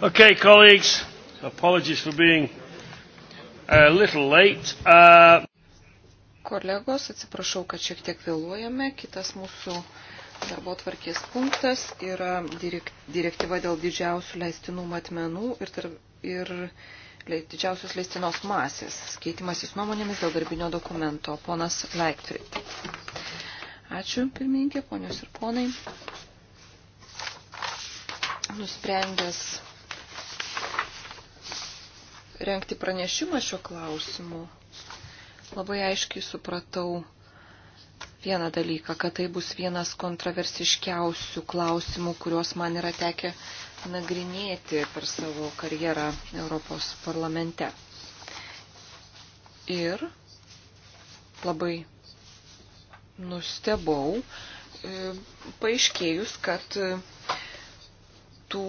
Okay, colleagues, apologies for being a little late. Uh... Kolegos, atsiprašau, kad šiek tiek vėluojame. Kitas mūsų darbo tvarkės punktas yra direktyva dėl didžiausių leistinų matmenų ir, tarp, ir didžiausios leistinos masės. Keitimasis nuomonėmis dėl darbinio dokumento. Ponas Leiktrit. Ačiū, pirmininkė, ponios ir ponai. Nusprendęs renkti pranešimą šio klausimu, labai aiškiai supratau vieną dalyką, kad tai bus vienas kontroversiškiausių klausimų, kuriuos man yra tekę nagrinėti per savo karjerą Europos parlamente. Ir labai nustebau, e, paaiškėjus, kad e, tų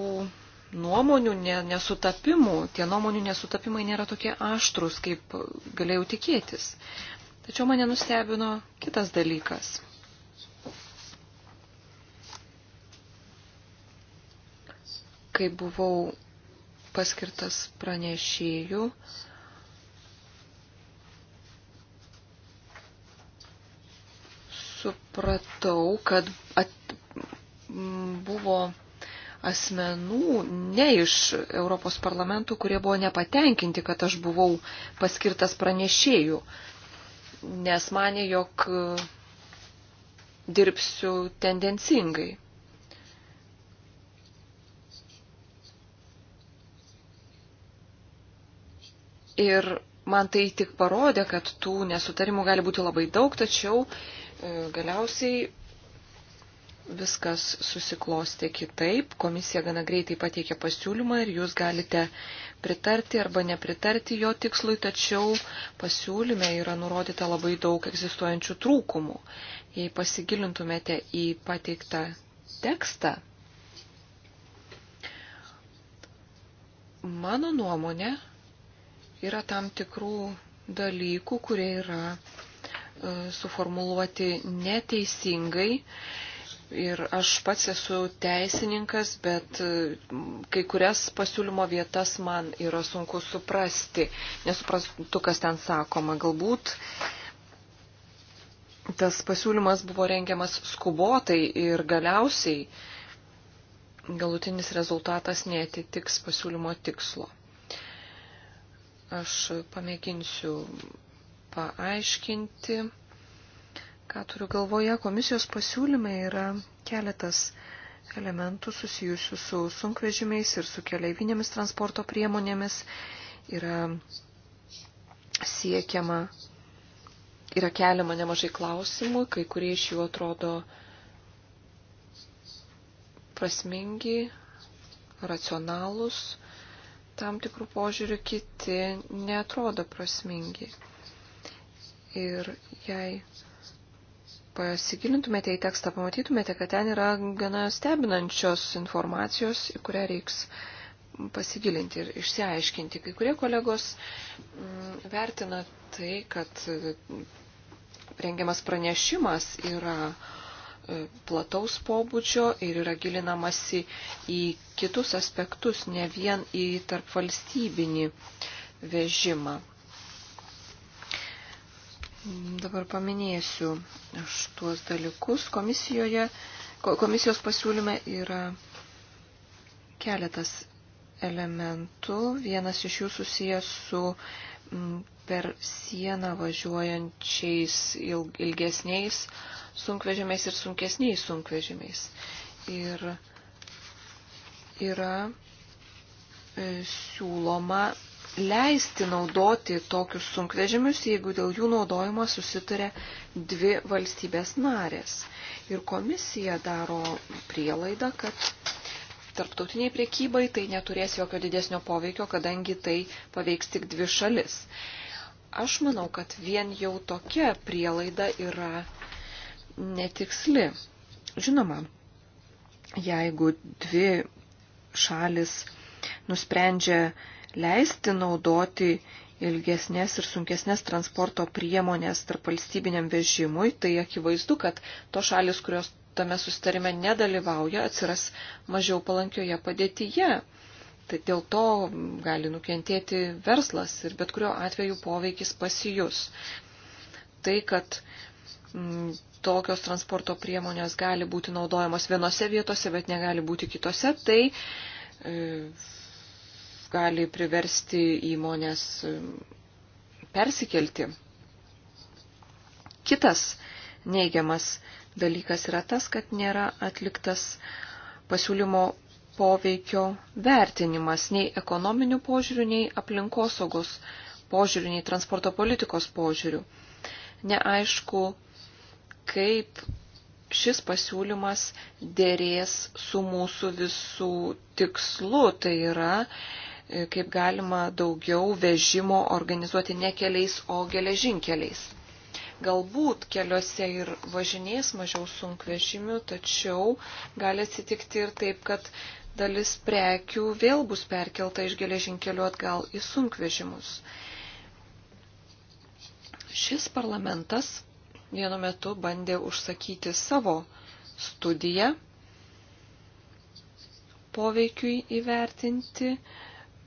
nuomonių nesutapimų, tie nuomonių nesutapimai nėra tokie aštrus, kaip galėjau tikėtis. Tačiau mane nustebino kitas dalykas. Kai buvau paskirtas pranešėjų, supratau, kad at, buvo asmenų, ne iš Europos parlamentų, kurie buvo nepatenkinti, kad aš buvau paskirtas pranešėjų, nes mane, jog e, dirbsiu tendencingai. Ir man tai tik parodė, kad tų nesutarimų gali būti labai daug, tačiau e, galiausiai viskas susiklosti kitaip. Komisija gana greitai pateikė pasiūlymą ir jūs galite pritarti arba nepritarti jo tikslui, tačiau pasiūlyme yra nurodyta labai daug egzistuojančių trūkumų. Jei pasigilintumėte į pateiktą tekstą, mano nuomonė yra tam tikrų dalykų, kurie yra e, suformuluoti neteisingai Ir aš pats esu teisininkas, bet e, kai kurias pasiūlymo vietas man yra sunku suprasti. Nesuprantu, kas ten sakoma. Galbūt tas pasiūlymas buvo rengiamas skubotai ir galiausiai galutinis rezultatas netitiks pasiūlymo tikslo. Aš pamėginsiu paaiškinti Ką turiu galvoje, komisijos pasiūlyme yra keletas elementų susijusių su sunkvežimiais ir su keleivinėmis transporto priemonėmis. Yra siekiama, yra keliama nemažai klausimų, kai kurie iš jų atrodo prasmingi, racionalūs, tam tikrų požiūrių kiti netrodo prasmingi. Ir jei pasigilintumėte į tekstą, pamatytumėte, kad ten yra gana stebinančios informacijos, į kurią reiks pasigilinti ir išsiaiškinti. Kai kurie kolegos mm, vertina tai, kad e, rengiamas pranešimas yra e, plataus pobūdžio ir yra gilinamasi į kitus aspektus, ne vien į tarpvalstybinį vežimą. Dabar paminėsiu aš tuos dalykus. Komisijoje, komisijos pasiūlyme yra keletas elementų. Vienas iš jų susijęs su per sieną važiuojančiais ilgesniais sunkvežimiais ir sunkesniais sunkvežimiais. Ir yra e, siūloma leisti naudoti tokius sunkvežimius, jeigu dėl jų naudojimo susitarė dvi valstybės narės. Ir komisija daro prielaidą, kad tarptautiniai priekybai tai neturės jokio didesnio poveikio, kadangi tai paveiks tik dvi šalis. Aš manau, kad vien jau tokia prielaida yra netiksli. Žinoma, jeigu dvi šalis nusprendžia leisti naudoti ilgesnės ir sunkesnės transporto priemonės tarp valstybiniam vežimui, tai akivaizdu, kad to šalis, kurios tame sustarime nedalyvauja, atsiras mažiau palankioje padėtyje. Tai dėl to gali nukentėti verslas ir bet kurio atveju poveikis pasijus. Tai, kad m, mm, tokios transporto priemonės gali būti naudojamos vienose vietose, bet negali būti kitose, tai e, gali priversti įmonės um, persikelti. Kitas neigiamas dalykas yra tas, kad nėra atliktas pasiūlymo poveikio vertinimas nei ekonominių požiūrių, nei aplinkosaugos požiūrių, nei transporto politikos požiūrių. Neaišku, kaip šis pasiūlymas dėrės su mūsų visų tikslu, tai yra E, kaip galima daugiau vežimo organizuoti ne keliais, o geležinkeliais. Galbūt keliuose ir važinės mažiau sunkvežimių, tačiau gali atsitikti ir taip, kad dalis prekių vėl bus perkelta iš geležinkelių atgal į sunkvežimus. Šis parlamentas vienu metu bandė užsakyti savo studiją poveikiui įvertinti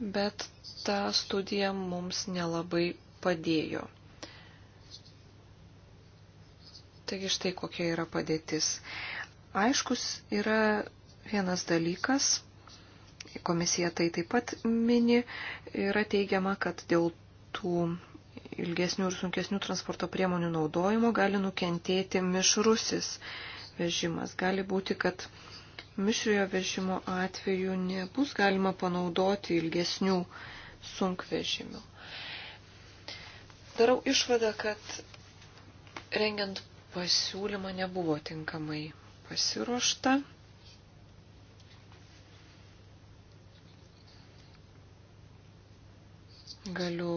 bet ta studija mums nelabai padėjo. Taigi štai kokia yra padėtis. Aiškus yra vienas dalykas, komisija tai taip pat mini, yra teigiama, kad dėl tų ilgesnių ir sunkesnių transporto priemonių naudojimo gali nukentėti mišrusis vežimas. Gali būti, kad mišriojo vežimo atveju nebus galima panaudoti ilgesnių sunkvežimių. Darau išvadą, kad rengiant pasiūlymą nebuvo tinkamai pasiruošta. Galiu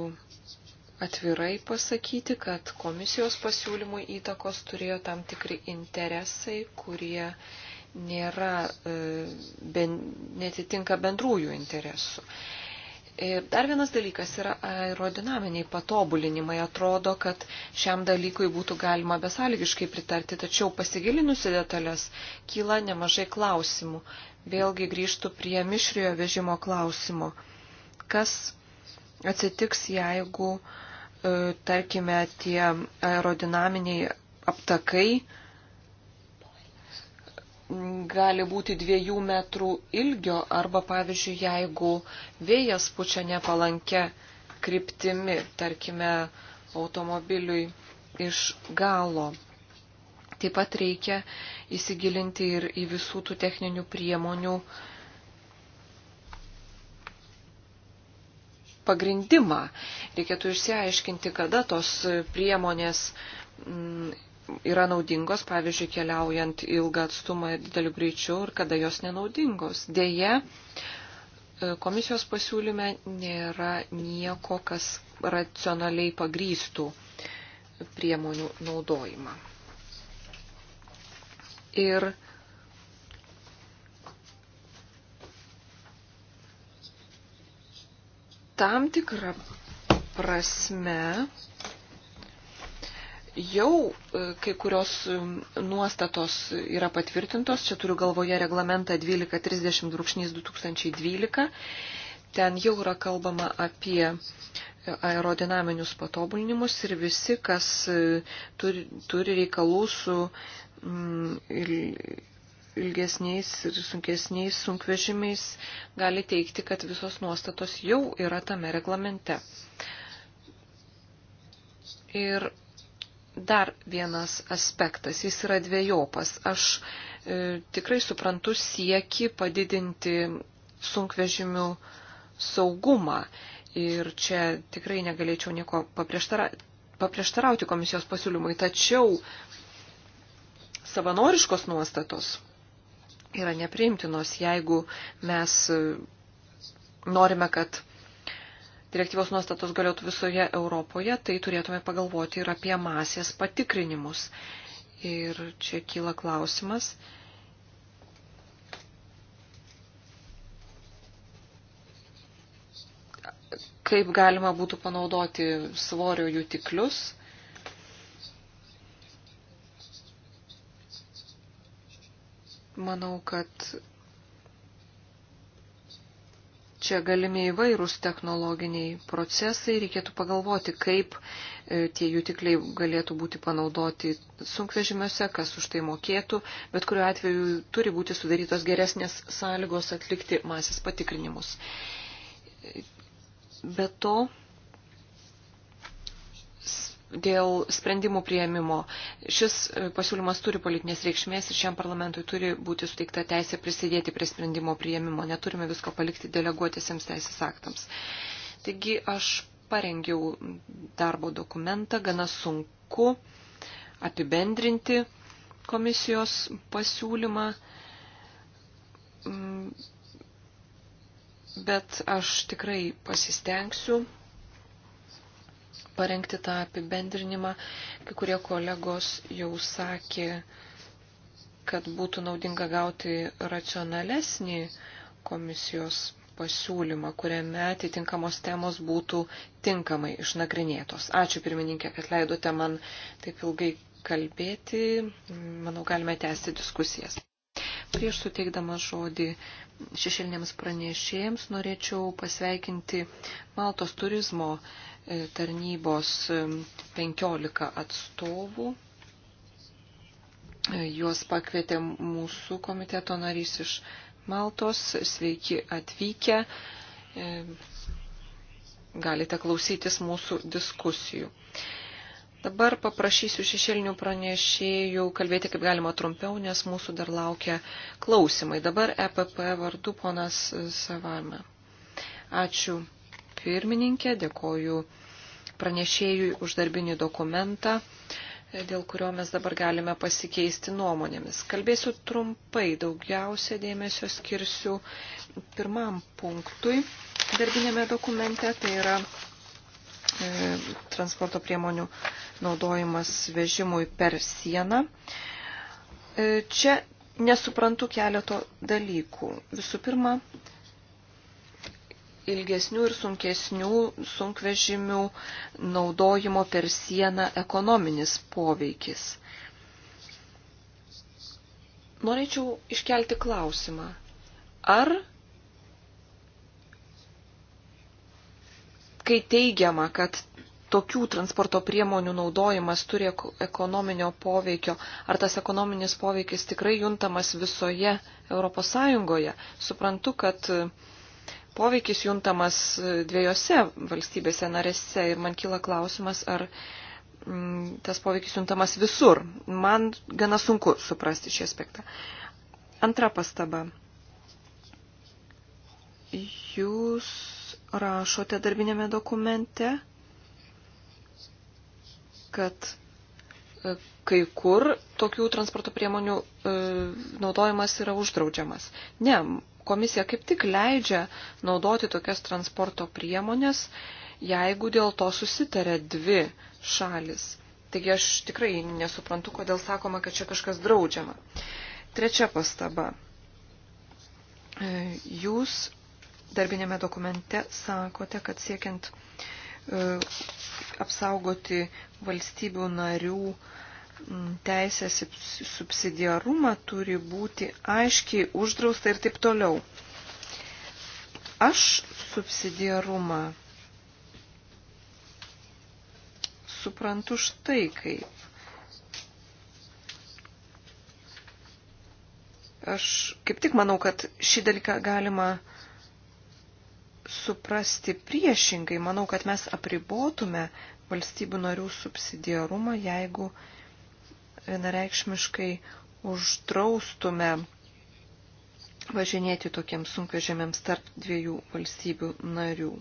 atvirai pasakyti, kad komisijos pasiūlymui įtakos turėjo tam tikri interesai, kurie uh, nėra, e, ben, netitinka bendrųjų interesų. Ir e, dar vienas dalykas yra aerodinaminiai patobulinimai. Atrodo, kad šiam dalykui būtų galima besąlygiškai pritarti, tačiau pasigilinusi detalės kyla nemažai klausimų. Vėlgi grįžtų prie mišriojo vežimo klausimo. Kas atsitiks, jeigu, e, tarkime, tie aerodinaminiai aptakai, gali būti dviejų metrų ilgio arba, pavyzdžiui, jeigu vėjas pučia nepalankę kryptimi, tarkime, automobiliui iš galo. Taip pat reikia įsigilinti ir į visų tų techninių priemonių pagrindimą. Reikėtų išsiaiškinti, kada tos priemonės mm, yra naudingos, pavyzdžiui, keliaujant ilgą atstumą dideliu greičiu ir kada jos nenaudingos. Deja, e, komisijos pasiūlyme nėra nieko, kas racionaliai pagrystų priemonių naudojimą. Ir tam tikrą prasme jau e, kai kurios nuostatos yra patvirtintos, čia turiu galvoje reglamentą 1230-2012, ten jau yra kalbama apie aerodinaminius patobulinimus ir visi, kas e, turi, turi reikalų su mm, ilgesniais ir sunkesniais sunkvežimiais, gali teikti, kad visos nuostatos jau yra tame reglamente. Ir dar vienas aspektas, jis yra dviejopas. Aš e, tikrai suprantu sieki padidinti sunkvežimių saugumą ir čia tikrai negalėčiau nieko paprieštara, paprieštarauti komisijos pasiūlymui, tačiau savanoriškos nuostatos yra nepriimtinos, jeigu mes e, norime, kad direktyvos nuostatos galėtų visoje Europoje, tai turėtume pagalvoti ir apie masės patikrinimus. Ir čia kyla klausimas. Kaip galima būtų panaudoti svorio jutiklius? Manau, kad čia galimi įvairūs technologiniai procesai, reikėtų pagalvoti, kaip e, tie jutikliai galėtų būti panaudoti sunkvežimiuose, kas už tai mokėtų, bet kuriuo atveju turi būti sudarytos geresnės sąlygos atlikti masės patikrinimus. Be to, dėl sprendimų prieimimo. Šis e, pasiūlymas turi politinės reikšmės ir šiam parlamentui turi būti suteikta teisė prisidėti prie sprendimo prieimimo. Neturime visko palikti deleguotisiems teisės aktams. Taigi aš parengiau darbo dokumentą, gana sunku apibendrinti komisijos pasiūlymą mm, bet aš tikrai pasistengsiu parengti tą apibendrinimą. Kai kurie kolegos jau sakė, kad būtų naudinga gauti racionalesnį komisijos pasiūlymą, kuriame atitinkamos temos būtų tinkamai išnagrinėtos. Ačiū pirmininkė, kad leidote man taip ilgai kalbėti. Manau, galime tęsti diskusijas. Prieš suteikdama žodį šešėlinėms pranešėjams norėčiau pasveikinti Maltos turizmo E, tarnybos 15 e, atstovų. E, juos pakvietė mūsų komiteto narys iš Maltos. Sveiki atvykę. Galite klausytis mūsų diskusijų. Dabar paprašysiu šešėlinių pranešėjų kalbėti kaip galima trumpiau, nes mūsų dar laukia klausimai. Dabar EPP vardu ponas Savame. Ačiū pirmininkė, dėkoju pranešėjui už darbinį dokumentą, dėl kurio mes dabar galime pasikeisti nuomonėmis. Kalbėsiu trumpai, daugiausia dėmesio skirsiu pirmam punktui darbinėme dokumente, tai yra e, transporto priemonių naudojimas vežimui per sieną. E, čia nesuprantu keleto dalykų. Visų pirma, ilgesnių ir sunkesnių sunkvežimių naudojimo per sieną ekonominis poveikis. Norėčiau iškelti klausimą. Ar kai teigiama, kad tokių transporto priemonių naudojimas turi ekonominio poveikio, ar tas ekonominis poveikis tikrai juntamas visoje ES. Suprantu, kad poveikis juntamas e, dviejose valstybėse narėse ir man kyla klausimas, ar mm, tas poveikis juntamas visur. Man gana sunku suprasti šį aspektą. Antra pastaba. Jūs rašote darbinėme dokumente, kad kai kur tokių transporto priemonių e, naudojimas yra uždraudžiamas. Ne, komisija kaip tik leidžia naudoti tokias transporto priemonės, jeigu dėl to susitarė dvi šalis. Taigi aš tikrai nesuprantu, kodėl sakoma, kad čia kažkas draudžiama. Trečia pastaba. E, jūs darbinėme dokumente sakote, kad siekiant e, apsaugoti valstybių narių teisės subsidiarumą turi būti aiškiai uždrausta ir taip toliau. Aš subsidiarumą suprantu štai kaip. Aš kaip tik manau, kad šį dalyką galima suprasti priešingai. Manau, kad mes apribotume valstybių narių subsidiarumą, jeigu vienareikšmiškai uždraustume važinėti tokiems sunkvežimėms tarp dviejų valstybių narių.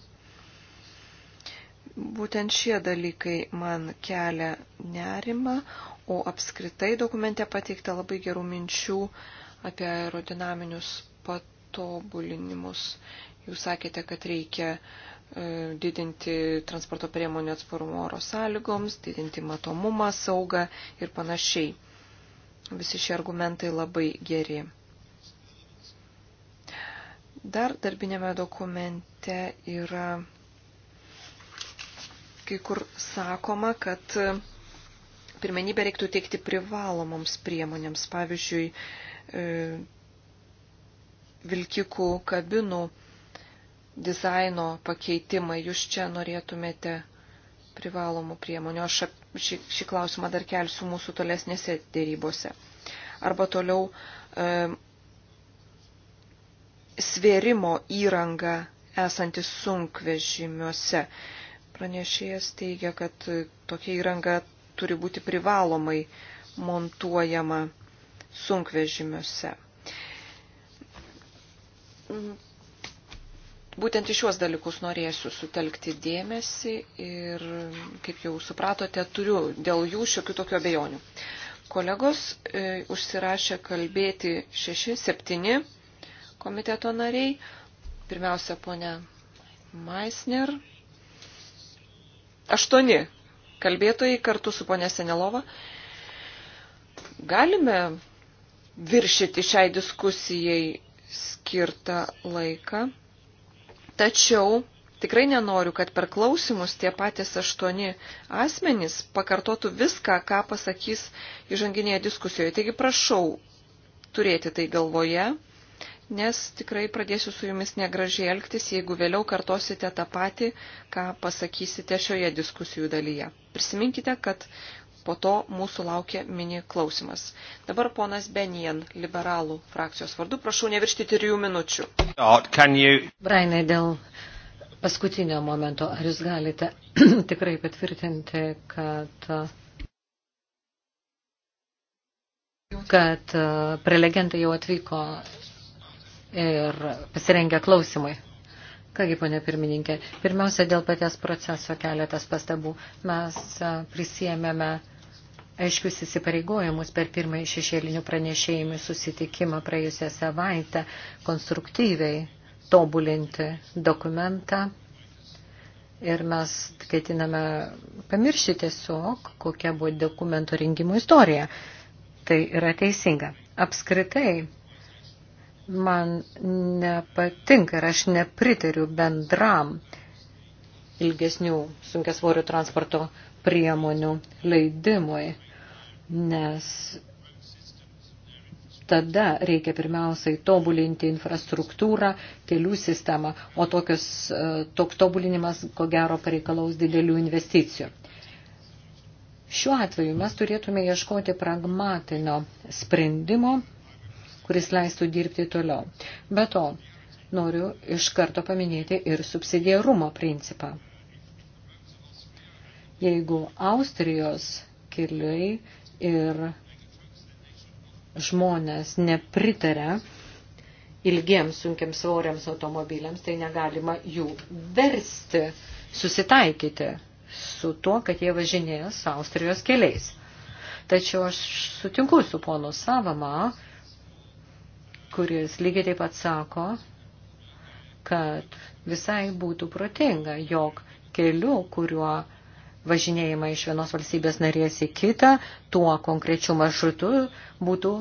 Būtent šie dalykai man kelia nerimą, o apskritai dokumente pateikta labai gerų minčių apie aerodinaminius patobulinimus. Jūs sakėte, kad reikia e, didinti transporto priemonių atsparumą oro sąlygoms, didinti matomumą, saugą ir panašiai. Visi šie argumentai labai geri. Dar darbinėme dokumente yra kai kur sakoma, kad pirmenybę reiktų teikti privalomoms priemonėms, pavyzdžiui, e, vilkikų kabinų dizaino pakeitimai. Jūs čia norėtumėte privalomų priemonių. Aš šį, šį klausimą dar kelsiu mūsų tolesnėse dėrybose. Arba toliau e, svėrimo įranga esantis sunkvežimiuose. Pranešėjas teigia, kad tokia įranga turi būti privalomai montuojama sunkvežimiuose būtent iš juos dalykus norėsiu sutelkti dėmesį ir, kaip jau supratote, turiu dėl jų šiokių tokių abejonių. Kolegos e, užsirašė kalbėti šeši, septyni komiteto nariai. Pirmiausia, ponia Maisner. Aštuoni kalbėtojai kartu su ponia Senelova. Galime viršyti šiai diskusijai skirtą laiką. Tačiau tikrai nenoriu, kad per klausimus tie patys aštuoni asmenys pakartotų viską, ką pasakys įžanginėje diskusijoje. Taigi prašau turėti tai galvoje, nes tikrai pradėsiu su jumis negražiai elgtis, jeigu vėliau kartosite tą patį, ką pasakysite šioje diskusijų dalyje. Prisiminkite, kad Po to mūsų laukia mini klausimas. Dabar ponas Benijan, liberalų frakcijos vardu, prašau neviršti trijų minučių. Brainai, dėl paskutinio momento, ar jūs galite tikrai patvirtinti, kad kad prelegentai jau atvyko ir pasirengė klausimui. Kągi, ponė pirmininkė, pirmiausia, dėl paties proceso keletas pastabų. Mes prisėmėme aiškius įsipareigojimus per pirmąjį šešėlinių pranešėjimų susitikimą praėjusią savaitę konstruktyviai tobulinti dokumentą. Ir mes ketiname pamiršti tiesiog, kokia buvo dokumento rengimo istorija. Tai yra teisinga. Apskritai, man nepatinka ir aš nepritariu bendram ilgesnių sunkiasvorių transporto priemonių leidimui, nes tada reikia pirmiausiai tobulinti infrastruktūrą, kelių sistemą, o tokios, e, tok tobulinimas, ko gero, pareikalaus didelių investicijų. Šiuo atveju mes turėtume ieškoti pragmatinio sprendimo, kuris leistų dirbti toliau. Be to, noriu iš karto paminėti ir subsidiarumo principą jeigu Austrijos keliai ir žmonės nepritaria ilgiems sunkiams svoriams automobiliams, tai negalima jų versti susitaikyti su tuo, kad jie važinės Austrijos keliais. Tačiau aš sutinku su ponu Savama, kuris lygiai taip pat sako, kad visai būtų protinga, jog keliu, kuriuo važinėjimą iš vienos valstybės narės į kitą, tuo konkrečiu maršrutu būtų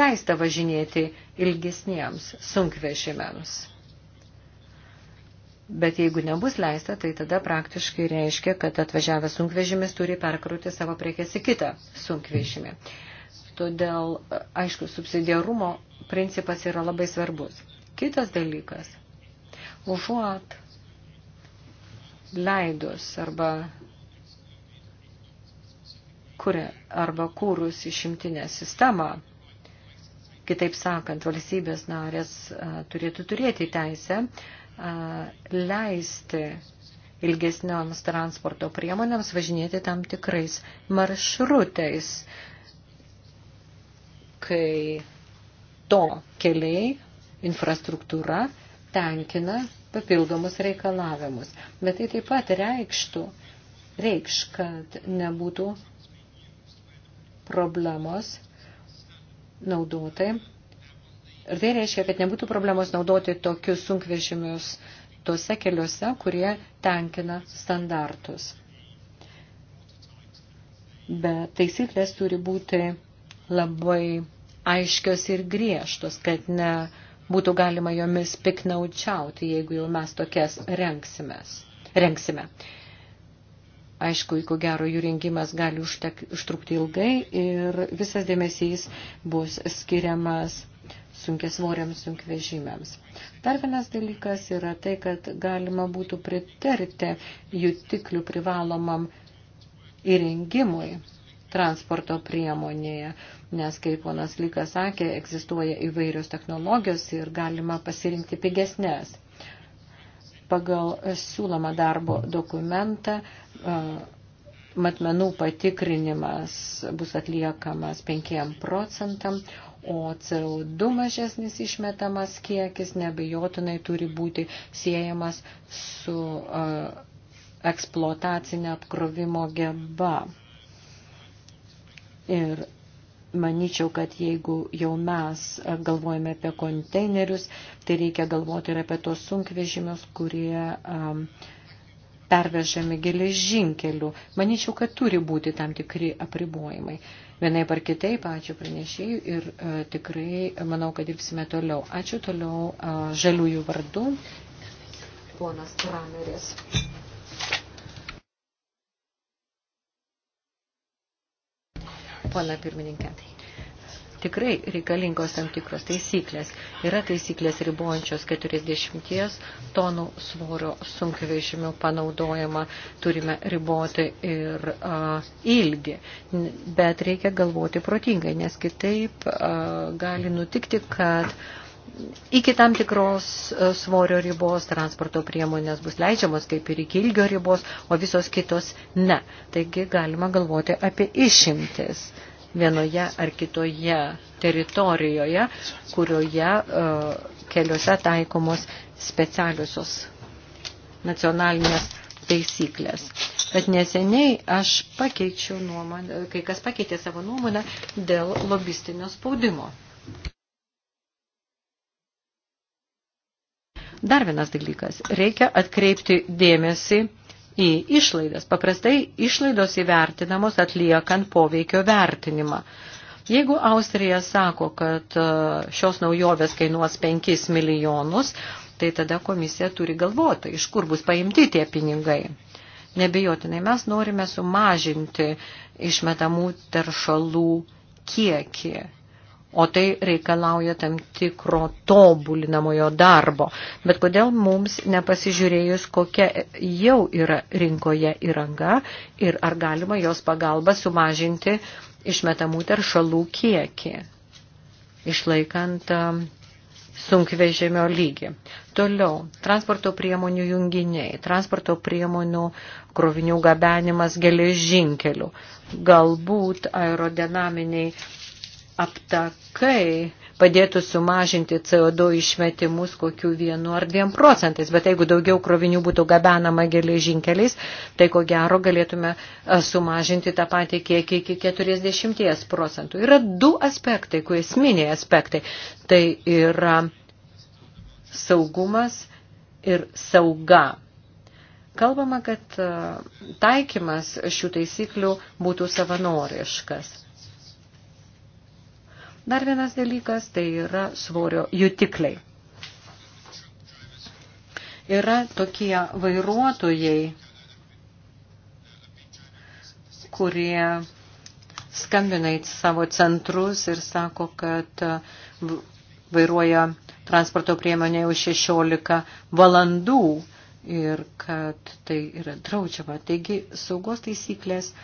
leista važinėti ilgesniems sunkvežimiams. Bet jeigu nebus leista, tai tada praktiškai reiškia, kad atvažiavęs sunkvežimis turi perkrauti savo prekes į kitą sunkvežimį. Todėl, aišku, subsidiarumo principas yra labai svarbus. Kitas dalykas, užuot leidus arba kuria arba kūrus išimtinę sistemą. Kitaip sakant, valstybės narės turėtų turėti teisę leisti ilgesnioms transporto priemonėms važinėti tam tikrais maršrutais, kai to keliai, infrastruktūra tenkina papildomus reikalavimus. Bet tai taip pat reikštų, reikš, kad nebūtų problemos naudoti. Ir tai reiškia, kad nebūtų problemos naudoti tokius sunkvežimius tuose keliuose, kurie tenkina standartus. Bet taisyklės turi būti labai aiškios ir griežtos, kad ne būtų galima jomis piknaučiauti, jeigu jau mes tokias rengsimės. rengsime. Aišku, ko gero jų rengimas gali užtek, užtrukti ilgai ir visas dėmesys bus skiriamas sunkesvoriams sunkvežimiams. Dar vienas dalykas yra tai, kad galima būtų pritarti jutiklių privalomam įrengimui transporto priemonėje, nes, kaip ponas Lykas sakė, egzistuoja įvairios technologijos ir galima pasirinkti pigesnės. Pagal siūlomą darbo dokumentą e, matmenų patikrinimas bus atliekamas 5 procentam, o CO2 mažesnis išmetamas kiekis nebejotinai turi būti siejamas su uh, e, eksploatacinė apkrovimo geba. Ir manyčiau, kad jeigu jau mes galvojame apie konteinerius, tai reikia galvoti ir apie tos sunkvežimius, kurie um, pervežami geležinkeliu. Manyčiau, kad turi būti tam tikri apribojimai. Vienai par kitai, ačiū pranešėjai ir e, tikrai manau, kad dirbsime toliau. Ačiū toliau e, žaliųjų vardu. Ponas Krameris. pana pirmininkė. Tikrai reikalingos tam tikros taisyklės. Yra taisyklės ribojančios 40 tonų svorio sunkvežimių panaudojimą, turime riboti ir a, ilgį. Bet reikia galvoti protingai, nes kitaip a, gali nutikti, kad a, iki tam tikros e, svorio ribos transporto priemonės bus leidžiamos kaip ir iki ilgio ribos, o visos kitos ne. Taigi galima galvoti apie išimtis vienoje ar kitoje teritorijoje, kurioje e, keliuose taikomos specialiusios nacionalinės taisyklės. Bet neseniai aš pakeičiau nuomonę, kai kas pakeitė savo nuomonę dėl lobistinio spaudimo. Dar vienas dalykas. Reikia atkreipti dėmesį į išlaidas. Paprastai išlaidos įvertinamos atliekant poveikio vertinimą. Jeigu Austrija sako, kad e, šios naujovės kainuos 5 milijonus, tai tada komisija turi galvoti, iš kur bus paimti tie pinigai. Nebijotinai mes norime sumažinti išmetamų teršalų kiekį O tai reikalauja tam tikro tobulinamojo darbo. Bet kodėl mums nepasižiūrėjus, kokia jau yra rinkoje įranga ir ar galima jos pagalba sumažinti išmetamų teršalų kiekį, išlaikant um, sunkvežimio lygį. Toliau, transporto priemonių junginiai, transporto priemonių krovinių gabenimas geležinkeliu, galbūt aerodinaminiai aptakai padėtų sumažinti CO2 išmetimus kokiu vienu ar dviem procentais. Bet jeigu daugiau krovinių būtų gabenama geležinkeliais, tai ko gero galėtume e, sumažinti tą patį kiekį iki 40 procentų. Yra du aspektai, kurie esminiai aspektai. Tai yra saugumas ir sauga. Kalbama, kad e, taikymas šių taisyklių būtų savanoriškas. Dar vienas dalykas tai yra svorio jutikliai. Yra tokie vairuotojai, kurie skambina į savo centrus ir sako, kad vairuoja transporto priemonė jau 16 valandų ir kad tai yra draudžiama. Taigi saugos taisyklės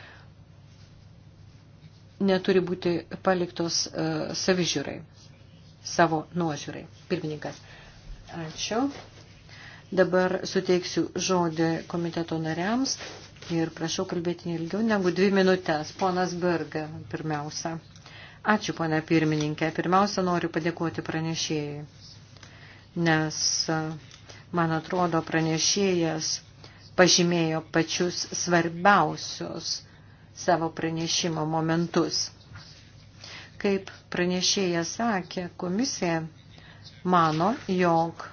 neturi būti paliktos e, savižiūrai, savo nuožiūrai. Pirmininkas, ačiū. Dabar suteiksiu žodį komiteto nariams ir prašau kalbėti ilgiau negu dvi minutės. Ponas Berga pirmiausia. Ačiū, ponia pirmininkė. Pirmiausia, noriu padėkoti pranešėjai, nes, e, man atrodo, pranešėjas pažymėjo pačius svarbiausius savo pranešimo momentus. Kaip pranešėja sakė, komisija mano, jog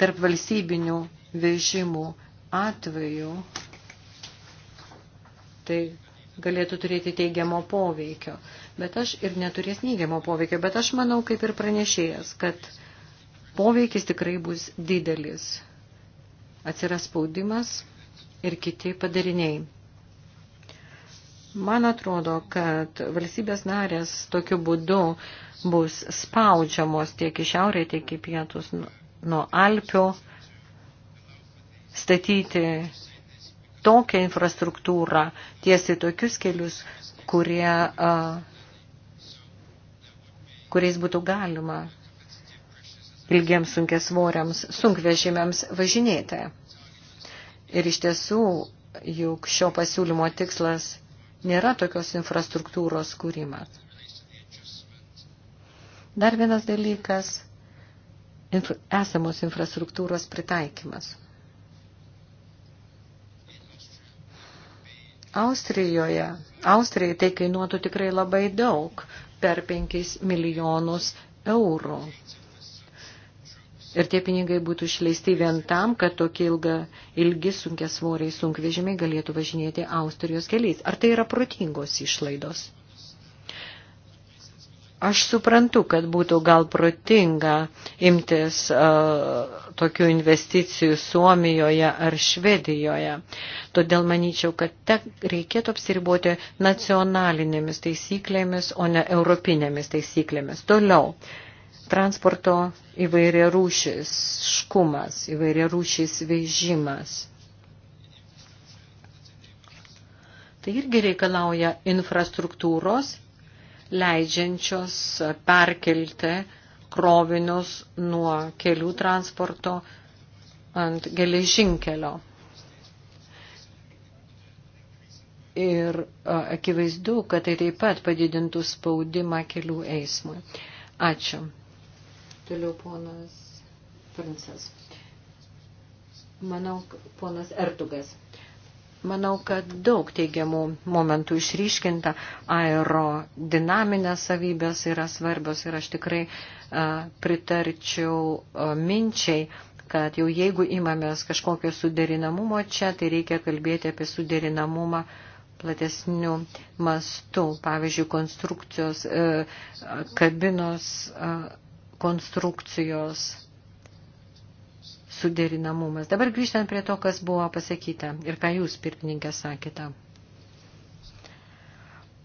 tarp valstybinių vežimų atveju tai galėtų turėti teigiamo poveikio. Bet aš ir neturės neigiamo poveikio, bet aš manau, kaip ir pranešėjas, kad poveikis tikrai bus didelis. Atsiras spaudimas ir kiti padariniai. Man atrodo, kad valstybės narės tokiu būdu bus spaudžiamos tiek į šiaurę, tiek į pietus nuo Alpių statyti tokią infrastruktūrą, tiesi tokius kelius, kurie, kuriais būtų galima ilgiems sunkesvoriams, sunkvežimiams važinėti. Ir iš tiesų, juk šio pasiūlymo tikslas nėra tokios infrastruktūros kūrimas. Dar vienas dalykas inf – esamos infrastruktūros pritaikymas. Austrijoje, Austrijai tai kainuotų tikrai labai daug per 5 milijonus eurų ir tie pinigai būtų išleisti vien tam, kad tokie ilga, ilgi sunkia svoriai sunkvežimiai galėtų važinėti Austrijos keliais. Ar tai yra protingos išlaidos? Aš suprantu, kad būtų gal protinga imtis uh, tokių investicijų Suomijoje ar Švedijoje. Todėl manyčiau, kad te reikėtų apsiriboti nacionalinėmis taisyklėmis, o ne europinėmis taisyklėmis. Toliau. Uh, transporto įvairia rūšis, škumas, įvairia rūšis vežimas. Tai irgi reikalauja infrastruktūros, leidžiančios perkelti krovinius nuo kelių transporto ant geležinkelio. Ir akivaizdu, kad tai taip pat padidintų spaudimą kelių eismui. Ačiū. Toliau ponas Francas. Manau, ponas Ertugas. Manau, kad daug teigiamų momentų išryškinta, aerodinaminės savybės yra svarbios ir aš tikrai a, pritarčiau a, minčiai, kad jau jeigu imamės kažkokio suderinamumo čia, tai reikia kalbėti apie suderinamumą platesnių mastų, pavyzdžiui, konstrukcijos, e, kabinos. E, konstrukcijos suderinamumas. Dabar grįžtant prie to, kas buvo pasakyta ir ką jūs, pirmininkė, sakėte.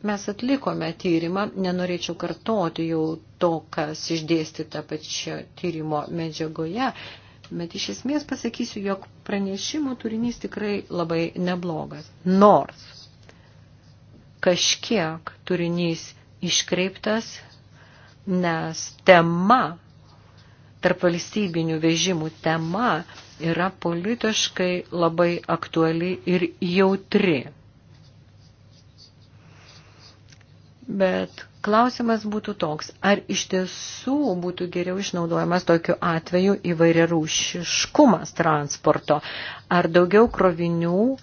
Mes atlikome tyrimą, nenorėčiau kartoti jau to, kas išdėstyta pačio tyrimo medžiagoje, bet iš esmės pasakysiu, jog pranešimo turinys tikrai labai neblogas. Nors kažkiek turinys iškreiptas nes tema, tarp valstybinių vežimų tema yra politiškai labai aktuali ir jautri. Bet klausimas būtų toks, ar iš tiesų būtų geriau išnaudojamas tokiu atveju įvairia rūšiškumas transporto, ar daugiau krovinių e,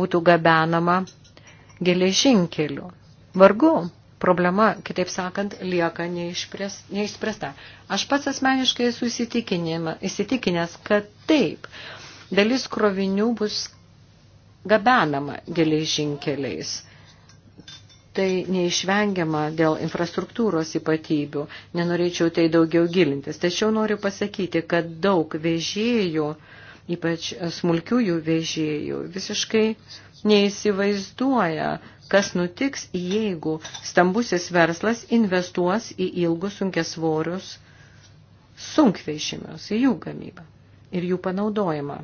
būtų gabenama geležinkeliu. Vargu, problema, kitaip sakant, lieka neišspręsta. Aš pats asmeniškai esu įsitikinęs, kad taip, dalis krovinių bus gabenama geležinkeliais. Tai neišvengiama dėl infrastruktūros ypatybių, nenorėčiau tai daugiau gilintis. Tačiau noriu pasakyti, kad daug vežėjų, ypač smulkiųjų vežėjų, visiškai neįsivaizduoja, kas nutiks, jeigu stambusis verslas investuos į ilgus sunkesvorius sunkvežimius, į jų gamybą ir jų panaudojimą.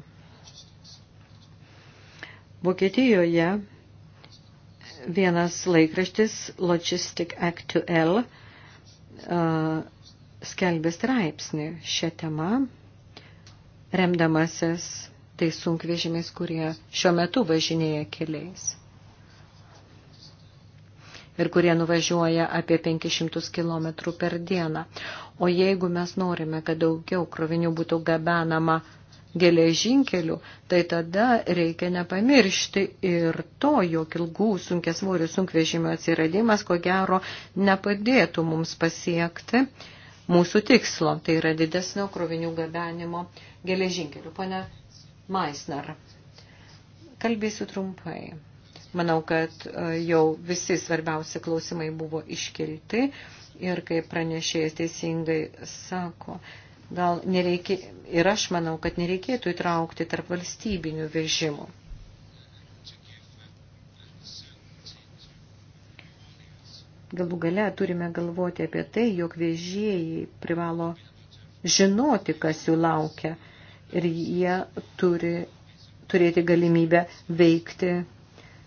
Vokietijoje vienas laikraštis Logistic Act 2L uh, skelbė straipsnį šią temą, remdamasis tais sunkvežimiais, kurie šiuo metu važinėja keliais ir kurie nuvažiuoja apie 500 km per dieną. O jeigu mes norime, kad daugiau krovinių būtų gabenama geležinkelių, tai tada reikia nepamiršti ir to, jog ilgų sunkesvorių sunkvežimio atsiradimas, ko gero, nepadėtų mums pasiekti mūsų tikslo, tai yra didesnio krovinių gabenimo geležinkelių. Pone Maisner, kalbėsiu trumpai Manau, kad e, jau visi svarbiausi klausimai buvo iškelti ir kaip pranešėjas teisingai sako, gal nereikia, ir aš manau, kad nereikėtų įtraukti tarp valstybinių vežimų. Galų gale turime galvoti apie tai, jog vežėjai privalo žinoti, kas jų laukia ir jie turi turėti galimybę veikti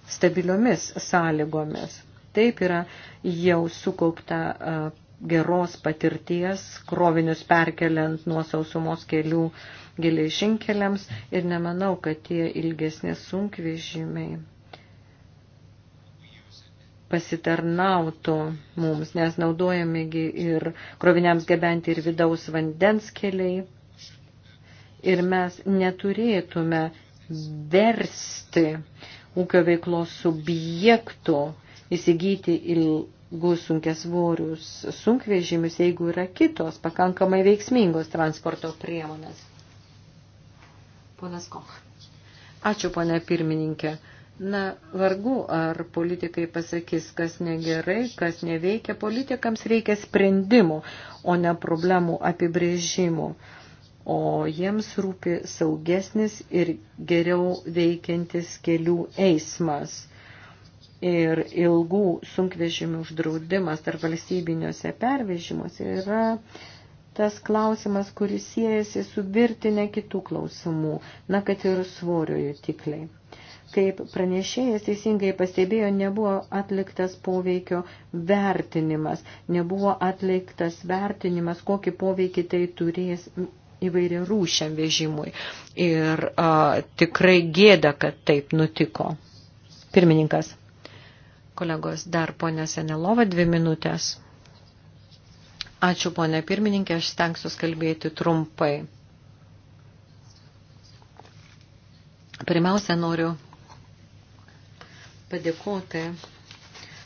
stabiliomis sąlygomis. Taip yra jau sukaupta geros patirties krovinius perkeliant nuo sausumos kelių geležinkeliams ir nemanau, kad tie ilgesni sunkvežimiai pasitarnautų mums, nes naudojamegi ir kroviniams gabenti ir vidaus vandens keliai. Ir mes neturėtume versti ūkio veiklos subjektų įsigyti ilgus sunkesvorius sunkvežimius, jeigu yra kitos pakankamai veiksmingos transporto priemonės. Ponas Koch. Ačiū, ponė pirmininkė. Na, vargu, ar politikai pasakys, kas negerai, kas neveikia. Politikams reikia sprendimų, o ne problemų apibrėžimų o jiems rūpi saugesnis ir geriau veikiantis kelių eismas. Ir ilgų sunkvežimių uždraudimas tarp valstybiniuose pervežimuose yra tas klausimas, kuris siejasi su virtinė kitų klausimų, na, kad ir svorio jutikliai. Kaip pranešėjas teisingai pastebėjo, nebuvo atliktas poveikio vertinimas, nebuvo atliktas vertinimas, kokį poveikį tai turės įvairia rūšiam vežimui. Ir a, tikrai gėda, kad taip nutiko. Pirmininkas. Kolegos, dar ponė Senelova, dvi minutės. Ačiū, ponė pirmininkė, aš stengsiu kalbėti trumpai. Pirmiausia, noriu padėkoti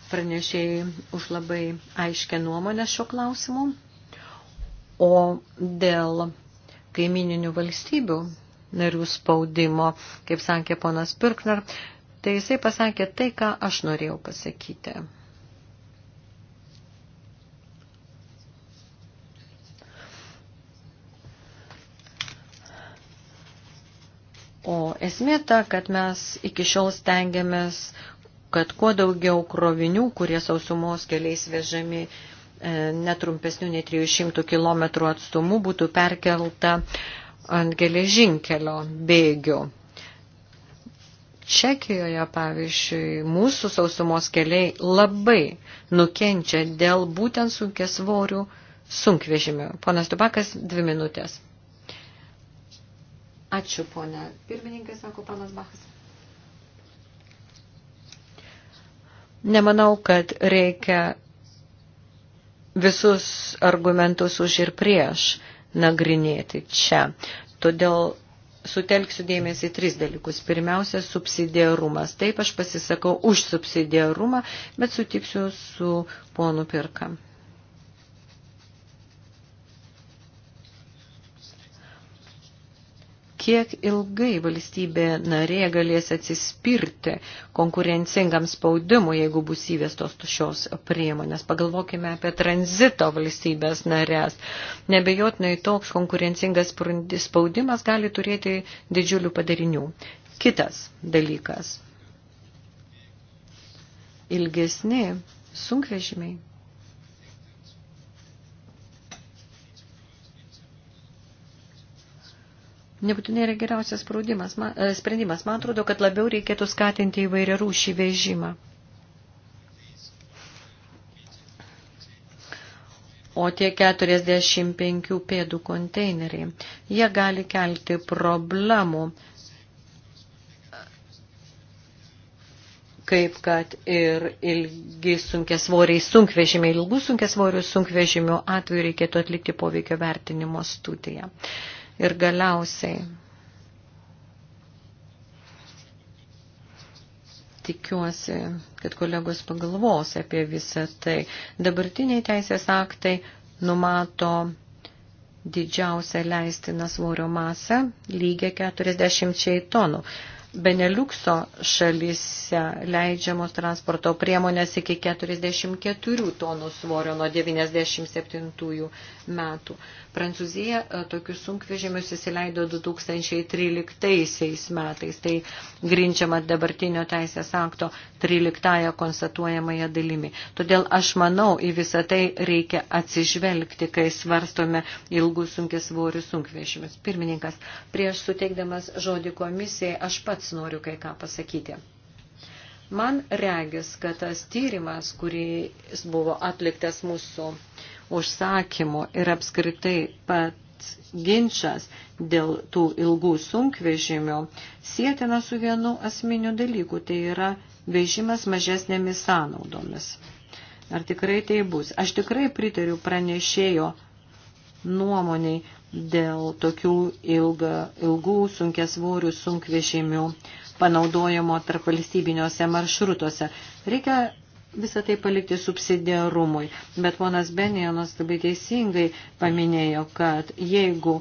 pranešėjai už labai aiškę nuomonę šio klausimu. O dėl kaimininių valstybių narių spaudimo, kaip sakė ponas Pirkner, tai jisai pasakė tai, ką aš norėjau pasakyti. O esmė ta, kad mes iki šiol stengiamės, kad kuo daugiau krovinių, kurie sausumos keliais vežami E, netrumpesnių nei 300 km atstumų būtų perkelta ant geležinkelio bėgių. Čekijoje, pavyzdžiui, mūsų sausumos keliai labai nukenčia dėl būtent sunkės svorių sunkvežimių. Ponas Tubakas, dvi minutės. Ačiū, ponė. Pirmininkai, sako panas Bachas. Nemanau, kad reikia visus argumentus už ir prieš nagrinėti čia. Todėl sutelksiu dėmesį į tris dalykus. Pirmiausia, subsidiarumas. Taip, aš pasisakau už subsidiarumą, bet sutiksiu su ponu Pirkam. kiek ilgai valstybė narė galės atsispirti konkurencingam spaudimui, jeigu bus įvestos šios priemonės. Pagalvokime apie tranzito valstybės narės. Nebejotinai toks konkurencingas spaudimas gali turėti didžiulių padarinių. Kitas dalykas. Ilgesni sunkvežimiai nebūtinai yra geriausias sprendimas. Man, e, sprendimas. Man atrodo, kad labiau reikėtų skatinti įvairią rūšį vežimą. O tie 45 pėdų konteineriai, jie gali kelti problemų, kaip kad ir ilgi sunkesvoriai sunkvežimiai, ilgų sunkesvorių sunkvežimių atveju reikėtų atlikti poveikio vertinimo studiją. Uh, Ir galiausiai tikiuosi, kad kolegos pagalvos apie visą tai. Dabartiniai teisės aktai numato didžiausią leistiną svorio masę lygiai 40 tonų. Beneliukso šalyse leidžiamos transporto priemonės iki 44 tonų svorio nuo 97 metų. Prancūzija e, tokius sunkvežimius įsileido 2013 metais, tai grinčiama dabartinio teisės akto 13 konstatuojamąją dalimi. Todėl aš manau, į visą tai reikia atsižvelgti, kai svarstome ilgus sunkės svorių sunkvežimius. Pirmininkas, prieš suteikdamas žodį komisijai, aš pat pats noriu kai ką pasakyti. Man regis, kad tas tyrimas, kuris buvo atliktas mūsų užsakymu ir apskritai pats ginčas dėl tų ilgų sunkvežimių, sėtina su vienu asmeniu dalyku, tai yra vežimas mažesnėmis sąnaudomis. Ar tikrai tai bus? Aš tikrai pritariu pranešėjo nuomoniai, dėl tokių ilga, ilgų sunkesvorių sunkvežimių panaudojimo tarp valstybiniuose maršrutuose. Reikia visą tai palikti subsidiarumui. Bet ponas Benijanas labai teisingai paminėjo, kad jeigu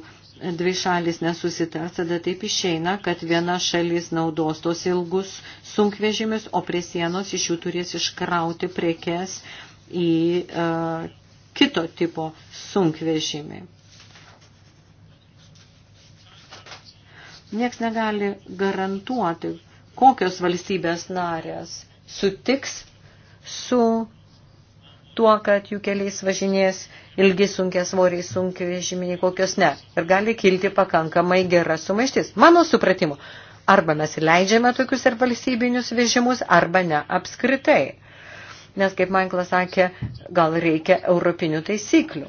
dvi šalis nesusitars, tada taip išeina, kad viena šalis naudos tos ilgus sunkvežimius, o prie sienos iš jų turės iškrauti prekes į uh, kito tipo sunkvežimį. Niekas negali garantuoti, kokios valstybės narės sutiks su tuo, kad jų keliais važinės ilgi sunkia svoriai sunkiai vežiminiai, kokios ne. Ir gali kilti pakankamai gera sumaištis. Mano supratimu, arba mes leidžiame tokius ir valstybinius vežimus, arba ne apskritai. Nes, kaip Manklas sakė, gal reikia europinių taisyklių.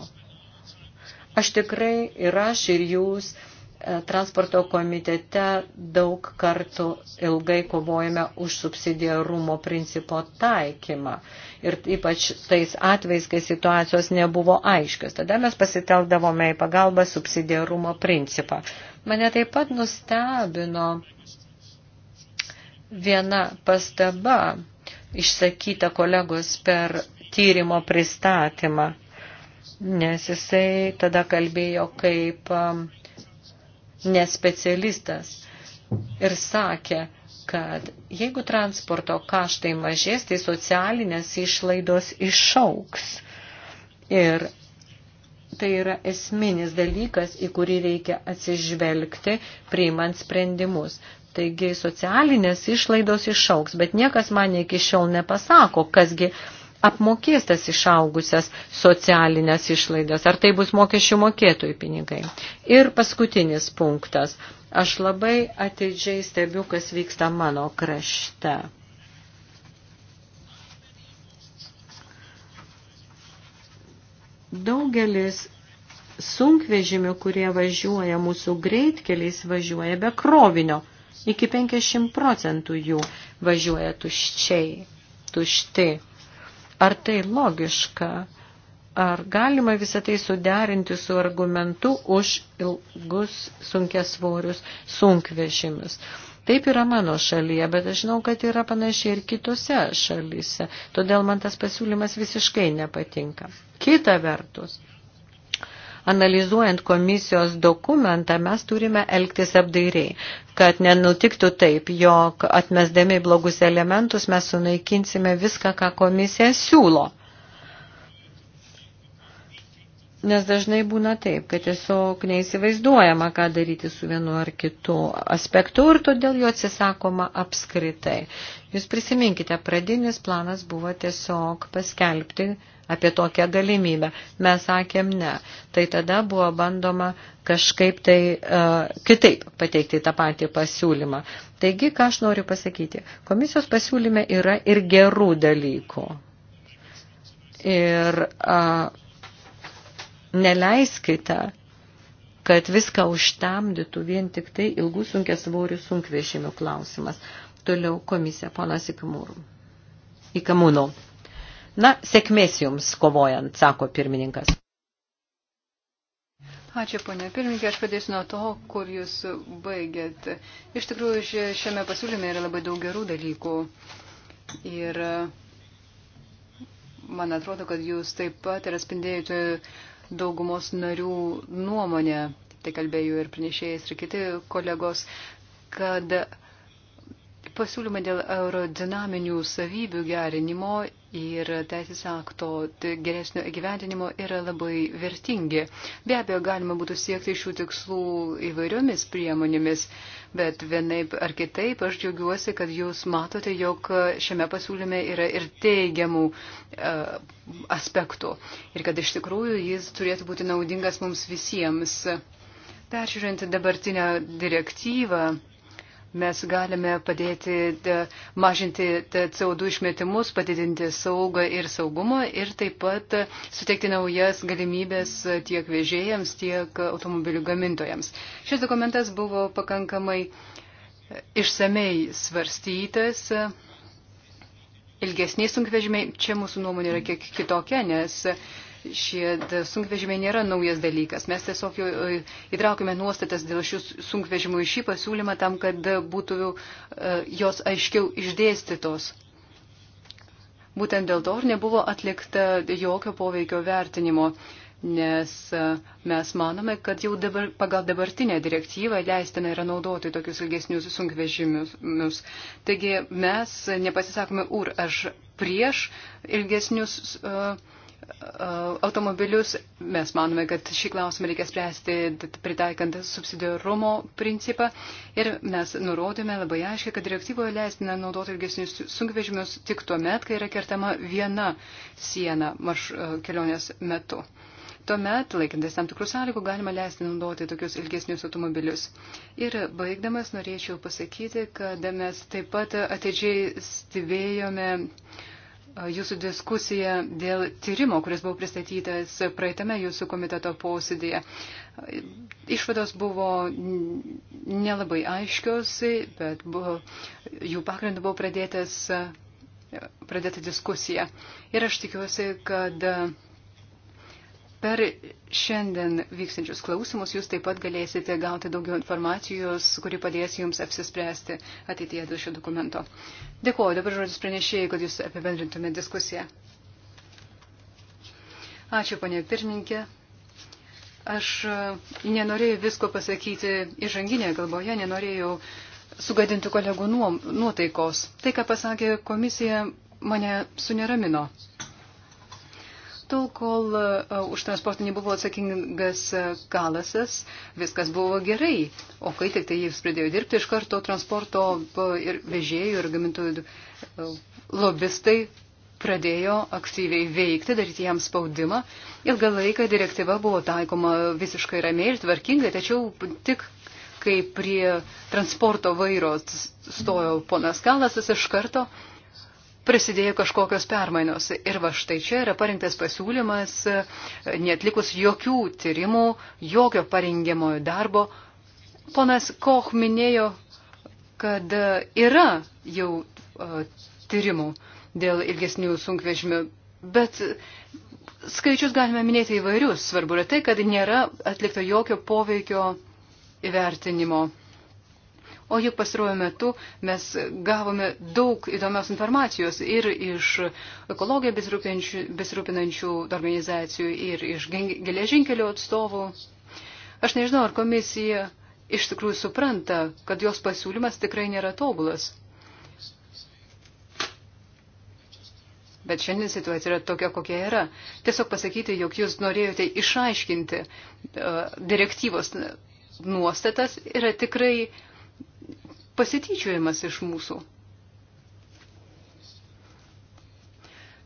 Aš tikrai ir aš ir jūs E, transporto komitete daug kartų ilgai kovojame už subsidiarumo principo taikymą. Ir ypač tais atvejais, kai situacijos nebuvo aiškios. Tada mes pasiteldavome į pagalbą subsidiarumo principą. Mane taip pat nustebino viena pastaba išsakyta kolegos per tyrimo pristatymą, nes jisai tada kalbėjo kaip um, ne specialistas, ir sakė, kad jeigu transporto kaštai mažės, tai socialinės išlaidos išauks. Ir tai yra esminis dalykas, į kurį reikia atsižvelgti, priimant sprendimus. Taigi socialinės išlaidos išauks, bet niekas man iki šiol nepasako, kasgi apmokės tas išaugusias socialinės išlaidas, ar tai bus mokesčių mokėtojų pinigai. Ir paskutinis punktas. Aš labai ateidžiai stebiu, kas vyksta mano krašte. Daugelis sunkvežimių, kurie važiuoja mūsų greitkeliais, važiuoja be krovinio. Iki 50 procentų jų važiuoja tuščiai, tušti. Ar tai logiška? Ar galima visą tai suderinti su argumentu už ilgus sunkiasvorius sunkvežimius? Taip yra mano šalyje, bet aš žinau, kad yra panašiai ir kitose šalyse. Todėl man tas pasiūlymas visiškai nepatinka. Kita vertus, analizuojant komisijos dokumentą, mes turime elgtis apdairiai, kad nenutiktų taip, jog atmesdami blogus elementus mes sunaikinsime viską, ką komisija siūlo. Nes dažnai būna taip, kad tiesiog neįsivaizduojama, ką daryti su vienu ar kitu aspektu ir todėl jo atsisakoma apskritai. Jūs prisiminkite, pradinis planas buvo tiesiog paskelbti apie tokią galimybę. Mes sakėm ne. Tai tada buvo bandoma kažkaip tai uh, kitaip pateikti tą patį pasiūlymą. Taigi, ką aš noriu pasakyti. Komisijos pasiūlyme yra ir gerų dalykų. Ir uh, neleiskite kad viską užtemdytų vien tik tai ilgų sunkia svorių sunkvežimių klausimas. Toliau komisija, ponas Ikamūrų. Ikamūnų. Na, sėkmės jums kovojant, sako pirmininkas. Ačiū, ponė pirmininkė, aš pradėsiu nuo to, kur jūs baigėt. Iš tikrųjų, šiame pasiūlyme yra labai daug gerų dalykų. Ir e, man atrodo, kad jūs taip pat ir atspindėjote daugumos narių nuomonę, tai kalbėjau ir pranešėjais, ir kiti kolegos, kad pasiūlymai dėl aerodinaminių savybių gerinimo ir teisės akto geresnio įgyvendinimo yra labai vertingi. Be abejo, galima būtų siekti šių tikslų įvairiomis priemonėmis, bet vienaip ar kitaip aš džiaugiuosi, kad jūs matote, jog šiame pasiūlyme yra ir teigiamų e, aspektų ir kad iš tikrųjų jis turėtų būti naudingas mums visiems. Peržiūrint dabartinę direktyvą, mes galime padėti de, mažinti de, CO2 išmetimus, padidinti saugą ir saugumą ir taip pat suteikti naujas galimybės tiek vežėjams, tiek automobilių gamintojams. Šis dokumentas buvo pakankamai e, išsamei svarstytas. Ilgesniai sunkvežimiai čia mūsų nuomonė yra kiek kitokia, nes uh, šie sunkvežimiai nėra naujas dalykas. Mes tiesiog e, įtraukime nuostatas dėl šių sunkvežimių į šį pasiūlymą tam, kad e, būtų e, jos aiškiau išdėstytos. Būtent dėl to ir nebuvo atlikta jokio poveikio vertinimo, nes mes manome, kad jau dabar, pagal dabartinę direktyvą leistina yra naudoti tokius ilgesnius sunkvežimius. Taigi mes nepasisakome ur aš prieš ilgesnius. Uh, Uh, automobilius. Mes manome, kad šį klausimą reikia spręsti pritaikant subsidiarumo principą. Ir mes nurodėme labai aiškiai, kad direktyvoje leistina naudoti ilgesnius sunkvežimius tik tuo met, kai yra kertama viena siena marš, uh, kelionės metu. Tuomet, laikintis tam tikrų sąlygų, galima leisti naudoti tokius ilgesnius automobilius. Ir baigdamas norėčiau pasakyti, kad mes taip pat atidžiai stebėjome uh, jūsų diskusiją dėl tyrimo, kuris buvo pristatytas praeitame jūsų komiteto posėdėje. Išvados buvo nelabai aiškios, bet buvo, jų pagrindu buvo pradėtas, pradėta diskusija. Ir aš tikiuosi, kad Per šiandien vykstančius klausimus jūs taip pat galėsite gauti daugiau informacijos, kuri padės jums apsispręsti ateityje dėl šio dokumento. Dėkuoju, dabar žodis pranešėjai, kad jūs apibendrintumėte diskusiją. Ačiū, ponė pirmininkė. Aš nenorėjau visko pasakyti įžanginėje kalboje, nenorėjau sugadinti kolegų nuotaikos. Tai, ką pasakė komisija, mane suneramino. Tol, kol e, už transportą nebuvo atsakingas Kalasas, e, viskas buvo gerai. O kai tik tai jis pradėjo dirbti, iš karto transporto e, ir vežėjų ir gamintojų lobistai pradėjo aktyviai veikti, daryti jam spaudimą. Ilgą laiką direktyva buvo taikoma visiškai ramiai ir tvarkingai, tačiau tik kai prie transporto vairo stojo ponas Kalasas, iš karto uh, prasidėjo kažkokios permainos. Ir va štai čia yra parinktas pasiūlymas, netlikus jokių tyrimų, jokio parengiamojo darbo. Ponas Koch minėjo, kad yra jau tyrimų dėl ilgesnių sunkvežimių, bet skaičius galime minėti įvairius. Svarbu yra tai, kad nėra atlikta jokio poveikio įvertinimo. O juk pastaruoju metu mes gavome daug įdomios informacijos ir iš ekologiją besirūpinančių organizacijų, ir iš geležinkelio atstovų. Aš nežinau, ar komisija iš tikrųjų supranta, kad jos pasiūlymas tikrai nėra tobulas. Bet šiandien situacija yra tokia, kokia yra. Tiesiog pasakyti, jog jūs norėjote išaiškinti uh, direktyvos nuostatas yra tikrai uh, pasityčiojimas iš mūsų.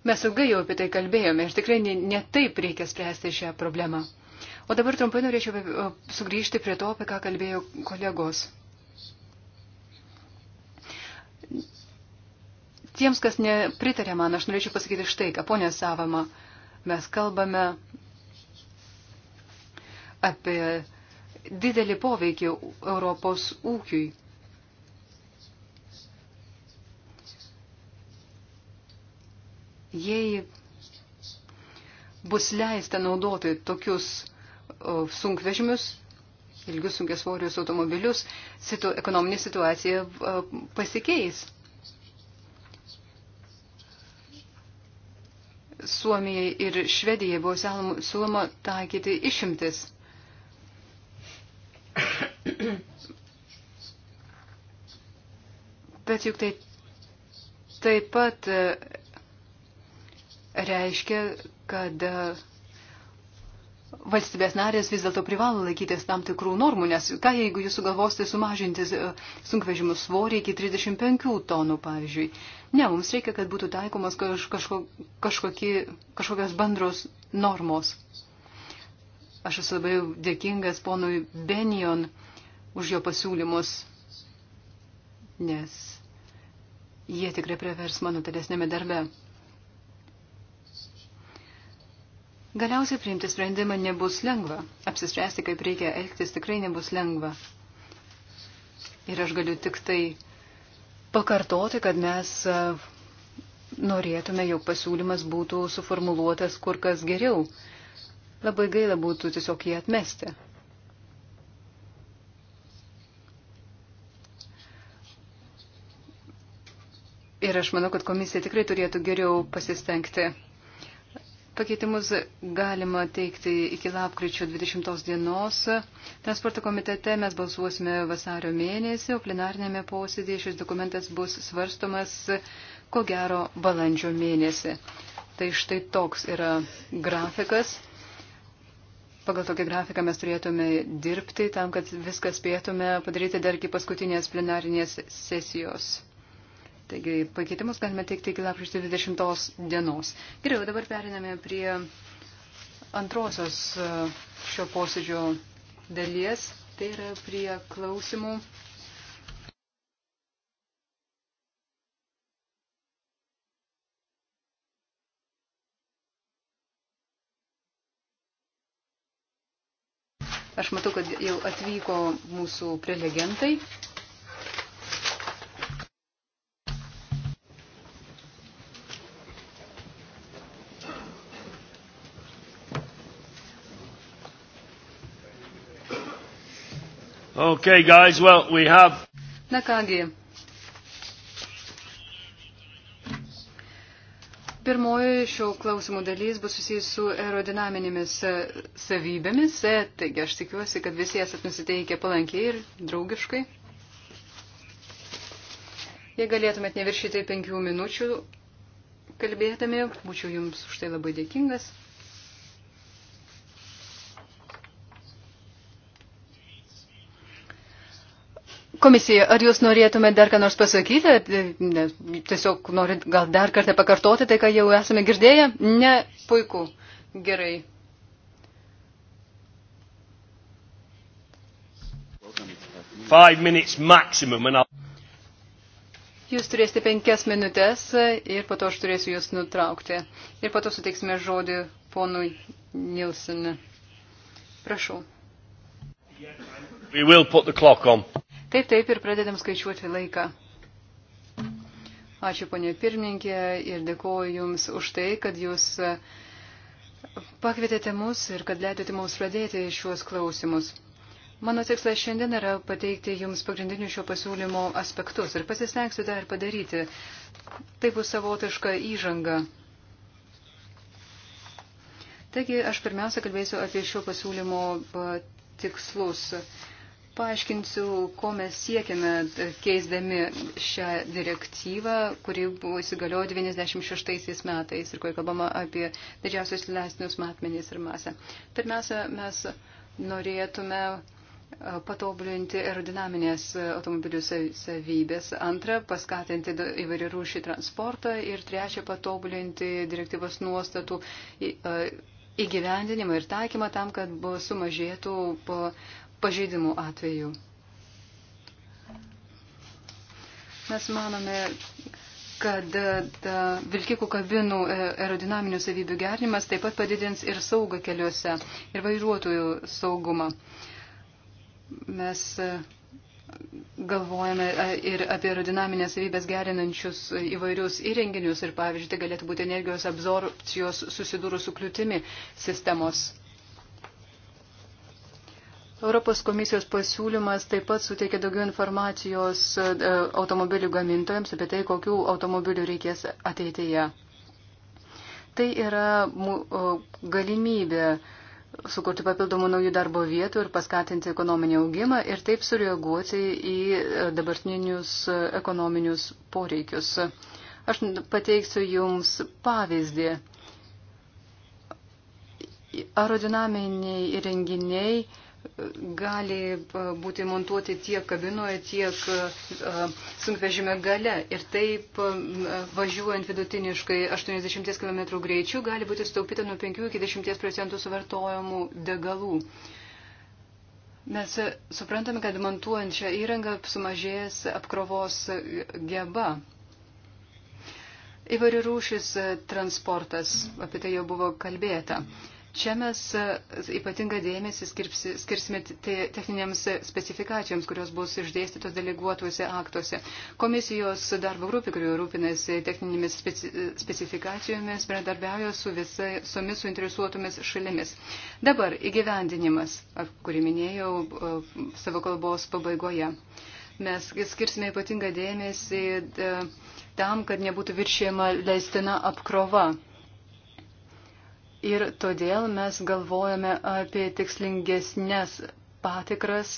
Mes ilgai jau apie tai kalbėjome ir tikrai netaip ne reikia spręsti šią problemą. O dabar trumpai norėčiau e, sugrįžti prie to, apie ką kalbėjo kolegos. Tiems, kas nepritarė man, aš norėčiau pasakyti štai, ką ponė Savama, mes kalbame apie didelį poveikį Europos ūkiui. Jei bus leista naudoti tokius sunkvežimius, ilgius sunkės svorius automobilius, situ, ekonominė situacija pasikeis. Suomijai ir Švedijai buvo siūloma taikyti išimtis. Bet juk tai taip pat reiškia, kad e, valstybės narės vis dėlto privalo laikytis tam tikrų normų, nes ką jeigu jūs sugalvosite sumažinti e, sunkvežimų svorį iki 35 tonų, pavyzdžiui. Ne, mums reikia, kad būtų taikomas kažko, kažkokie, kažkokios bendros normos. Aš esu labai dėkingas ponui Benion už jo pasiūlymus, nes jie tikrai prevers mano tolesnėme darbe. Galiausiai priimti sprendimą nebus lengva. Apsispręsti, kaip reikia elgtis, tikrai nebus lengva. Ir aš galiu tik tai pakartoti, kad mes e, norėtume, jog pasiūlymas būtų suformuluotas kur kas geriau. Labai gaila būtų tiesiog jį atmesti. Ir aš manau, kad komisija tikrai turėtų geriau pasistengti Pakeitimus galima teikti iki lapkričio 20 dienos. Transporto komitete mes balsuosime vasario mėnesį, o plenarnėme posėdėje šis dokumentas bus svarstomas ko gero balandžio mėnesį. Tai štai toks yra grafikas. Pagal tokį grafiką mes turėtume dirbti tam, kad viską spėtume padaryti dar iki paskutinės plenarinės sesijos. Taigi pakeitimus galime teikti iki lapkričio 20 dienos. Geriau, dabar periname prie antrosios e, šio posėdžio dalies. Tai yra prie klausimų. Aš matau, kad jau atvyko mūsų prelegentai. Okay, guys, well, we have... Na kągi. Pirmoji šio klausimų dalys bus susijęs su aerodinaminėmis e, savybėmis, e, taigi aš tikiuosi, kad visi esat nusiteikę palankiai ir draugiškai. Jei galėtumėt neviršyti penkių minučių kalbėdami, būčiau jums už tai labai dėkingas. Komisija, ar jūs norėtumėte dar ką nors pasakyti? Ne, tiesiog norit gal dar kartą pakartoti tai, ką jau esame girdėję? Ne, puiku. Gerai. Maximum, jūs turėsite penkias minutės ir po to aš turėsiu jūs nutraukti. Ir po to suteiksime žodį ponui Nilsen. Prašau. We will put the clock on. Taip, taip ir pradedam skaičiuoti laiką. Ačiū, ponė pirmininkė, ir dėkuoju Jums už tai, kad Jūs e, pakvietėte mus ir kad leidote mums pradėti šiuos klausimus. Mano tikslas šiandien yra pateikti Jums pagrindinius šio pasiūlymo aspektus ir pasistengsiu dar padaryti. Tai bus savotiška įžanga. Taigi, aš pirmiausia kalbėsiu apie šio pasiūlymo e, tikslus paaiškinsiu, ko mes siekiame keisdami šią direktyvą, kuri buvo įsigaliojo 96 metais ir kurioje kalbama apie didžiausius leistinius matmenys ir masę. Pirmiausia, mes norėtume patobulinti aerodinaminės automobilių savybės, antra, paskatinti įvairių rūšį transportą ir trečia, patobulinti direktyvos nuostatų įgyvendinimą ir taikymą tam, kad sumažėtų po pažeidimų atveju. Mes manome, kad vilkikų kabinų e, aerodinaminių savybių gerinimas taip pat padidins ir saugą keliuose, ir vairuotojų saugumą. Mes e, galvojame e, ir apie aerodinaminės savybės gerinančius įvairius įrenginius ir pavyzdžiui, tai galėtų būti energijos absorpcijos susidūrus su kliūtimi sistemos. Europos komisijos pasiūlymas taip pat suteikia daugiau informacijos e, automobilių gamintojams apie tai, kokių automobilių reikės ateityje. Tai yra galimybė sukurti papildomų naujų darbo vietų ir paskatinti ekonominį augimą ir taip sureaguoti į e, dabartinius ekonominius poreikius. Aš pateiksiu Jums pavyzdį. Aerodinaminiai įrenginiai gali būti montuoti tiek kabinoje, tiek e, sunkvežime gale. Ir taip e, važiuojant vidutiniškai 80 km greičiu gali būti sutaupyta nuo 5 iki 10 procentų suvartojamų degalų. Mes suprantame, kad montuojant šią įrangą sumažės apkrovos geba. Įvairių rūšis e, transportas, apie tai jau buvo kalbėta. Mm. Čia mes e, ypatingą dėmesį skirpsi, skirsime techninėms specifikacijoms, kurios bus išdėstytos deleguotuose aktuose. Komisijos darbo grupė, kuri rūpinasi techninėmis speci, e, specifikacijomis, bendradarbiauja su visomis suinteresuotomis šalimis. Dabar įgyvendinimas, kurį minėjau e, savo kalbos pabaigoje. Mes skirsime ypatingą dėmesį tam, kad nebūtų viršėjama leistina apkrova Ir todėl mes galvojame apie tikslingesnės patikras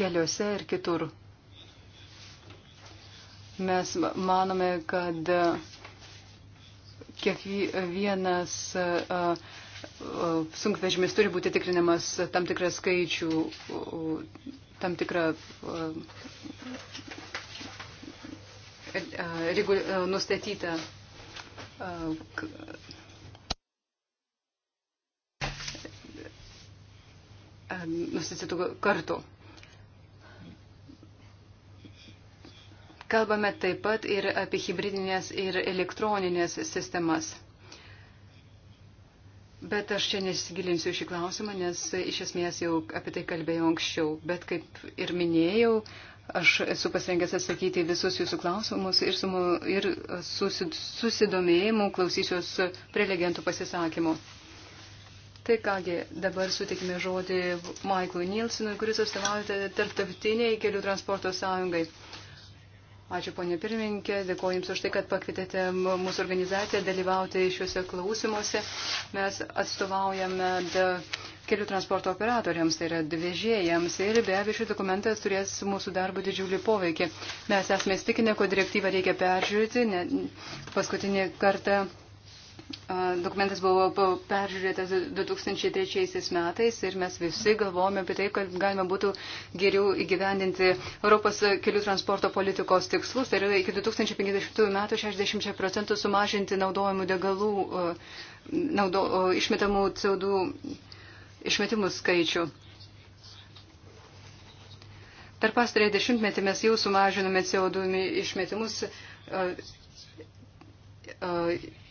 keliuose ir kitur. Mes manome, kad kiekvienas sunkvežimis turi būti tikrinamas tam tikrą skaičių, tam tikrą nustatytą nusisitų kartu. Kalbame taip pat ir apie hybridinės ir elektroninės sistemas. Bet aš čia nesigilinsiu šį klausimą, nes iš esmės jau apie tai kalbėjau anksčiau. Bet kaip ir minėjau, Aš esu pasirengęs atsakyti visus jūsų klausimus ir, sumu, ir susidomėjimu klausysiuos prelegentų pasisakymų. Tai kągi, dabar sutikime žodį Maiklui Nilsinui, kuris atstovauja tarptautiniai kelių transporto sąjungai. Ačiū, ponė pirmininkė, dėkoju Jums už tai, kad pakvietėte mūsų organizaciją dalyvauti šiuose klausimuose. Mes atstovaujame kelių transporto operatoriams, tai yra dvežėjams ir be abejo šis dokumentas turės mūsų darbo didžiulį poveikį. Mes esame įstikinę, kad direktyvą reikia peržiūrėti, ne, paskutinį kartą Dokumentas buvo peržiūrėtas 2003 metais ir mes visi galvojame apie tai, kad galima būtų geriau įgyvendinti Europos kelių transporto politikos tikslus, tai yra iki 2050 metų 60 procentų sumažinti naudojimų degalų, naudo, išmetamų CO2 išmetimų skaičių. Per pastarąjį dešimtmetį mes jau sumažinome CO2 išmetimus. Uh, uh,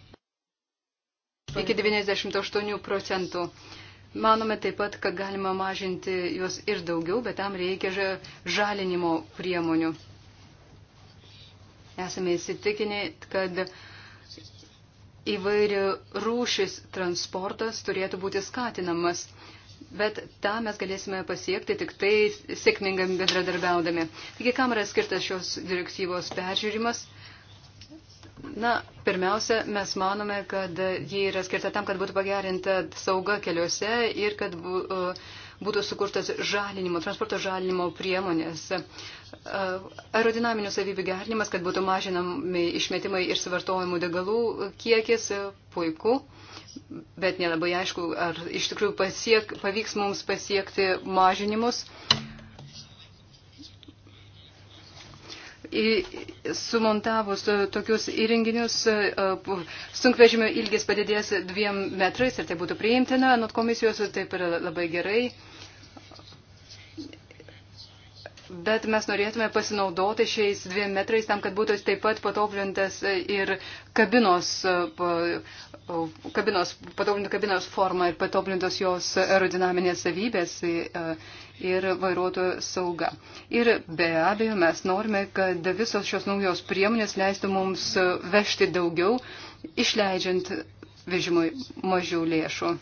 iki 98 procentų. Manome taip pat, kad galima mažinti juos ir daugiau, bet tam reikia žalinimo priemonių. Esame įsitikinę, kad įvairių rūšis transportas turėtų būti skatinamas. Bet tą mes galėsime pasiekti tik tai sėkmingam bendradarbiaudami. Taigi, kam yra skirtas šios direktyvos peržiūrimas? Na, pirmiausia, mes manome, kad ji yra skirta tam, kad būtų pagerinta sauga keliuose ir kad e, būtų sukurtas žalinimo, transporto žalinimo priemonės. E, aerodinaminių savybių gerinimas, kad būtų mažinami išmetimai ir suvartojimų degalų kiekis, e, puiku, bet nelabai aišku, ar iš tikrųjų pasiek, pavyks mums pasiekti mažinimus. sumontavus e, tokius įrenginius, e, sunkvežimio ilgis padidės dviem metrais ir tai būtų priimtina, anot komisijos taip yra labai gerai. Bet mes norėtume pasinaudoti šiais dviem metrais tam, kad būtų taip pat patoblintas ir kabinos, e, kabinos, patoblinta kabinos forma ir patoblintos jos aerodinaminės savybės. Ir, ir vairuotojo sauga. Ir be abejo, mes norime, kad visos šios naujos priemonės leistų mums vežti daugiau, išleidžiant vežimui mažiau lėšų.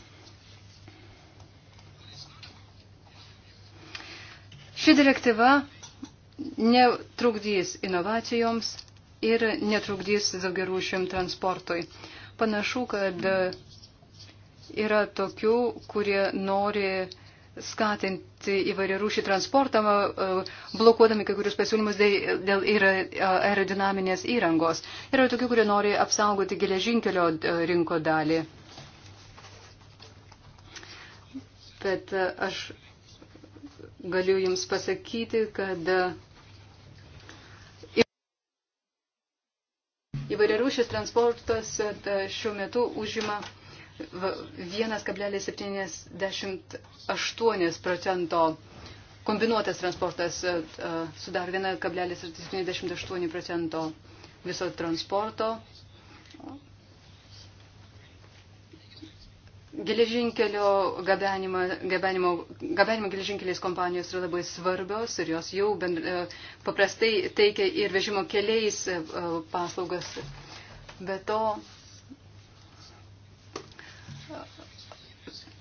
Ši direktyva netrukdys inovacijoms ir netrukdys daugiarūšiam transportui. Panašu, kad yra tokių, kurie nori skatinti įvairių rūšį transportą, e, blokuodami kai kurius pasiūlymus dėl e, aerodinaminės įrangos. Yra tokių, kurie nori apsaugoti geležinkelio e, rinko dalį. Bet aš galiu Jums pasakyti, kad įvairių rūšis transportas šiuo metu užima 1,78 procento kombinuotas transportas e, e, sudaro 1,78 procento viso transporto. Geležinkelio gabenimo, gabenimo, gabenimo geležinkeliais kompanijos yra labai svarbios ir jos jau bendra, e, paprastai teikia ir vežimo keliais paslaugas. Be to,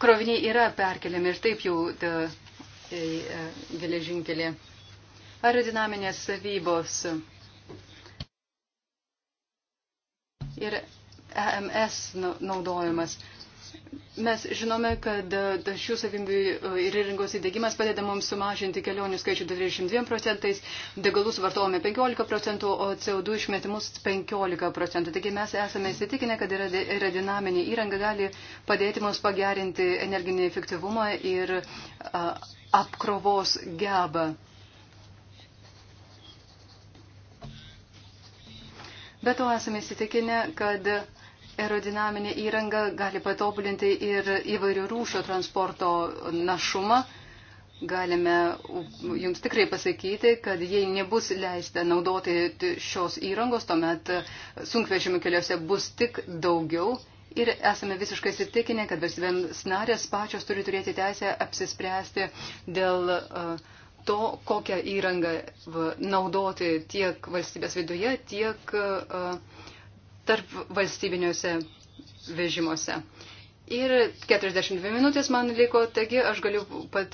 kroviniai yra perkeliami ir taip jau e, e, geležinkelį. Aerodinaminės savybos ir EMS naudojimas. Mes žinome, kad e, šių savybių e, ir įrengos įdėgymas padeda mums sumažinti kelionių skaičių 22 procentais, degalus vartojame 15 procentų, o CO2 išmetimus 15 procentų. Taigi mes esame įsitikinę, kad yra dinaminė įranga gali padėti mums pagerinti energinį efektyvumą ir apkrovos gebą. Bet to esame įsitikinę, kad aerodinaminė įranga gali patobulinti ir įvairių rūšio transporto našumą. Galime jums tikrai pasakyti, kad jei nebus leista naudoti šios įrangos, tuomet sunkvežimių keliuose bus tik daugiau. Ir esame visiškai įsitikinę, kad valstybėms narės pačios turi turėti teisę apsispręsti dėl uh, to, kokią įrangą naudoti tiek valstybės viduje, tiek uh, tarp valstybiniuose vežimuose. Ir 42 minutės man liko, taigi aš galiu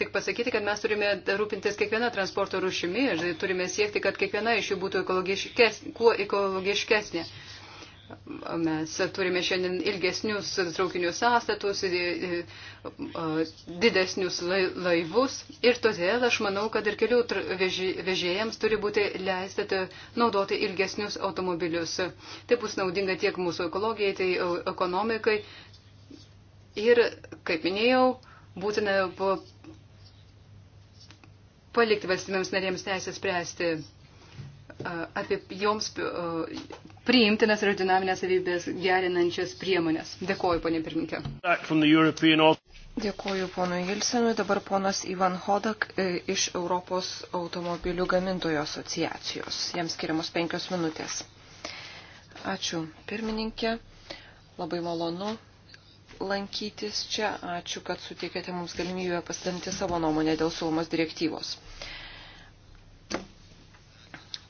tik pasakyti, kad mes turime rūpintis kiekvieną transporto rušimi ir turime siekti, kad kiekviena iš jų būtų ekologiškes, kuo ekologiškesnė. Mes turime šiandien ilgesnius traukinių sąstatus, didesnius laivus ir todėl aš manau, kad ir kelių vežėjams turi būti leista naudoti ilgesnius automobilius. Tai bus naudinga tiek mūsų ekologijai, tai e, ekonomikai ir, kaip minėjau, būtina palikti valstybėms narėms teisę spręsti apie joms priimtinas ir dinaminės savybės gerinančias priemonės. Dėkoju, ponė pirminkė. Dėkoju ponui Ilsenui. Dabar ponas Ivan Hodak e, iš Europos automobilių gamintojų asociacijos. Jam skiriamos penkios minutės. Ačiū, pirmininkė. Labai malonu lankytis čia. Ačiū, kad sutikėte mums galimybę pasidalinti savo nuomonę dėl saugumos direktyvos.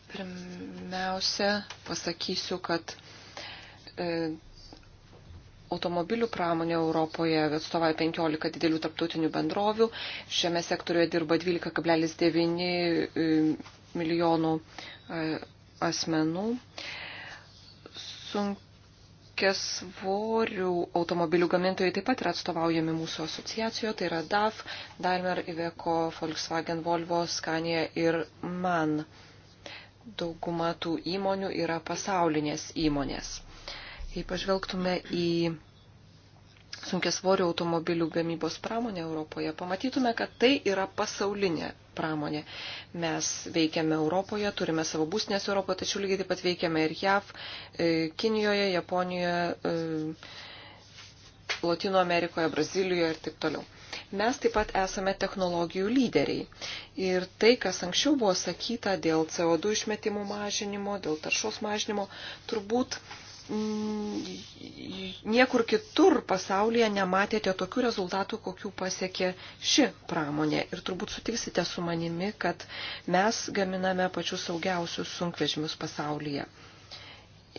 Pirm Pirmiausia, pasakysiu, kad e, automobilių pramonė Europoje atstovauja 15 didelių tarptautinių bendrovių. Šiame sektoriuje dirba 12,9 e, milijonų e, asmenų. Sunkės svorių automobilių gamintojai taip pat yra atstovaujami mūsų asociacijoje, tai yra DAF, Daimler, Iveco, Volkswagen, Volvo, Scania ir MAN dauguma tų įmonių yra pasaulinės įmonės. Jei pažvelgtume į sunkiasvorių automobilių gamybos pramonę Europoje, pamatytume, kad tai yra pasaulinė pramonė. Mes veikiame Europoje, turime savo būsnės Europoje, tačiau lygiai taip pat veikiame ir JAV, e, Kinijoje, Japonijoje, e, Latino Amerikoje, Brazilijoje ir taip toliau. Mes taip pat esame technologijų lyderiai. Ir tai, kas anksčiau buvo sakyta dėl CO2 išmetimų mažinimo, dėl taršos mažinimo, turbūt mm, niekur kitur pasaulyje nematėte tokių rezultatų, kokių pasiekė ši pramonė. Ir turbūt sutiksite su manimi, kad mes gaminame pačius saugiausius sunkvežimius pasaulyje.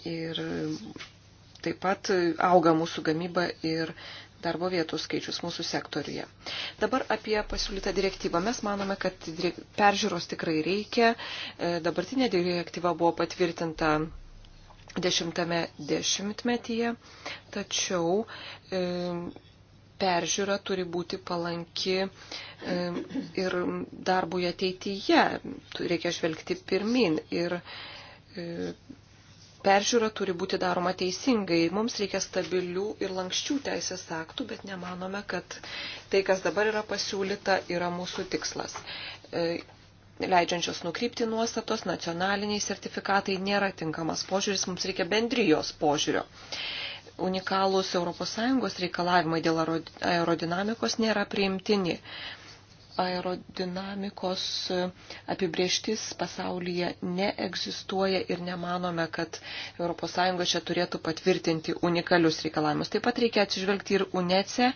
Ir taip pat auga mūsų gamyba ir darbo vietų skaičius mūsų sektoriuje. Dabar apie pasiūlytą direktyvą. Mes manome, kad peržiūros tikrai reikia. E, dabartinė direktyva buvo patvirtinta dešimtame dešimtmetyje, tačiau e, peržiūra turi būti palanki e, ir darbui ateityje. Reikia žvelgti pirmin. Ir peržiūra turi būti daroma teisingai. Mums reikia stabilių ir lankščių teisės aktų, bet nemanome, kad tai, kas dabar yra pasiūlyta, yra mūsų tikslas. E, leidžiančios nukrypti nuostatos, nacionaliniai sertifikatai nėra tinkamas požiūris, mums reikia bendrijos požiūrio. Unikalūs ES reikalavimai dėl aerodinamikos nėra priimtini aerodinamikos apibrieštis pasaulyje neegzistuoja ir nemanome, kad ES čia turėtų patvirtinti unikalius reikalavimus. Taip pat reikia atsižvelgti ir UNECE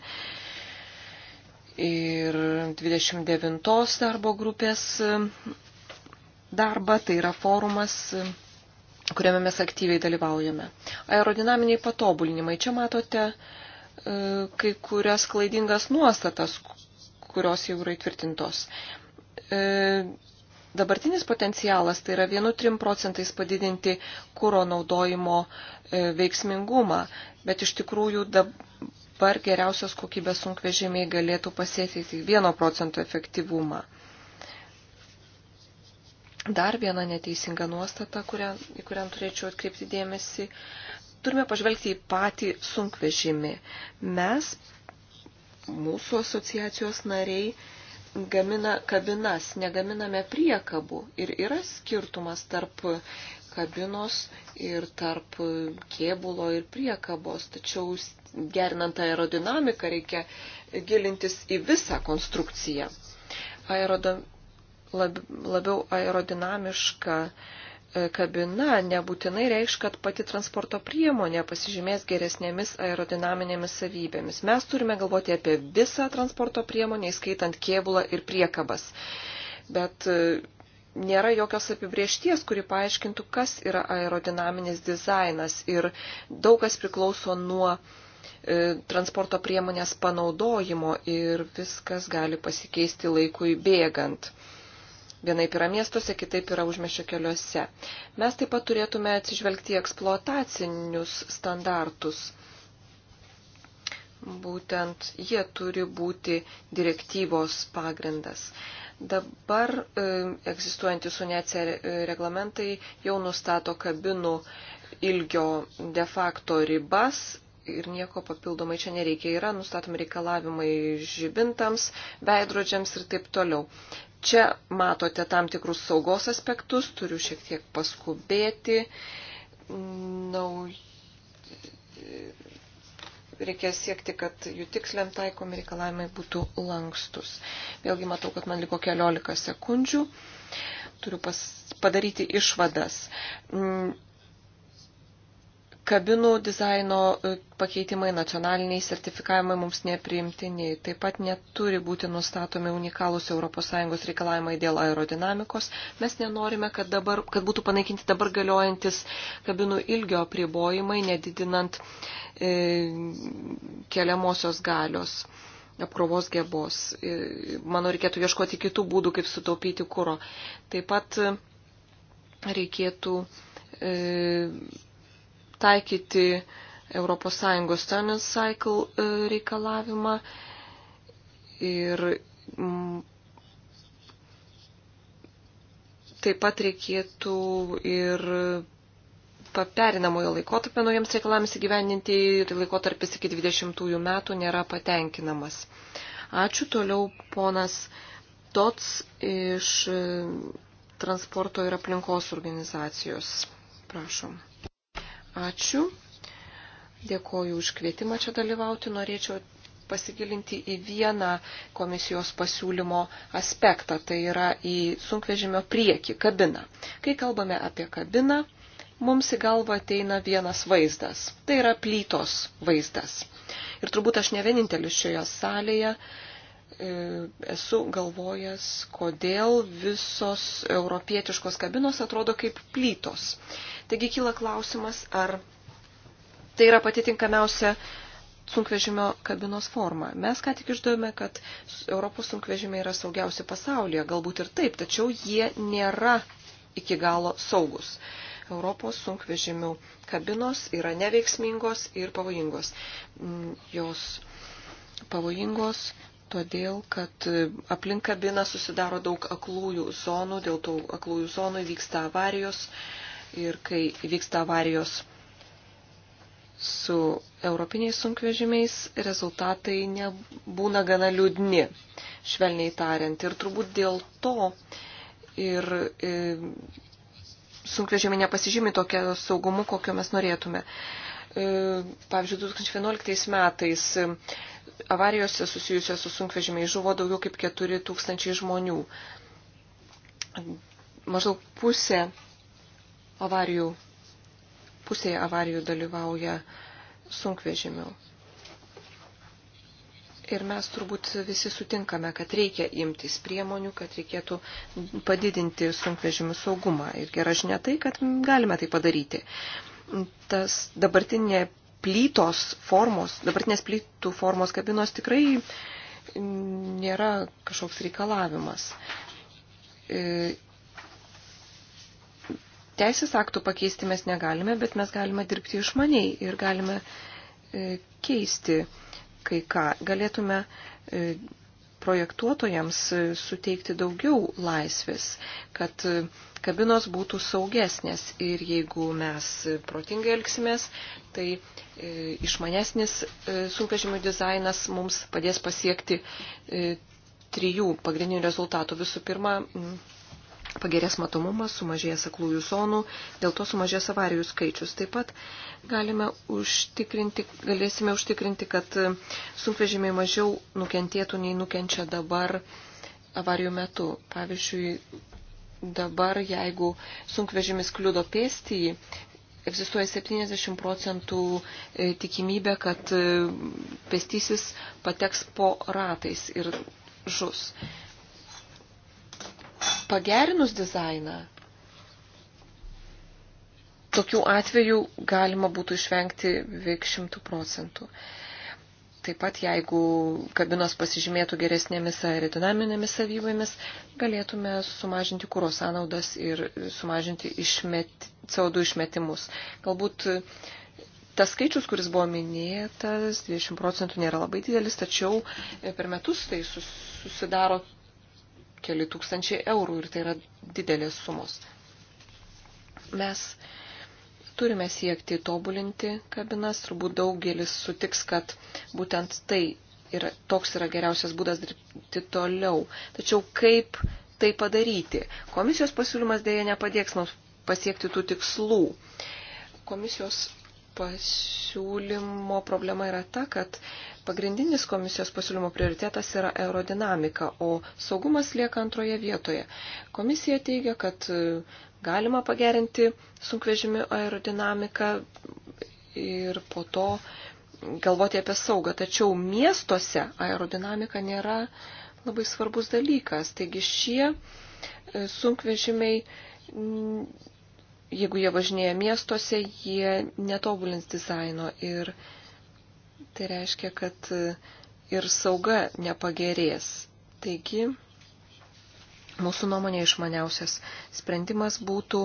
ir 29 darbo grupės darbą, tai yra forumas kuriame mes aktyviai dalyvaujame. Aerodinaminiai patobulinimai. Čia matote e, kai kurias klaidingas nuostatas, kurios jau yra įtvirtintos. E, dabartinis potencialas tai yra 1-3 procentais padidinti kūro naudojimo e, veiksmingumą, bet iš tikrųjų dabar geriausios kokybės sunkvežimiai galėtų pasėti tik 1 procento efektyvumą. Dar viena neteisinga nuostata, kurią, į kurią turėčiau atkreipti dėmesį. Turime pažvelgti į patį sunkvežimį. Mes mūsų asociacijos nariai gamina kabinas, negaminame priekabų. Ir yra skirtumas tarp kabinos ir tarp kėbulo ir priekabos. Tačiau gerinant aerodinamiką reikia gilintis į visą konstrukciją. Aerodam, lab, labiau aerodinamiška kabina nebūtinai reiškia, kad pati transporto priemonė pasižymės geresnėmis aerodinaminėmis savybėmis. Mes turime galvoti apie visą transporto priemonę, įskaitant kėbulą ir priekabas. Bet e, nėra jokios apibriešties, kuri paaiškintų, kas yra aerodinaminis dizainas ir daug kas priklauso nuo e, transporto priemonės panaudojimo ir viskas gali pasikeisti laikui bėgant. Vienaip yra miestuose, kitaip yra užmešio keliuose. Mes taip pat turėtume atsižvelgti į eksploatacinius standartus. Būtent jie turi būti direktyvos pagrindas. Dabar e, egzistuojantys UNECE reglamentai jau nustato kabinų ilgio de facto ribas ir nieko papildomai čia nereikia. Yra nustatomi reikalavimai žibintams, veidrodžiams ir taip toliau. Čia matote tam tikrus saugos aspektus, turiu šiek tiek paskubėti. Nau... Reikės siekti, kad jų tiksliam taikomi reikalavimai būtų lankstus. Vėlgi matau, kad man liko keliolika sekundžių. Turiu pas... padaryti išvadas. Mm, Kabinų dizaino e, pakeitimai, nacionaliniai sertifikavimai mums nepriimtini. Taip pat neturi būti nustatomi unikalūs ES reikalavimai dėl aerodinamikos. Mes nenorime, kad, dabar, kad būtų panaikinti dabar galiojantis kabinų ilgio apribojimai, nedidinant e, keliamosios galios apkrovos gebos. E, Manau, reikėtų ieškoti kitų būdų, kaip sutaupyti kūro. Taip pat e, reikėtų. E, taikyti ES Tunnel Cycle e, reikalavimą ir mm, taip pat reikėtų ir perinamojo laikotarpio naujiems reikalams įgyvendinti ir laikotarpis iki 20 metų nėra patenkinamas. Ačiū toliau ponas Tots iš e, transporto ir aplinkos organizacijos. Prašom. Ačiū. Dėkoju už kvietimą čia dalyvauti. Norėčiau pasigilinti į vieną komisijos pasiūlymo aspektą, tai yra į sunkvežimio priekį, kabiną. Kai kalbame apie kabiną, mums į galvą ateina vienas vaizdas, tai yra plytos vaizdas. Ir turbūt aš ne vienintelis šioje salėje E, esu galvojęs, kodėl visos europietiškos kabinos atrodo kaip plytos. Taigi kyla klausimas, ar tai yra pati tinkamiausia sunkvežimio kabinos forma. Mes ką tik išdavome, kad Europos sunkvežimiai yra saugiausi pasaulyje, galbūt ir taip, tačiau jie nėra iki galo saugus. Europos sunkvežimių kabinos yra neveiksmingos ir pavojingos. Mm, jos pavojingos todėl kad aplink kabiną susidaro daug aklųjų zonų, dėl tų aklųjų zonų vyksta avarijos ir kai vyksta avarijos su europiniais sunkvežimiais, rezultatai nebūna gana liūdni, švelniai tariant. Ir turbūt dėl to ir, ir e, sunkvežimiai nepasižymi tokio saugumu, kokio mes norėtume. E, pavyzdžiui, 2011 metais avarijose susijusios su sunkvežimiai žuvo daugiau kaip 4 tūkstančiai žmonių. Maždaug pusė avarijų, pusėje avarijų dalyvauja sunkvežimių. Ir mes turbūt visi sutinkame, kad reikia imtis priemonių, kad reikėtų padidinti sunkvežimių saugumą. Ir gera žinia tai, kad galime tai padaryti. Tas dabartinė plytos formos, dabartinės plytų formos kabinos tikrai nėra kažkoks reikalavimas. E, teisės aktų pakeisti mes negalime, bet mes galime dirbti išmaniai ir galime e, keisti kai ką. Galėtume e, projektuotojams suteikti daugiau laisvės, kad kabinos būtų saugesnės ir jeigu mes protingai elgsimės, tai e, išmanesnis e, sunkvežimių dizainas mums padės pasiekti e, trijų pagrindinių rezultatų. Visų pirma, pagerės matomumas, sumažėjęs aklųjų zonų, dėl to sumažės avarijų skaičius. Taip pat galime užtikrinti, galėsime užtikrinti, kad sunkvežimiai mažiau nukentėtų nei nukenčia dabar avarijų metu. Pavyzdžiui, dabar jeigu sunkvežimis kliudo pėstįjį, egzistuoja 70 procentų e, tikimybė, kad e, pėstysis pateks po ratais ir žus pagerinus dizainą, tokių atvejų galima būtų išvengti veik šimtų procentų. Taip pat, jeigu kabinos pasižymėtų geresnėmis aerodinaminėmis savybėmis, galėtume sumažinti kūro sąnaudas ir sumažinti išmet, CO2 išmetimus. Galbūt tas skaičius, kuris buvo minėtas, 20 procentų nėra labai didelis, tačiau per metus tai susidaro keli tūkstančiai eurų ir tai yra didelės sumos. Mes turime siekti tobulinti kabinas, turbūt daugelis sutiks, kad būtent tai yra, toks yra geriausias būdas dirbti toliau. Tačiau kaip tai padaryti? Komisijos pasiūlymas dėja nepadėks mums pasiekti tų tikslų. Komisijos pasiūlymo problema yra ta, kad pagrindinis komisijos pasiūlymo prioritetas yra aerodinamika, o saugumas lieka antroje vietoje. Komisija teigia, kad e, galima pagerinti sunkvežimių aerodinamiką ir po to galvoti apie saugą. Tačiau miestuose aerodinamika nėra labai svarbus dalykas. Taigi šie e, sunkvežimiai jeigu jie važinėja miestuose, jie netobulins dizaino ir tai reiškia, kad e, ir sauga nepagerės. Taigi, mūsų nuomonė išmaniausias sprendimas būtų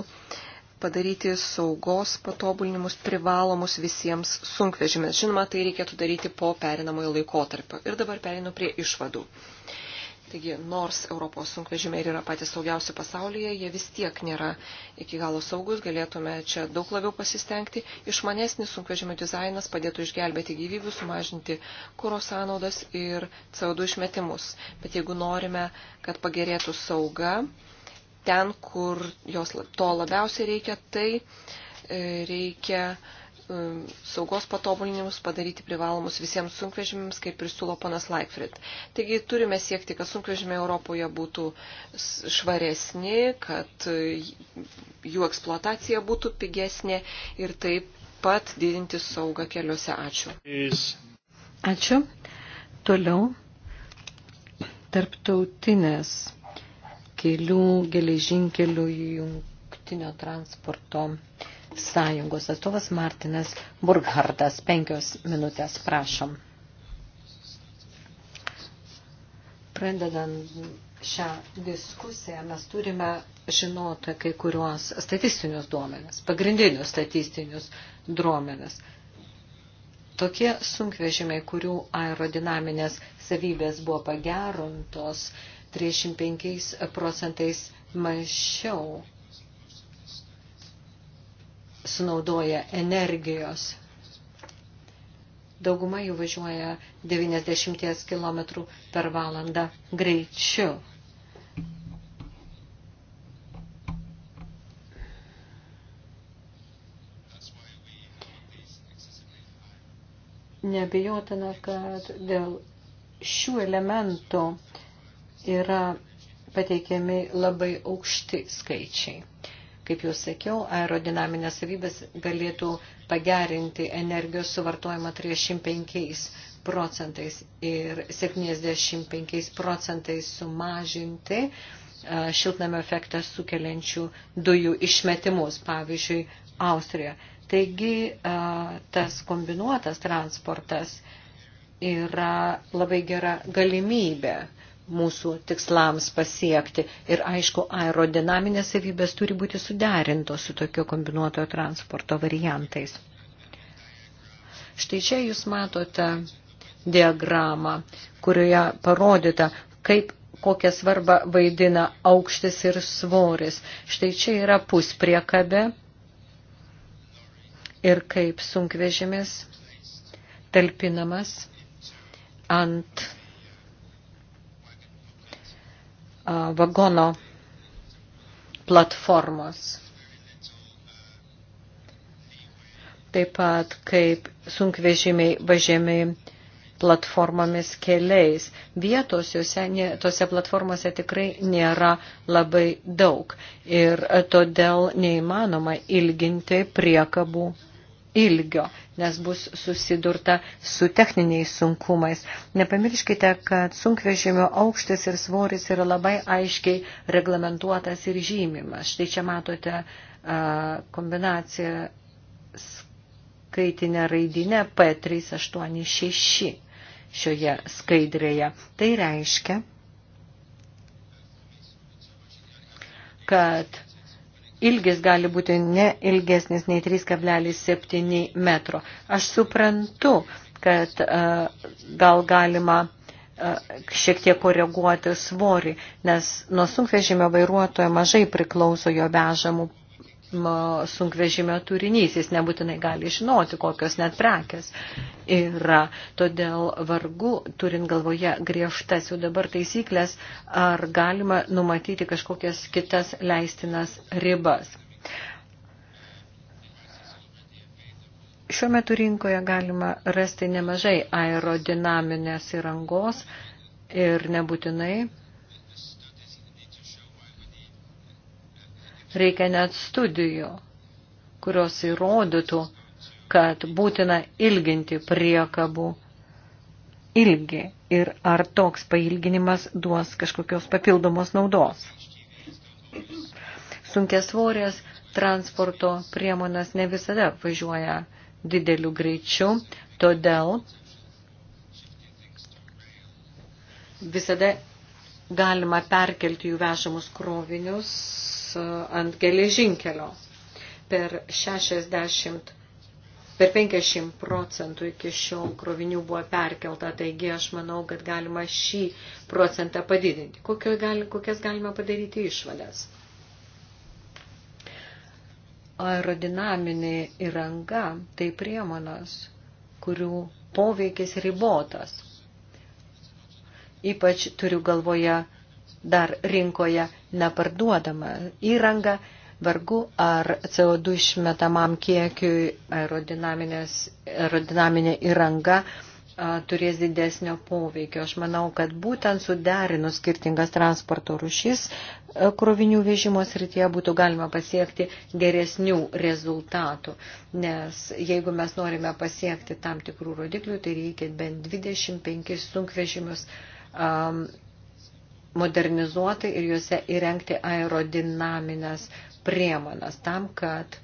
padaryti saugos patobulinimus privalomus visiems sunkvežimės. Žinoma, tai reikėtų daryti po perinamojo laikotarpio. Ir dabar perinu prie išvadų. Uh, Taigi, nors Europos sunkvežimiai yra patys saugiausi pasaulyje, jie vis tiek nėra iki galo saugus, galėtume čia daug labiau pasistengti. Išmanesnis sunkvežimių dizainas padėtų išgelbėti gyvybių, sumažinti kūro sąnaudas ir CO2 išmetimus. Bet jeigu norime, kad pagerėtų sauga, ten, kur jos to labiausiai reikia, tai e, reikia Um, saugos patobulinimus padaryti privalomus visiems sunkvežimėms, kaip ir siūlo panas Laikfrid. Taigi turime siekti, kad sunkvežimė Europoje būtų švaresni, kad uh, jų eksploatacija būtų pigesnė ir taip pat didinti saugą keliuose. Ačiū. Ačiū. Toliau. Tarptautinės kelių, geležinkelių jungtinio transporto sąjungos atstovas Martinas Burghardas. Penkios minutės, prašom. Pradedant šią diskusiją, mes turime žinoti kai kuriuos statistinius duomenis, pagrindinius statistinius duomenis. Tokie sunkvežimiai, kurių aerodinaminės savybės buvo pagerintos 35 procentais mažiau sunaudoja energijos. Dauguma jų važiuoja 90 km per valandą greičiu. Nebijotina, kad dėl šių elementų yra pateikiami labai aukšti skaičiai. Kaip jau sakiau, aerodinaminės savybės galėtų pagerinti energijos suvartojimą 35 procentais ir 75 procentais sumažinti šiltnamio efektą sukeliančių dujų išmetimus, pavyzdžiui, Austrija. Taigi tas kombinuotas transportas yra labai gera galimybė mūsų tikslams pasiekti. Ir aišku, aerodinaminės savybės turi būti suderintos su tokio kombinuotojo transporto variantais. Štai čia jūs matote diagramą, kurioje parodyta, kaip kokią svarbą vaidina aukštis ir svoris. Štai čia yra puspriekabė ir kaip sunkvežimis talpinamas ant vagono platformos. Taip pat kaip sunkvežimiai važiami platformomis keliais. Vietos juose, tose platformose tikrai nėra labai daug ir todėl neįmanoma ilginti priekabų ilgio nes bus susidurta su techniniais sunkumais. Nepamirškite, kad sunkvežimio aukštis ir svoris yra labai aiškiai reglamentuotas ir žymimas. Štai čia matote kombinaciją skaitinę raidinę P386 šioje skaidrėje. Tai reiškia, kad ilgis gali būti ne ilgesnis nei 3,7 metro. Aš suprantu, kad e, gal galima e, šiek tiek koreguoti svorį, nes nuo sunkvežimio vairuotojo mažai priklauso jo vežamų sunkvežimio turinys, jis nebūtinai gali žinoti, kokios net prekes yra. Todėl vargu, turint galvoje griežtas jau dabar taisyklės, ar galima numatyti kažkokias kitas leistinas ribas. Šiuo metu rinkoje galima rasti nemažai aerodinaminės įrangos ir nebūtinai Reikia net studijų, kurios įrodytų, kad būtina ilginti priekabų ilgį ir ar toks pailginimas duos kažkokios papildomos naudos. Sunkesvorės transporto priemonas ne visada važiuoja dideliu greičiu, todėl visada galima perkelti jų vežamus krovinius ant geležinkelio per 60 per 50 procentų iki šiol krovinių buvo perkelta, taigi aš manau, kad galima šį procentą padidinti. Kokio gali, kokias galima padaryti išvadas? Aerodinaminė įranga tai priemonas, kurių poveikis ribotas. Ypač turiu galvoje dar rinkoje neparduodama įranga, vargu ar CO2 išmetamam kiekiui aerodinaminė įranga turės didesnio poveikio. Aš manau, kad būtent suderinus skirtingas transporto rušys krovinių vežimo srityje būtų galima pasiekti geresnių rezultatų, nes jeigu mes norime pasiekti tam tikrų rodiklių, tai reikia bent 25 sunkvežimius um, modernizuoti ir juose įrengti aerodinaminės priemonės tam, kad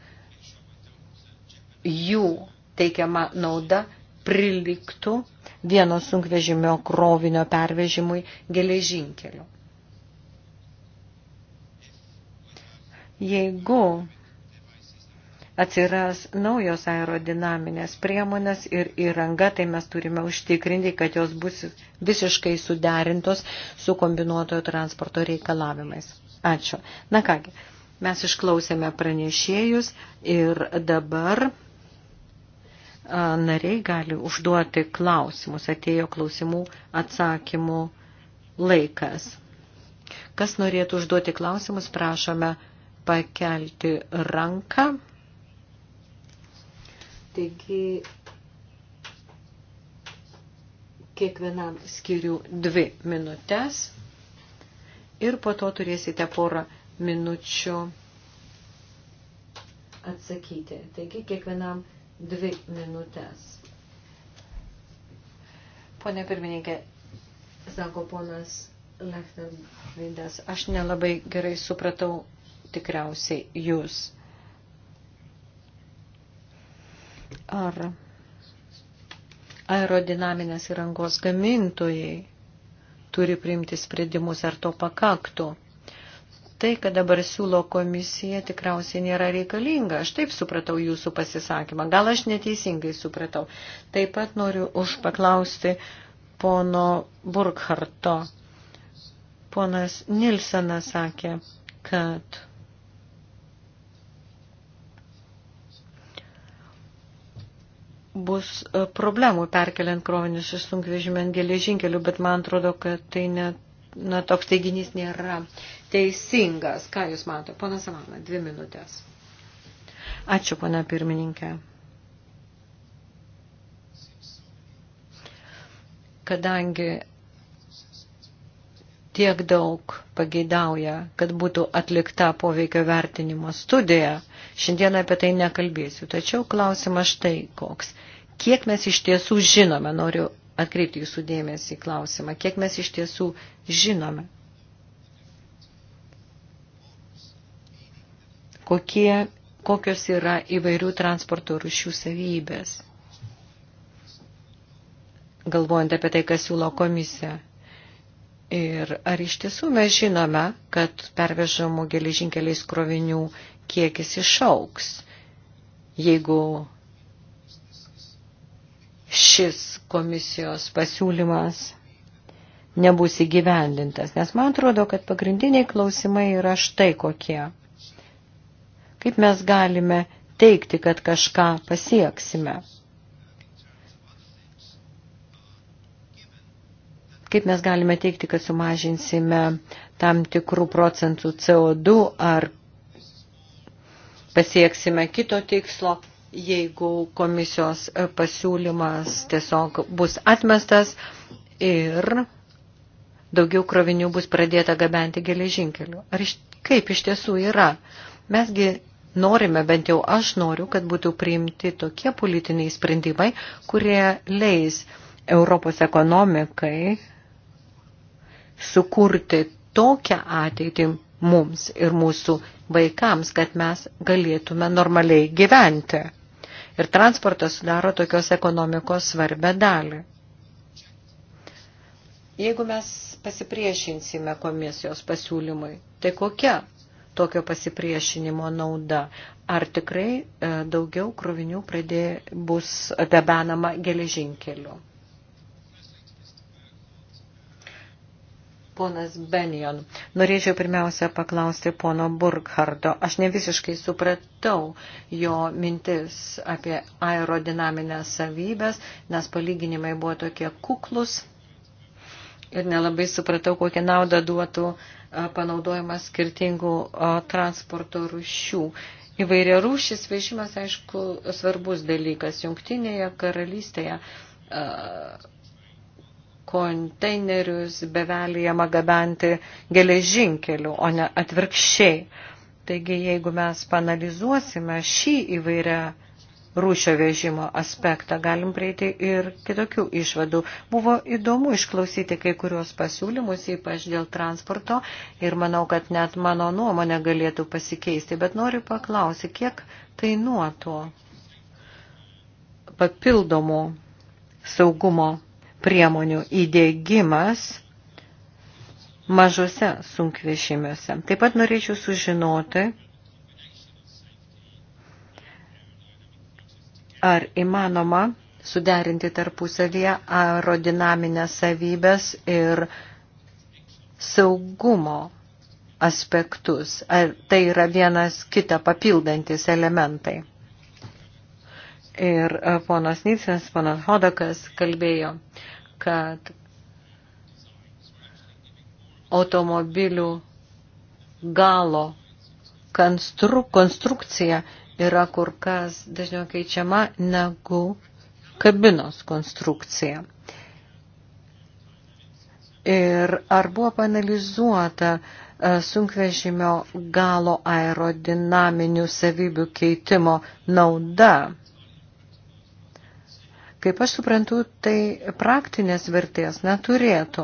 jų teikiama nauda priliktų vieno sunkvežimio krovinio pervežimui geležinkeliu. Jeigu atsiras naujos aerodinaminės priemonės ir įranga, tai mes turime užtikrinti, kad jos bus visiškai suderintos su kombinuotojo transporto reikalavimais. Ačiū. Na kągi, mes išklausėme pranešėjus ir dabar nariai gali užduoti klausimus. Atėjo klausimų atsakymų laikas. Kas norėtų užduoti klausimus, prašome pakelti ranką. Taigi kiekvienam skiriu dvi minutės ir po to turėsite porą minučių atsakyti. Taigi kiekvienam dvi minutės. Pone pirmininkė, sako ponas Lechnervidas, aš nelabai gerai supratau tikriausiai jūs. Ar aerodinaminės įrangos gamintojai turi priimti sprendimus, ar to pakaktų? tai, kad dabar siūlo komisija, tikriausiai nėra reikalinga. Aš taip supratau jūsų pasisakymą. Gal aš neteisingai supratau. Taip pat noriu užpaklausti pono Burkharto. Ponas Nilsenas sakė, kad bus e, problemų perkeliant krovinius iš sunkvežimio ant geležinkelių, bet man atrodo, kad tai net, na, toks teiginys nėra teisingas. Ką Jūs matote? Pana Samana, dvi minutės. Ačiū, pana pirmininkė. Kadangi tiek daug pageidauja, kad būtų atlikta poveikio vertinimo studija, Šiandien apie tai nekalbėsiu. Tačiau klausimas štai koks. Kiek mes iš tiesų žinome, noriu atkreipti jūsų dėmesį į klausimą, kiek mes iš tiesų žinome, kokie, kokios yra įvairių transporto rušių savybės. Galvojant apie tai, kas siūlo komisija. Ir ar iš tiesų mes žinome, kad pervežamų geležinkeliais krovinių kiekis išauks, jeigu šis komisijos pasiūlymas nebus įgyvendintas. Nes man atrodo, kad pagrindiniai klausimai yra štai kokie. Kaip mes galime teikti, kad kažką pasieksime? Kaip mes galime teikti, kad sumažinsime tam tikrų procentų CO2 ar pasieksime kito tikslo, jeigu komisijos pasiūlymas tiesiog bus atmestas ir daugiau krovinių bus pradėta gabenti geležinkeliu. Ar iš, kaip iš tiesų yra? Mesgi norime, bent jau aš noriu, kad būtų priimti tokie politiniai sprendimai, kurie leis Europos ekonomikai sukurti tokią ateitį, mums ir mūsų vaikams, kad mes galėtume normaliai gyventi. Ir transportas sudaro tokios ekonomikos svarbę dalį. Jeigu mes pasipriešinsime komisijos pasiūlymui, tai kokia tokio pasipriešinimo nauda? Ar tikrai e, daugiau krovinių pradė bus gabenama geležinkeliu? Ponas Benion, norėčiau pirmiausia paklausti pono Burkhardo. Aš ne visiškai supratau jo mintis apie aerodinaminės savybės, nes palyginimai buvo tokie kuklus ir nelabai supratau, kokią naudą duotų panaudojimas skirtingų transporto rušių. Įvairia rūšis vežimas, aišku, svarbus dalykas. Jungtinėje karalystėje konteinerius bevelyjama gabenti geležinkeliu, o ne atvirkščiai. Taigi, jeigu mes panalizuosime šį įvairią rūšio vežimo aspektą, galim prieiti ir kitokių išvadų. Buvo įdomu išklausyti kai kurios pasiūlymus, ypač dėl transporto, ir manau, kad net mano nuomonė galėtų pasikeisti, bet noriu paklausyti, kiek kainuotų papildomų saugumo priemonių įdėgymas mažose sunkvežimiuose. Taip pat norėčiau sužinoti, ar įmanoma suderinti tarpusavyje aerodinaminės savybės ir saugumo aspektus. Ar tai yra vienas kitą papildantis elementai? Ir e, ponas Nicens, ponas Hodakas kalbėjo, kad automobilių galo konstru, konstrukcija yra kur kas dažniau keičiama negu kabinos konstrukcija. Ir ar buvo panalizuota e, sunkvežimio galo aerodinaminių savybių keitimo nauda? Kaip aš suprantu, tai praktinės vertės neturėtų.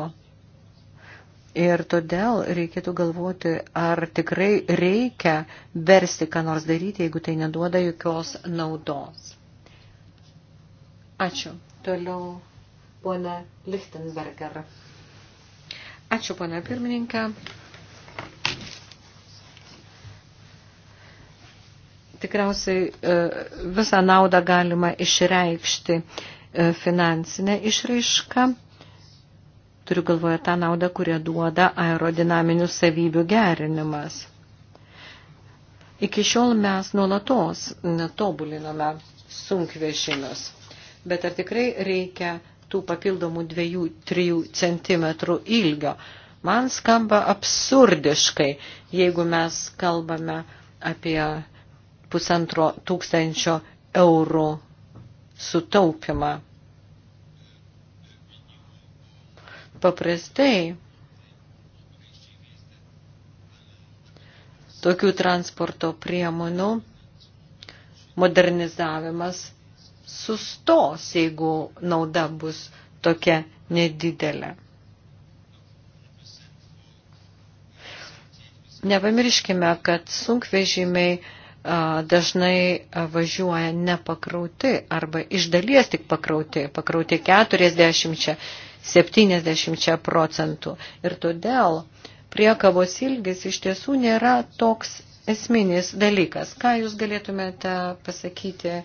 Ir todėl reikėtų galvoti, ar tikrai reikia versti, ką nors daryti, jeigu tai neduoda jokios naudos. Ačiū. Toliau pona Lichtenberger. Ačiū, pone pirmininkė. tikriausiai e, visą naudą galima išreikšti e, finansinę išraišką. Turiu galvoje tą naudą, kurią duoda aerodinaminių savybių gerinimas. Iki šiol mes nuolatos tobulinome sunkvežimius. Bet ar tikrai reikia tų papildomų 2-3 cm ilgio? Man skamba absurdiškai, jeigu mes kalbame apie pusantro tūkstančio eurų sutaupimą. Paprastai tokių transporto priemonų modernizavimas sustos, jeigu nauda bus tokia nedidelė. Nepamirškime, kad sunkvežimiai dažnai važiuoja nepakrauti arba iš dalies tik pakrauti, pakrauti 40-70 procentų. Ir todėl priekabos ilgis iš tiesų nėra toks esminis dalykas. Ką jūs galėtumėte pasakyti,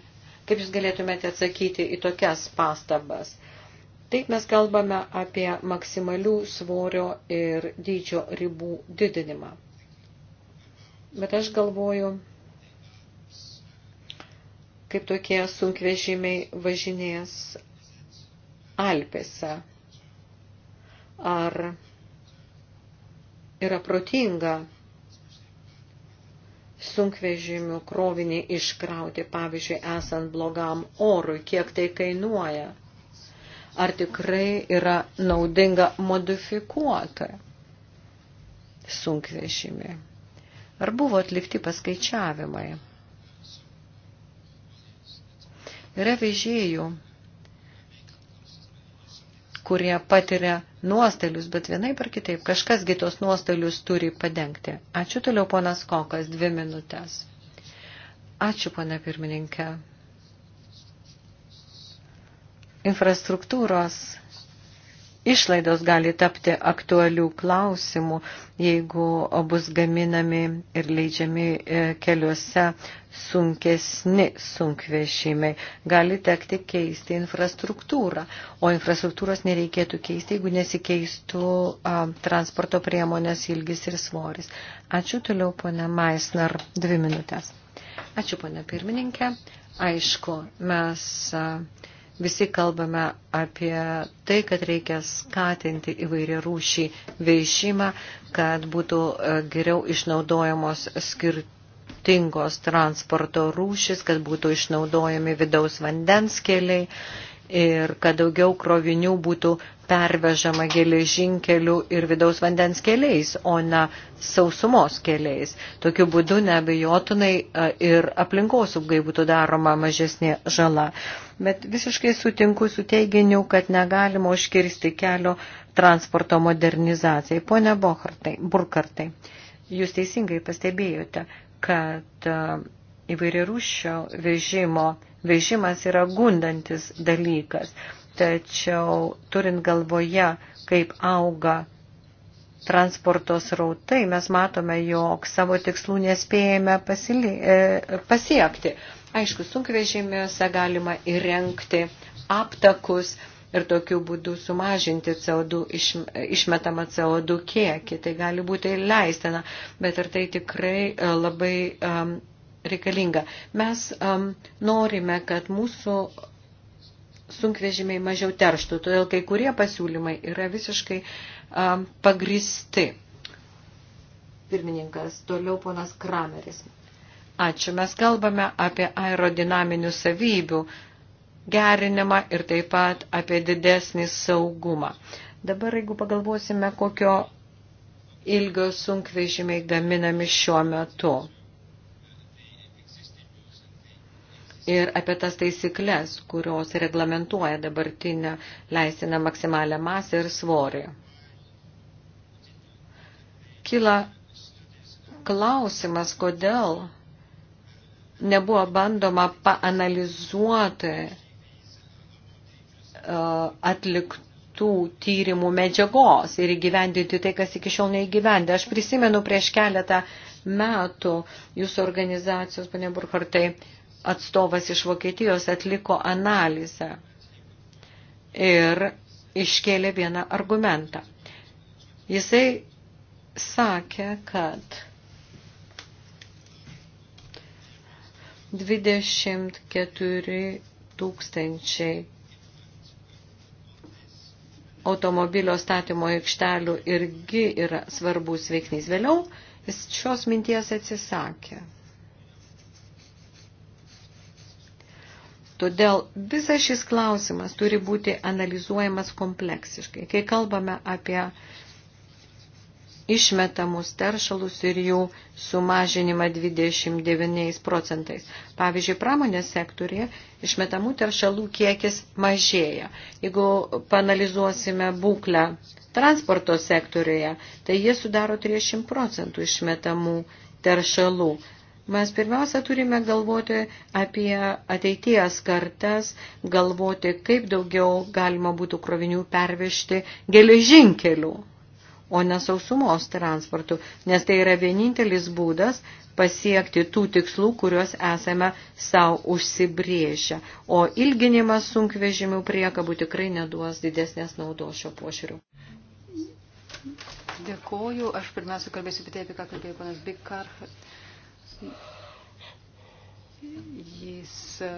kaip jūs galėtumėte atsakyti į tokias pastabas? Taip mes kalbame apie maksimalių svorio ir dydžio ribų didinimą. Bet aš galvoju, kaip tokie sunkvežimiai važinės Alpėse. Ar yra protinga sunkvežimių krovinį iškrauti, pavyzdžiui, esant blogam orui, kiek tai kainuoja? Ar tikrai yra naudinga modifikuoti sunkvežimį? Ar buvo atlikti paskaičiavimai? Yra vežėjų, kurie patiria nuostolius, bet vienai per kitaip kažkasgi tos nuostolius turi padengti. Ačiū toliau, ponas Kokas, dvi minutės. Ačiū, pana pirmininkė. Infrastruktūros išlaidos gali tapti aktualių klausimų, jeigu bus gaminami ir leidžiami e, keliuose sunkesni sunkvežimiai. Gali tekti keisti infrastruktūrą, o infrastruktūros nereikėtų keisti, jeigu nesikeistų a, transporto priemonės ilgis ir svoris. Ačiū toliau, ponia Maisner, dvi minutės. Ačiū, ponia pirmininkė. Aišku, mes. A, visi kalbame apie tai, kad reikia skatinti įvairią rūšį veišimą, kad būtų e, geriau išnaudojamos skirtingos transporto rūšis, kad būtų išnaudojami vidaus vandens keliai ir kad daugiau krovinių būtų pervežama geležinkeliu ir vidaus vandens keliais, o ne sausumos keliais. Tokiu būdu nebejotinai e, ir aplinkosaugai būtų daroma mažesnė žala. Bet visiškai sutinku su teiginiu, kad negalima užkirsti kelio transporto modernizacijai. Pone Bohartai, Burkartai, jūs teisingai pastebėjote, kad e, įvairių rūšio vežimo vežimas yra gundantis dalykas. Tačiau turint galvoje, kaip auga transporto srautai, mes matome, jog savo tikslų nespėjame pasili, e, pasiekti. Aišku, sunkvežimėse galima įrengti aptakus ir tokiu būdu sumažinti CO2, iš, išmetamą CO2 kiekį. Tai gali būti leistina, bet ar tai tikrai e, labai um, e, reikalinga. Mes um, norime, kad mūsų sunkvežimiai mažiau terštų, todėl kai kurie pasiūlymai yra visiškai um, pagristi. Pirmininkas, toliau ponas Krameris. Ačiū, mes kalbame apie aerodinaminių savybių gerinimą ir taip pat apie didesnį saugumą. Dabar, jeigu pagalvosime, kokio ilgio sunkvežimiai gaminami šiuo metu. ir apie tas taisyklės, kurios reglamentuoja dabartinę leistiną maksimalę masę ir svorį. Kila klausimas, kodėl nebuvo bandoma paanalizuoti e, atliktų tyrimų medžiagos ir įgyvendinti tai, kas iki šiol neįgyvendė. Aš prisimenu prieš keletą metų jūsų organizacijos, ponė Burkhartai, atstovas iš Vokietijos atliko analizę ir iškėlė vieną argumentą. Jisai sakė, kad 24 tūkstančiai automobilio statymo aikštelių irgi yra svarbus veiksnys. Vėliau jis šios minties atsisakė. Todėl visas šis klausimas turi būti analizuojamas kompleksiškai. Kai kalbame apie išmetamus teršalus ir jų sumažinimą 29 procentais. Pavyzdžiui, pramonės sektorėje išmetamų teršalų kiekis mažėja. Jeigu panalizuosime būklę transporto sektorėje, tai jie sudaro 30 procentų išmetamų teršalų. Mes pirmiausia turime galvoti apie ateities kartas, galvoti, kaip daugiau galima būtų krovinių pervežti geležinkelių, o ne sausumos transportų, nes tai yra vienintelis būdas pasiekti tų tikslų, kuriuos esame savo užsibrėžę. O ilginimas sunkvežimių priekabų tikrai neduos didesnės naudos šio pošiūriu. Dėkoju. Aš pirmiausia kalbėsiu apie tai, apie ką kalbėjo panas Bikar. Uh, Jis e,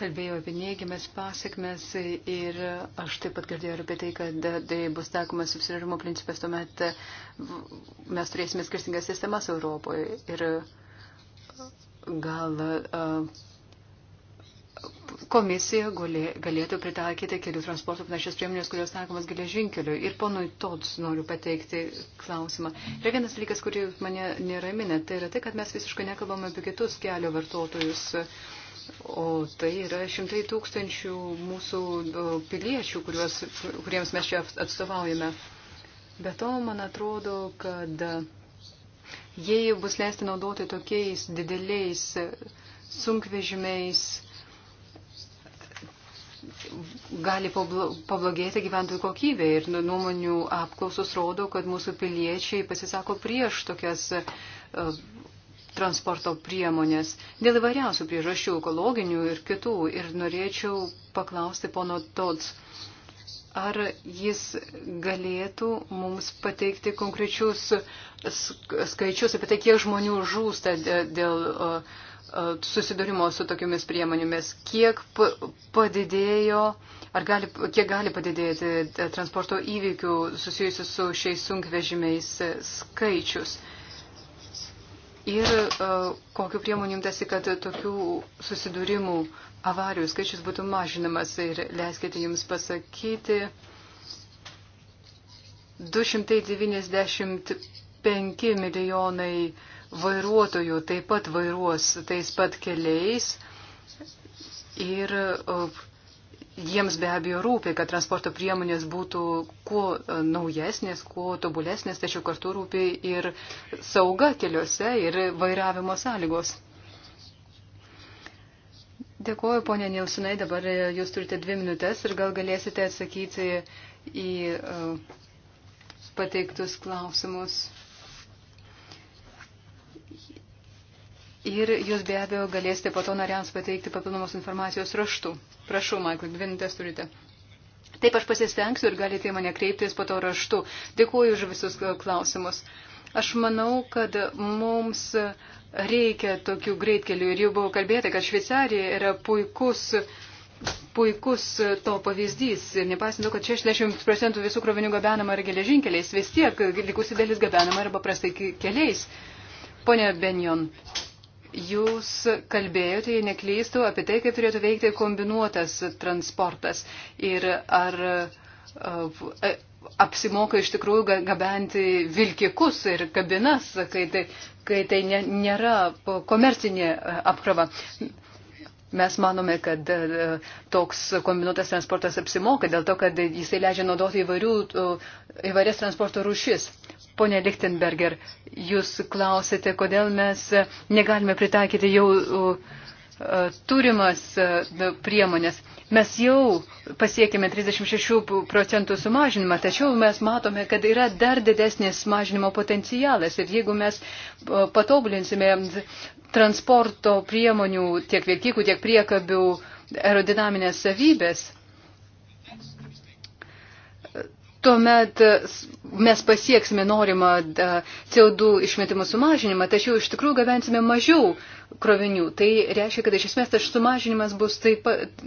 kalbėjo apie neigiamas pasiekmes ir aš taip pat girdėjau apie tai, kad tai bus taikomas subsidiarumo principas, tuomet e, mes turėsime skirtingas sistemas Europoje ir e, gal. Uh, komisija galėtų pritaikyti kelių transporto panašias priemonės, kurios taikomas geležinkeliu. Ir ponui Tods noriu pateikti klausimą. Yra vienas dalykas, kurį mane neramina, tai yra tai, kad mes visiškai nekalbame apie kitus kelio vartotojus. O tai yra šimtai tūkstančių mūsų piliečių, kuriuos, kuriems mes čia atstovaujame. Be to, man atrodo, kad jei bus leisti naudoti tokiais dideliais sunkvežimiais, gali pablogėti gyventojų kokybė ir nu, nuomonių apklausos rodo, kad mūsų piliečiai pasisako prieš tokias e, transporto priemonės dėl įvairiausių priežasčių, ekologinių ir kitų. Ir norėčiau paklausti pono Tots, ar jis galėtų mums pateikti konkrečius skaičius apie tai, kiek žmonių žūsta dėl. dėl e, susidūrimo su tokiamis priemonėmis, kiek padidėjo, ar gali, kiek gali padidėti e, transporto įvykių susijusių su šiais sunkvežimiais e, skaičius. Ir uh, kokiu priemoniu imtasi, kad tokių susidūrimų avarijų skaičius būtų mažinamas. Ir leiskite jums pasakyti, 295 milijonai uh, vairuotojų taip pat vairuos tais pat keliais ir jiems be abejo rūpi, kad transporto priemonės būtų kuo e, naujesnės, kuo tobulesnės, tačiau kartu rūpi ir sauga keliuose ir vairavimo sąlygos. Dėkuoju, ponė Nilsinai, dabar e, jūs turite dvi minutės ir gal galėsite atsakyti į e, pateiktus klausimus. Ir jūs be abejo galėsite po to nariams pateikti papildomos informacijos raštu. Prašau, Michael, dvi minutės turite. Taip aš pasistengsiu ir galite į mane kreiptis po to raštu. Dėkuoju už visus klausimus. Aš manau, kad mums reikia tokių greitkelių ir jau buvo kalbėta, kad Šveicarija yra puikus puikus to pavyzdys. Nepaisant to, kad 60 procentų visų krovinių gabenama yra geležinkeliais, vis tiek likusi dalis gabenama yra paprastai keliais. Pone Benjon, jūs kalbėjote, jei neklystų, apie tai, kaip turėtų veikti kombinuotas transportas ir ar e, apsimoka iš tikrųjų gabenti vilkikus ir kabinas, kai tai, kai tai nėra komercinė e, apkrova. Mes manome, kad e, toks kombinuotas transportas apsimoka dėl to, kad jisai leidžia naudoti įvairių, įvairias transporto rušis. Pone Lichtenberger, jūs klausėte, kodėl mes negalime pritaikyti jau e, turimas e, nu, priemonės. Mes jau pasiekėme 36 procentų sumažinimą, tačiau mes matome, kad yra dar didesnis mažinimo potencialas. Ir jeigu mes e, patobulinsime transporto priemonių tiek vilkikų, tiek priekabių aerodinaminės savybės, tuomet e, mes pasieksime norimą e, CO2 išmetimų sumažinimą, tačiau iš tikrųjų gabensime mažiau krovinių. Tai reiškia, kad iš esmės tas sumažinimas bus taip pat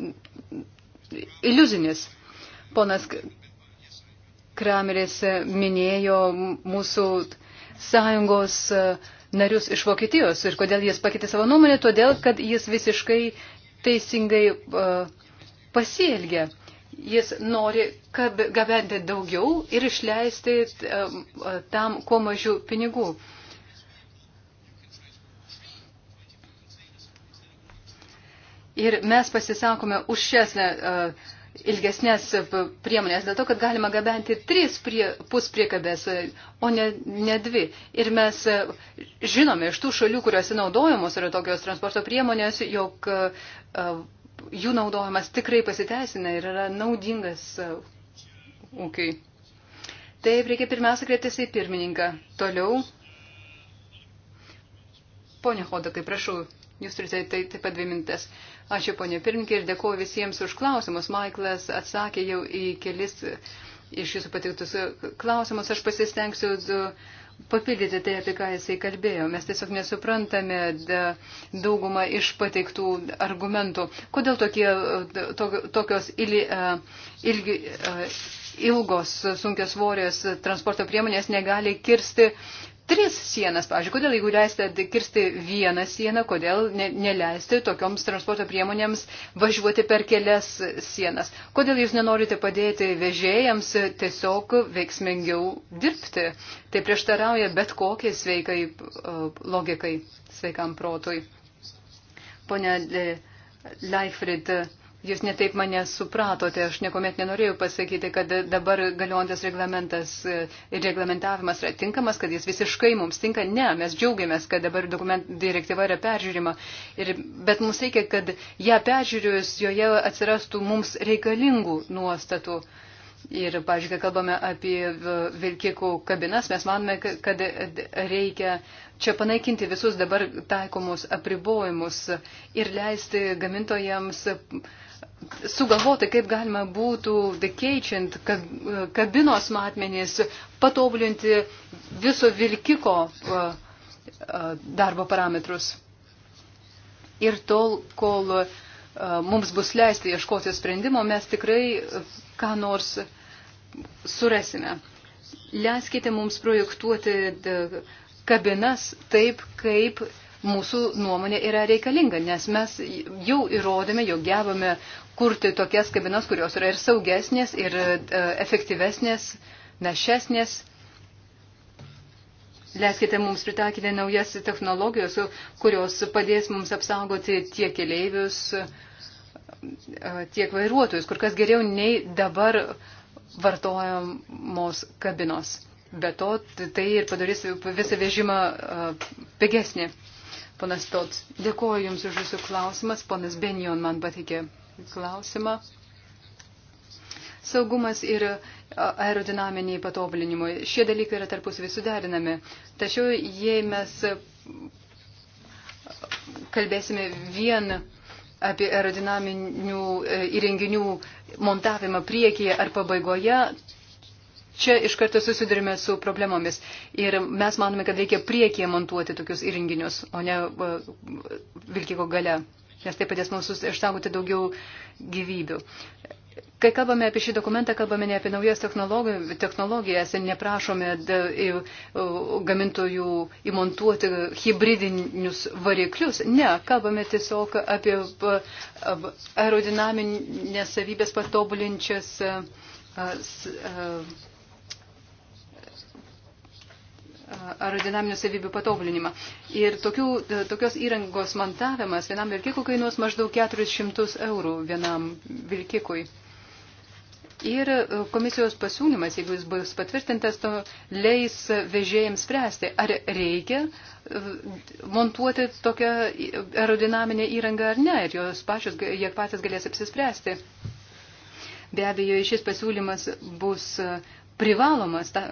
iliuzinis. Ponas Krameris minėjo mūsų sąjungos e, narius iš Vokietijos ir kodėl jis pakeitė savo nuomonę, todėl kad jis visiškai teisingai uh, pasielgė. Uh, jis nori gabenti daugiau ir išleisti tam kuo mažiau pinigų. Ir mes pasisakome už šias e, ilgesnės priemonės, dėl to, kad galima gabenti tris prie, puspriekabės, o ne, ne dvi. Ir mes e, žinome iš tų šalių, kuriuose naudojamos yra tokios transporto priemonės, jog e, jų naudojimas tikrai pasiteisina ir yra naudingas e, ūkiui. Taip, reikia pirmiausia kreiptis į pirmininką. Toliau. Pone Hodakai, prašau, jūs turite taip, taip pat dvi mintes. Ačiū, ponė pirmininkė, ir dėkuoju visiems už klausimus. Maiklas atsakė jau į kelis iš jūsų patiktus klausimus. Aš pasistengsiu. Uh, papildyti tai, apie ką jisai kalbėjo. Mes tiesiog nesuprantame daugumą iš pateiktų argumentų. Kodėl tokie, to, tokios ili, ilgi, ilgos sunkios svorės transporto priemonės negali kirsti tris sienas, pavyzdžiui, kodėl jeigu leisite kirsti vieną sieną, kodėl ne, neleisti tokioms transporto priemonėms važiuoti per kelias sienas, kodėl jūs nenorite padėti vežėjams tiesiog veiksmingiau dirbti, tai prieštarauja bet kokiai sveikai e, logikai, sveikam protui. Pone e, Leifrid, Jūs netaip mane supratote, aš niekuomet nenorėjau pasakyti, kad dabar galiojantis reglamentas ir e, reglamentavimas yra tinkamas, kad jis visiškai mums tinka. Ne, mes džiaugiamės, kad dabar dokument, direktyva yra peržiūrima, ir, bet mums reikia, kad ją peržiūrėjus joje atsirastų mums reikalingų nuostatų. Ir, pažiūrėk, kalbame apie vilkikų kabinas, mes manome, kad reikia čia panaikinti visus dabar taikomus apribojimus ir leisti gamintojams sugalvoti, kaip galima būtų keičiant kabinos matmenys, patobulinti viso vilkiko darbo parametrus. Ir tol, kol mums bus leisti ieškoti sprendimo, mes tikrai ką nors surasime. Leiskite mums projektuoti kabinas taip, kaip mūsų nuomonė yra reikalinga, nes mes jau įrodėme, jog gebame kurti tokias kabinas, kurios yra ir saugesnės, ir e, efektyvesnės, našesnės. Leiskite mums pritaikyti naujas technologijos, kurios padės mums apsaugoti tiek keleivius, e, tiek vairuotojus, kur kas geriau nei dabar vartojamos kabinos. Be to, tai ir padarys visą vežimą e, pigesnį. Ponas Tots, dėkuoju Jums už Jūsų klausimas. Ponas Benjon man patikė klausimą. Saugumas ir aerodinaminiai patobulinimai. Šie dalykai yra tarpusavį suderinami. Tačiau jei mes kalbėsime vien apie aerodinaminių e, įrenginių montavimą priekyje ar pabaigoje, čia iš karto susidurime su problemomis. Ir mes manome, kad reikia priekyje montuoti tokius įrenginius, o ne e, vilkiko gale nes tai padės mums išsaugoti daugiau gyvybių. Kai kalbame apie šį dokumentą, kalbame ne apie naujas technologijas ir neprašome gamintojų įmontuoti hybridinius variklius. Ne, kalbame tiesiog apie aerodinaminės savybės patobulinčias aerodinaminių savybių patobulinimą. Ir tokių, e, tokios įrangos montavimas vienam vilkikui kainuos maždaug 400 eurų vienam vilkikui. Ir e, komisijos pasiūlymas, jeigu jis bus patvirtintas, to leis vežėjams spręsti, ar reikia e, montuoti tokią aerodinaminę įrangą ar ne, ir jos pačios, jie patys galės apsispręsti. Be abejo, šis pasiūlymas bus privalomas. Ta,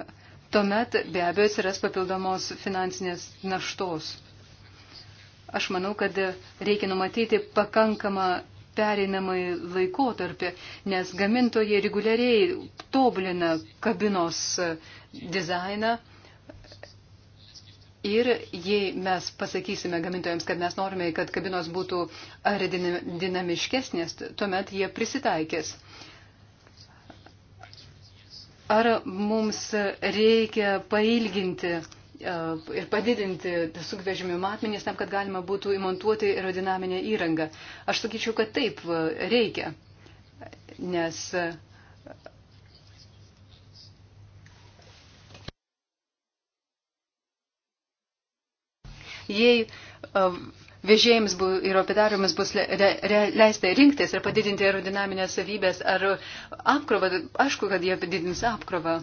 tuomet be abejo atsiras papildomos finansinės naštos. Aš manau, kad reikia numatyti pakankamą pereinamai laikotarpį, nes gamintojai reguliariai tobulina kabinos dizainą. Ir jei mes pasakysime gamintojams, kad mes norime, kad kabinos būtų aerodinamiškesnės, tuomet jie prisitaikės ar mums reikia pailginti e, ir padidinti sunkvežimių matmenys tam, kad galima būtų įmontuoti aerodinaminę įrangą. Aš sakyčiau, kad taip e, reikia, nes. E, jei vežėjams bu, ir opidariams bus le, re, re, leista rinktis ir padidinti aerodinaminės savybės ar apkrovą, aišku, kad jie padidins apkrovą.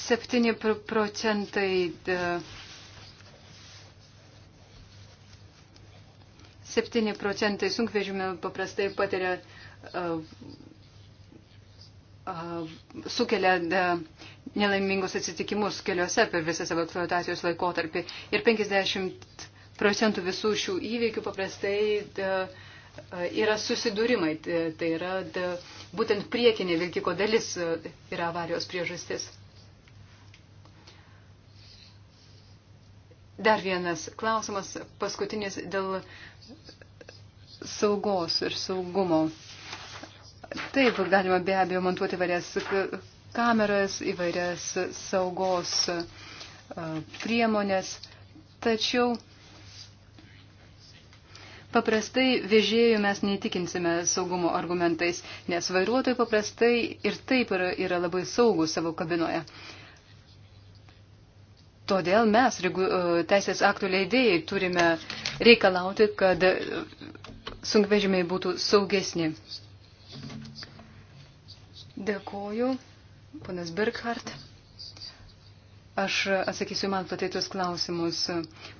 7 procentai. De, 7 procentai sunkvežimių paprastai patiria, uh, uh, sukelia uh, nelaimingus atsitikimus keliuose per visą savo eksploatacijos laikotarpį. Ir 50 procentų visų šių įvykių paprastai da, e, e, yra susidūrimai. Tai, tai yra da, e, būtent priekinė vilkiko dalis yra avarijos priežastis. Dar vienas klausimas, paskutinis dėl saugos ir saugumo. Taip, galima be abejo montuoti varias kameras, įvairias saugos e, priemonės, tačiau Paprastai vežėjų mes neįtikinsime saugumo argumentais, nes vairuotojai paprastai ir taip yra, yra labai saugus savo kabinoje. Todėl mes, e, teisės aktų leidėjai, turime reikalauti, kad sunkvežimiai būtų saugesni. Dėkoju ponas Birkhardt. Aš atsakysiu man pateiktus klausimus.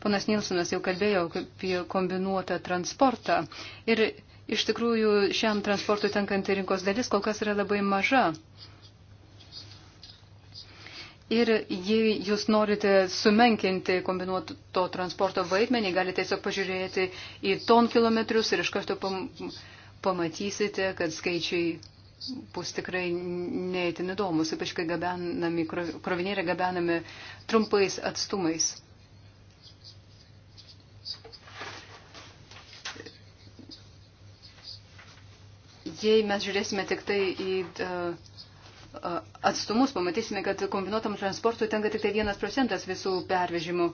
Ponas Nilsonas jau kalbėjo apie kombinuotą transportą. Ir iš tikrųjų šiam transportui tenkanti rinkos dalis kol kas yra labai maža. Ir jei jūs norite sumenkinti kombinuoto transporto vaidmenį, galite tiesiog pažiūrėti į ton kilometrius ir iš karto pamatysite, kad skaičiai bus tikrai neįtin įdomus, ypač kai gabenami, kroviniai yra gabenami trumpais atstumais. Jei mes žiūrėsime tik tai į e, e, atstumus, pamatysime, kad kombinuotam transportui tenka tik tai vienas procentas visų pervežimų.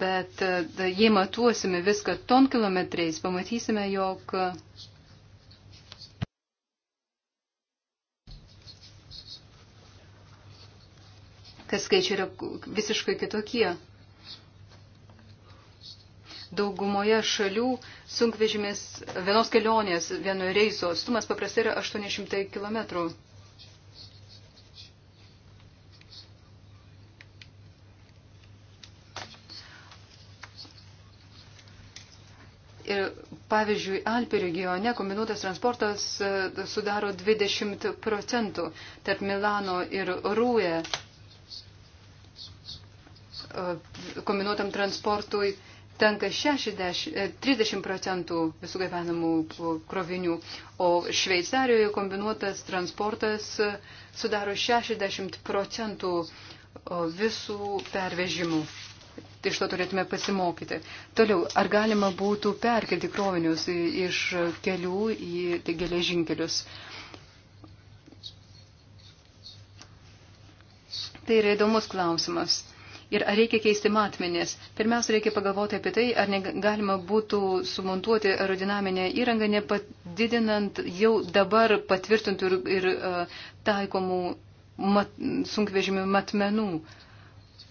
Bet e, jei matuosime viską tonkilometrais, pamatysime, jog. Uh, kad skaičiai yra visiškai kitokie. Daugumoje šalių sunkvežimės vienos kelionės, vieno reiso stumas paprastai yra 800 km. Ir pavyzdžiui, Alpių regione kombinuotas transportas e, sudaro 20 procentų tarp Milano ir Rūje kombinuotam transportui tenka 60, 30 e, procentų visų gabenamų e, krovinių, o Šveicarijoje kombinuotas transportas e, sudaro 60 procentų visų pervežimų. Iš to turėtume pasimokyti. Toliau, ar galima būtų perkelti krovinius iš kelių į tai, geležinkelius? Tai yra įdomus klausimas ir ar reikia keisti matmenis. Pirmiausia, reikia pagalvoti apie tai, ar galima būtų sumontuoti aerodinaminę įrangą, nepadidinant jau dabar patvirtintų ir, ir uh, taikomų mat, sunkvežimių matmenų.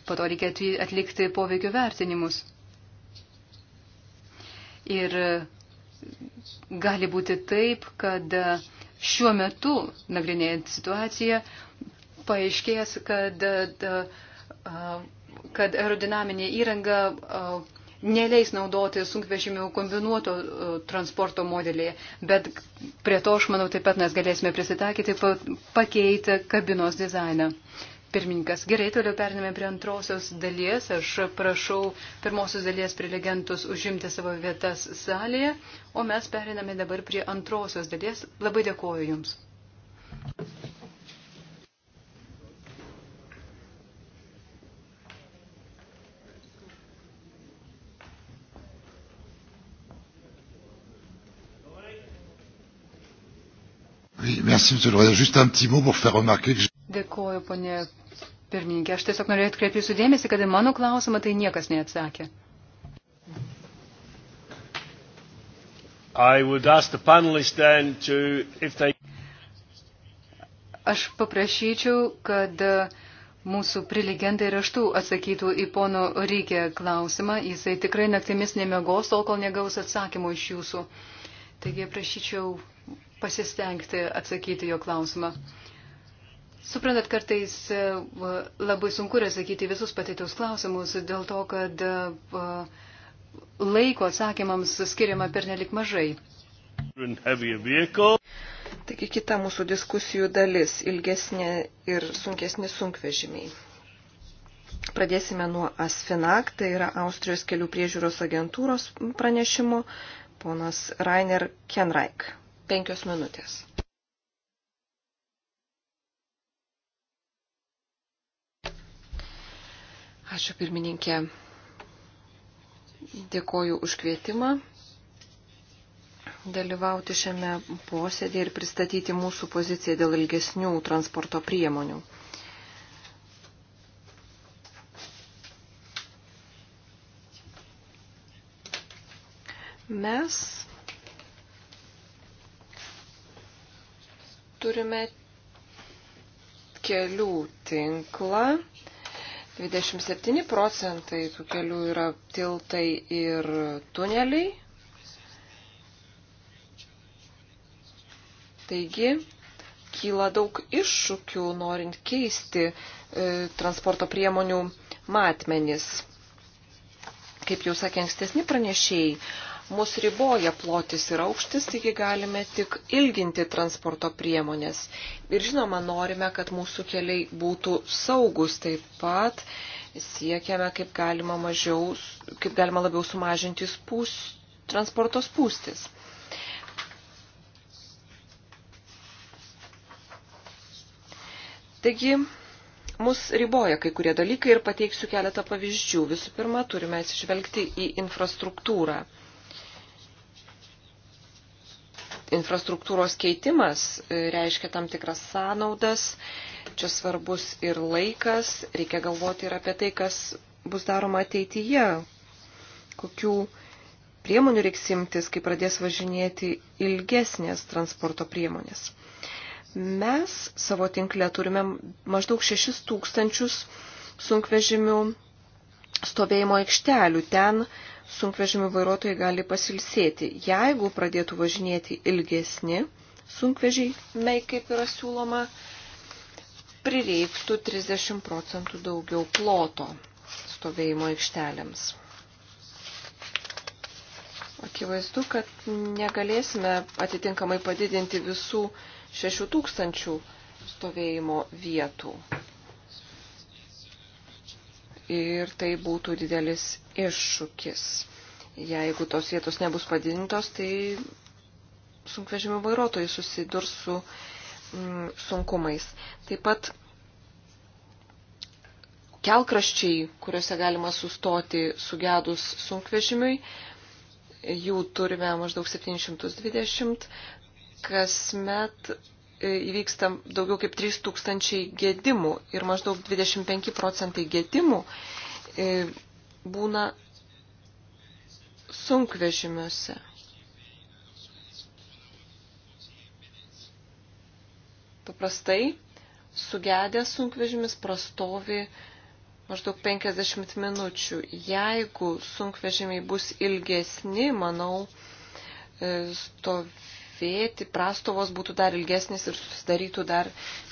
Po to reikia atlikti poveikio vertinimus. Ir e, gali būti taip, kad e, šiuo metu, nagrinėjant situaciją, paaiškės, kad uh, kad aerodinaminė įranga neleis naudoti sunkvežimių kombinuoto transporto modelį, bet prie to, aš manau, taip pat mes galėsime prisitaikyti, pakeitę kabinos dizainą. Pirmininkas, gerai, toliau periname prie antrosios dalies. Aš prašau pirmosios dalies prelegentus užimti savo vietas salėje, o mes periname dabar prie antrosios dalies. Labai dėkoju Jums. Merci, monsieur le président. Juste un petit mot pour faire remarquer que... Dėkuoju, ponė pirmininkė. Aš tiesiog norėjau atkreipti jūsų dėmesį, kad į mano klausimą tai niekas neatsakė. To, they... Aš paprašyčiau, kad uh, mūsų priligentai raštų atsakytų į pono Rykė klausimą. Jisai tikrai naktimis nemegos, tol kol negaus atsakymų iš jūsų. Taigi prašyčiau pasistengti atsakyti jo klausimą. Suprantat, kartais e, labai sunku yra sakyti visus patytus klausimus dėl to, kad e, laiko atsakymams skiriama pernelik mažai. Taigi kita mūsų diskusijų dalis - ilgesnė ir sunkesni sunkvežimiai. Pradėsime nuo ASFINAK, tai yra Austrijos kelių priežiūros agentūros pranešimo, ponas Rainer Kenreich penkios minutės. Ačiū pirmininkė. Dėkoju už kvietimą dalyvauti šiame posėdė ir pristatyti mūsų poziciją dėl ilgesnių transporto priemonių. Mes turime kelių tinklą. 27 procentai tų kelių yra tiltai ir tuneliai. Taigi, kyla daug iššūkių, norint keisti e, transporto priemonių matmenis. Kaip jau sakė ankstesni pranešėjai, mūsų riboja plotis ir aukštis, taigi galime tik ilginti transporto priemonės. Ir žinoma, norime, kad mūsų keliai būtų saugus taip pat. Siekiame, kaip galima, mažiau, kaip galima labiau sumažinti spūs, transporto spūstis. Taigi, mus riboja kai kurie dalykai ir pateiksiu keletą pavyzdžių. Visų pirma, turime atsižvelgti į infrastruktūrą. infrastruktūros keitimas e, reiškia tam tikras sąnaudas, čia svarbus ir laikas, reikia galvoti ir apie tai, kas bus daroma ateityje, kokių priemonių reiks imtis, kai pradės važinėti ilgesnės transporto priemonės. Mes savo tinklę turime maždaug 6 tūkstančius sunkvežimių stovėjimo aikštelių. Ten sunkvežimių vairuotojai gali pasilsėti. Jeigu pradėtų važinėti ilgesni sunkvežimiai, kaip yra siūloma, prireiktų 30 procentų daugiau ploto stovėjimo aikštelėms. Akivaizdu, kad negalėsime atitinkamai padidinti visų 6000 stovėjimo vietų ir tai būtų didelis iššūkis. Jeigu tos vietos nebus padidintos, tai sunkvežimių vairuotojai susidurs su mm, sunkumais. Taip pat kelkraščiai, kuriuose galima sustoti sugedus sunkvežimiui, jų turime maždaug 720. Kasmet E, įvyksta daugiau kaip 3000 gedimų ir maždaug 25 procentai gedimų e, būna sunkvežimiuose. Paprastai sugedęs sunkvežimis prastovi maždaug 50 minučių. Jeigu sunkvežimiai bus ilgesni, manau, e, stovi stovėti, prastovos būtų dar ilgesnis ir susidarytų dar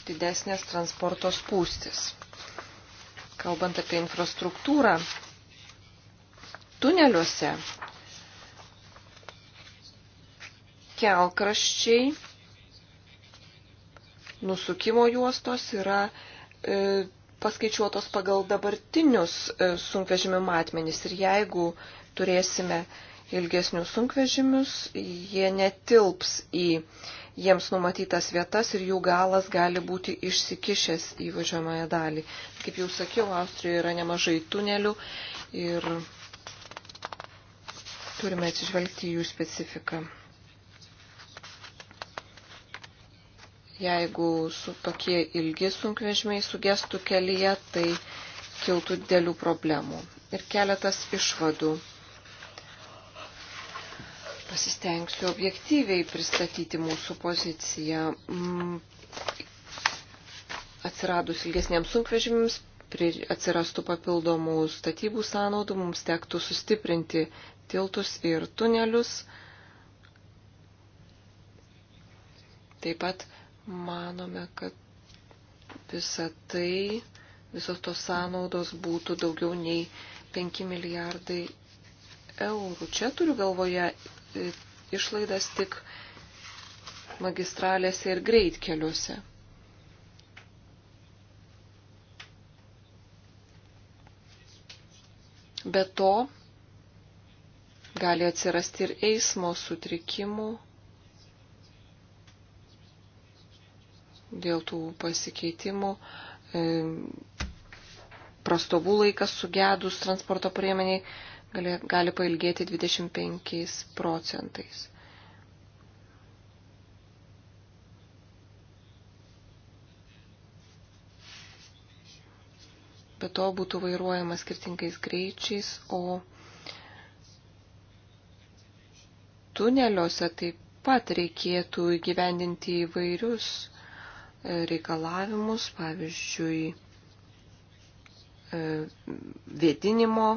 didesnės transporto spūstis. Kalbant apie infrastruktūrą, tuneliuose kelkraščiai nusukimo juostos yra e, paskaičiuotos pagal dabartinius e, sunkvežimių matmenis. Ir jeigu turėsime e, ilgesnius sunkvežimius, jie netilps į jiems numatytas vietas ir jų galas gali būti išsikišęs į važiuojamąją dalį. Kaip jau sakiau, Austrijoje yra nemažai tunelių ir turime atsižvelgti jų specifiką. Jeigu su tokie ilgi sunkvežimiai sugestų kelyje, tai kiltų dėlių problemų. Ir keletas išvadų Pasistengsiu objektyviai pristatyti mūsų poziciją. Mm, atsiradus ilgesniems sunkvežimiams, atsirastų papildomų statybų sąnaudų, mums tektų sustiprinti tiltus ir tunelius. Taip pat manome, kad visa tai, visos tos sąnaudos būtų daugiau nei 5 milijardai eurų. Čia turiu galvoje išlaidas tik magistralėse ir greitkeliuose. Be to, gali atsirasti ir eismo sutrikimų dėl tų pasikeitimų, e, prastovų laikas sugedus transporto priemoniai, gali, gali pailgėti 25 procentais. Be to būtų vairuojama skirtingais greičiais, o tuneliuose taip pat reikėtų įgyvendinti įvairius e, reikalavimus, pavyzdžiui, e, vėdinimo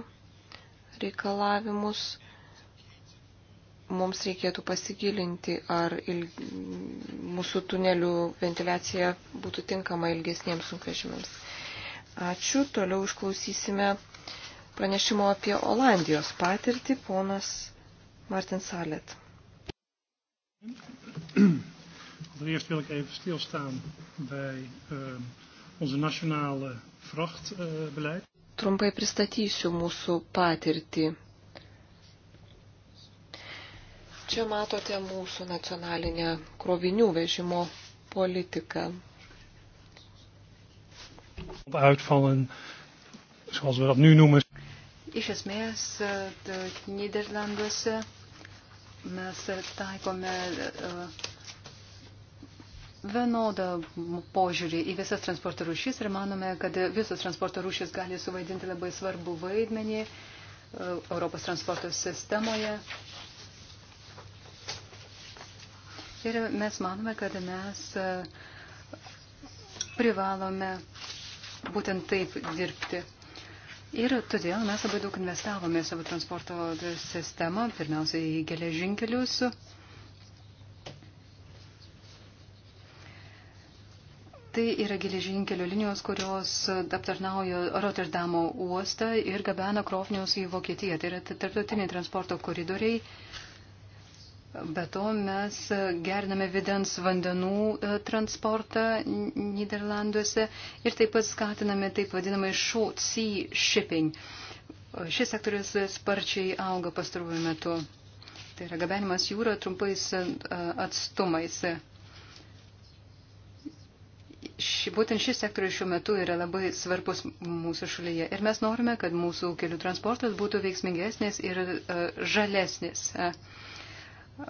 reikalavimus, mums reikėtų pasigilinti, ar il... mūsų tunelių ventiliacija būtų tinkama ilgesniems sunkvežimėms. Ačiū. Toliau išklausysime pranešimo apie Olandijos patirtį, ponas Martin Salet. Allereerst wil ik even stilstaan bij uh, onze nationale vrachtbeleid. Uh, trumpai pristatysiu mūsų patirtį. Čia matote mūsų nacionalinę krovinių vežimo politiką. Uitvallen, zoals we dat nu noemen. Iš esmės, e, Niderlanduose mes taikome uh, vienodą požiūrį į visas transporto rūšis ir manome, kad visos transporto rūšis gali suvaidinti labai svarbu vaidmenį e, Europos transporto sistemoje. Ir mes manome, kad mes e, privalome būtent taip dirbti. Ir todėl mes labai daug investavome savo transporto sistemą, pirmiausia į geležinkelius. Tai yra geležinkelio linijos, kurios aptarnauja Rotterdamo uostą ir gabena krovinius į Vokietiją. Tai yra tarptautiniai transporto koridoriai. Be to mes gername videns vandenų e, transportą Niderlanduose ir taip pat skatiname taip vadinamai short sea shipping. Šis sektorius sparčiai auga pastaruoju metu. Tai yra gabenimas jūra trumpais e, atstumais ši, būtent šis sektorius šiuo metu yra labai svarbus mūsų šalyje ir mes norime, kad mūsų kelių transportas būtų veiksmingesnis ir uh, žalesnis.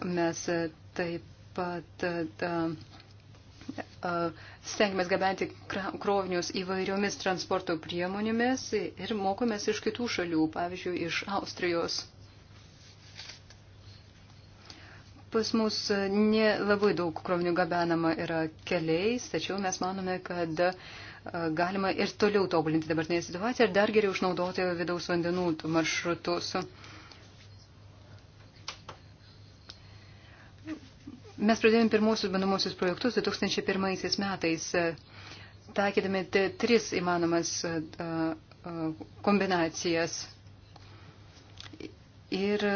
Mes e, taip pat uh, stengiamės gabenti krovinius įvairiomis transporto priemonėmis ir mokomės iš kitų šalių, pavyzdžiui, iš Austrijos. Pas mus nelabai daug krovinių gabenama yra keliais, tačiau mes manome, kad e, galima ir toliau tobulinti dabartinę situaciją ir dar geriau išnaudoti vidaus vandenų maršrutus. Mes pradėjome pirmosius bandomosius projektus 2001 metais, e, taikydami tris įmanomas e, kombinacijas. Ir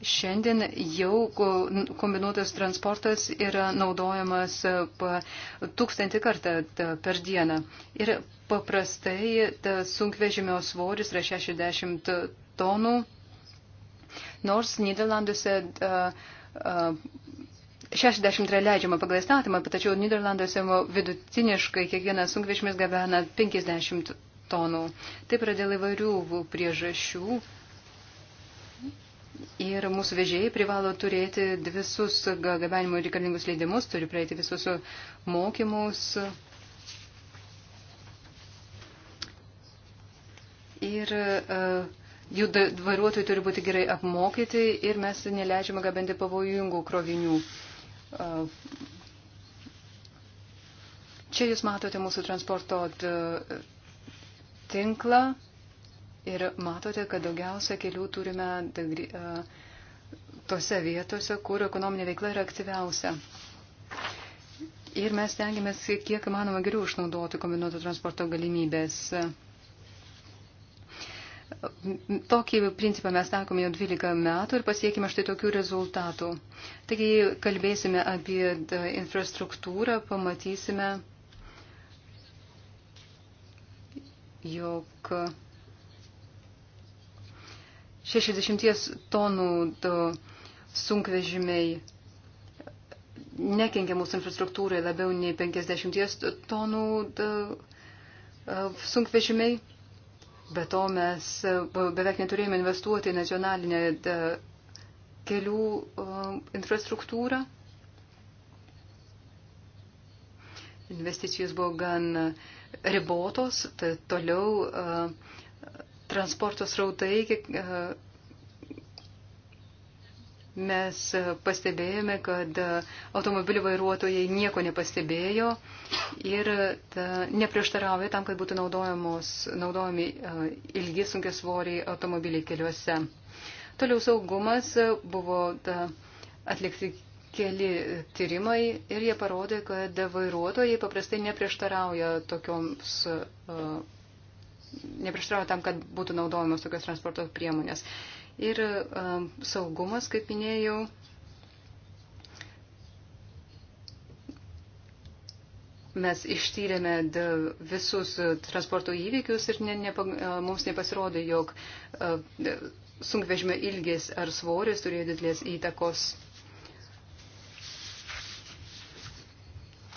Šiandien jau kombinuotas transportas yra naudojamas tūkstantį kartą per dieną. Ir paprastai sunkvežimio svoris yra 60 tonų, nors Niderlanduose 60 yra leidžiama pagal įstatymą, tačiau Niderlanduose vidutiniškai kiekvienas sunkvežimis gabena 50 tonų. Taip yra dėl įvairių priežasčių. Ir mūsų vežėjai privalo turėti visus gabenimo reikalingus leidimus, turi praeiti visus mokymus. Ir uh, jų vairuotojai turi būti gerai apmokyti ir mes neleidžiame gabenti pavojingų krovinių. E, čia jūs matote mūsų transporto tinklą. Ir matote, kad daugiausia kelių turime tose vietose, kur ekonominė veikla yra aktyviausia. Ir mes tengiamės kiek manoma geriau išnaudoti kombinuoto transporto galimybės. Tokį principą mes takome jau 12 metų ir pasiekime štai tokių rezultatų. Taigi kalbėsime apie infrastruktūrą, pamatysime, jog 60 tonų sunkvežimiai nekenkia mūsų infrastruktūrai labiau nei 50 tonų e, sunkvežimiai. Be to mes e, beveik neturėjome investuoti į nacionalinę e, kelių infrastruktūrą. Investicijos buvo gan ribotos, tai toliau uh, transportos rautai, e, mes pastebėjome, kad e, automobilių vairuotojai nieko nepastebėjo ir e, neprieštarauja tam, kad būtų naudojami ilgi sunkia svoriai automobiliai keliuose. Toliau saugumas buvo ta, atlikti keli tyrimai ir jie parodė, kad vairuotojai paprastai neprieštarauja tokioms uh, neprieštaravo tam, kad būtų naudojamos tokios transporto priemonės. Ir um, saugumas, kaip minėjau, mes ištyrėme visus transporto įvykius ir ne, ne, mums nepasirodė, jog sunkvežimio ilgis ar svoris turėjo didelės įtakos.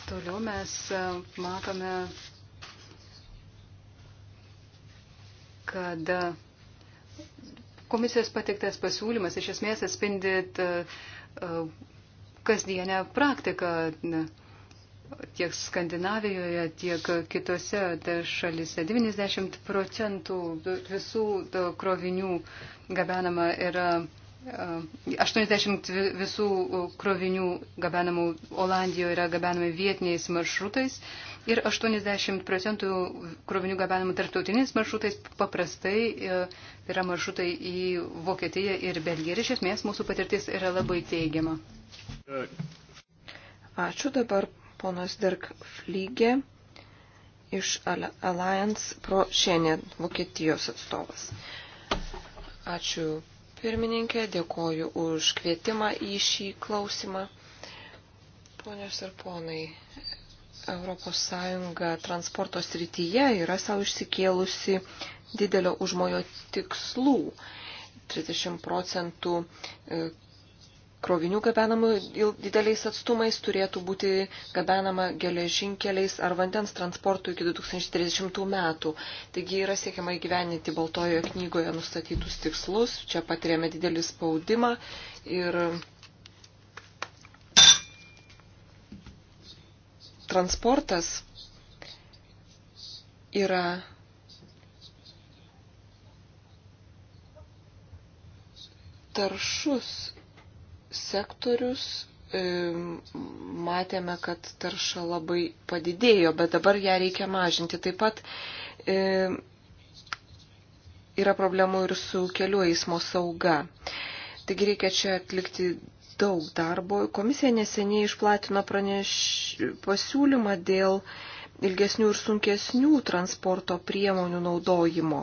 Toliau mes matome kad komisijos pateiktas pasiūlymas iš esmės atspindi e, kasdienę praktiką tiek Skandinavijoje, tiek kitose šalise. 90 procentų visų krovinių gabenama yra 80 visų krovinių gabenamų Olandijoje yra gabenami vietiniais maršrutais ir 80 procentų krovinių gabenamų tarptautiniais maršrutais paprastai e, yra maršrutai į Vokietiją ir Belgiją. Ir iš esmės mūsų patirtis yra labai teigiama. Ačiū dabar ponas Dirk Flygė iš Alliance Pro šiandien Vokietijos atstovas. Ačiū pirmininkė, dėkoju už kvietimą į šį klausimą. Ponios ir ponai, ES transporto srityje yra savo išsikėlusi didelio užmojo tikslų. 30 procentų e, krovinių gabenamų dideliais atstumais turėtų būti gabenama geležinkeliais ar vandens transportu iki 2030 metų. Taigi yra siekiama įgyveninti Baltojoje knygoje nustatytus tikslus, čia patiriame didelį spaudimą ir transportas yra taršus sektorius e, matėme, kad tarša labai padidėjo, bet dabar ją reikia mažinti. Taip pat e, yra problemų ir su kelių eismo sauga. Taigi reikia čia atlikti daug darbo. Komisija neseniai išplatino praneš... pasiūlymą dėl e, ilgesnių ir sunkesnių transporto priemonių naudojimo.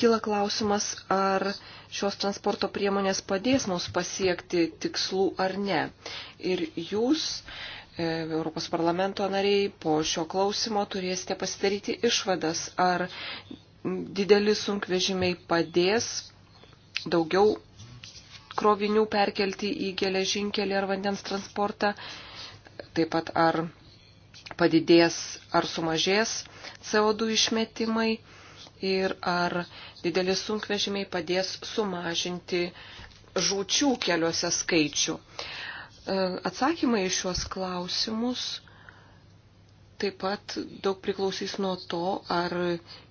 Kila klausimas, ar šios transporto priemonės padės mums pasiekti tikslų ar ne. Ir jūs, e, Europos parlamento nariai, po šio klausimo turėsite pasidaryti išvadas, ar dideli sunkvežimiai padės daugiau krovinių perkelti į geležinkelį ar vandens transportą. Taip pat ar padidės ar sumažės CO2 išmetimai ir ar didelis sunkvežimiai padės sumažinti žūčių keliuose skaičių. E, atsakymai iš šios klausimus taip pat daug priklausys nuo to, ar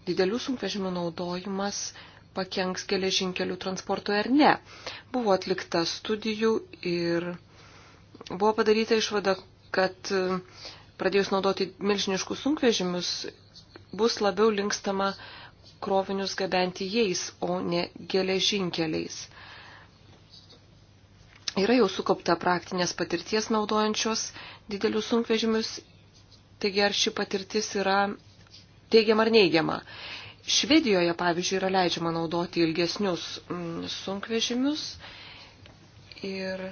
didelių sunkvežimių naudojimas pakenks geležinkelių transportui ar ne. Buvo atlikta studijų ir buvo padaryta išvada, kad pradėjus naudoti milžiniškus sunkvežimius, bus labiau linkstama krovinius gabenti jais, o ne geležinkeliais. Yra jau sukaupta praktinės patirties naudojančios didelius sunkvežimius, taigi ar ši patirtis yra teigiama ar neigiama. Švedijoje, pavyzdžiui, yra leidžiama naudoti ilgesnius mm, sunkvežimius ir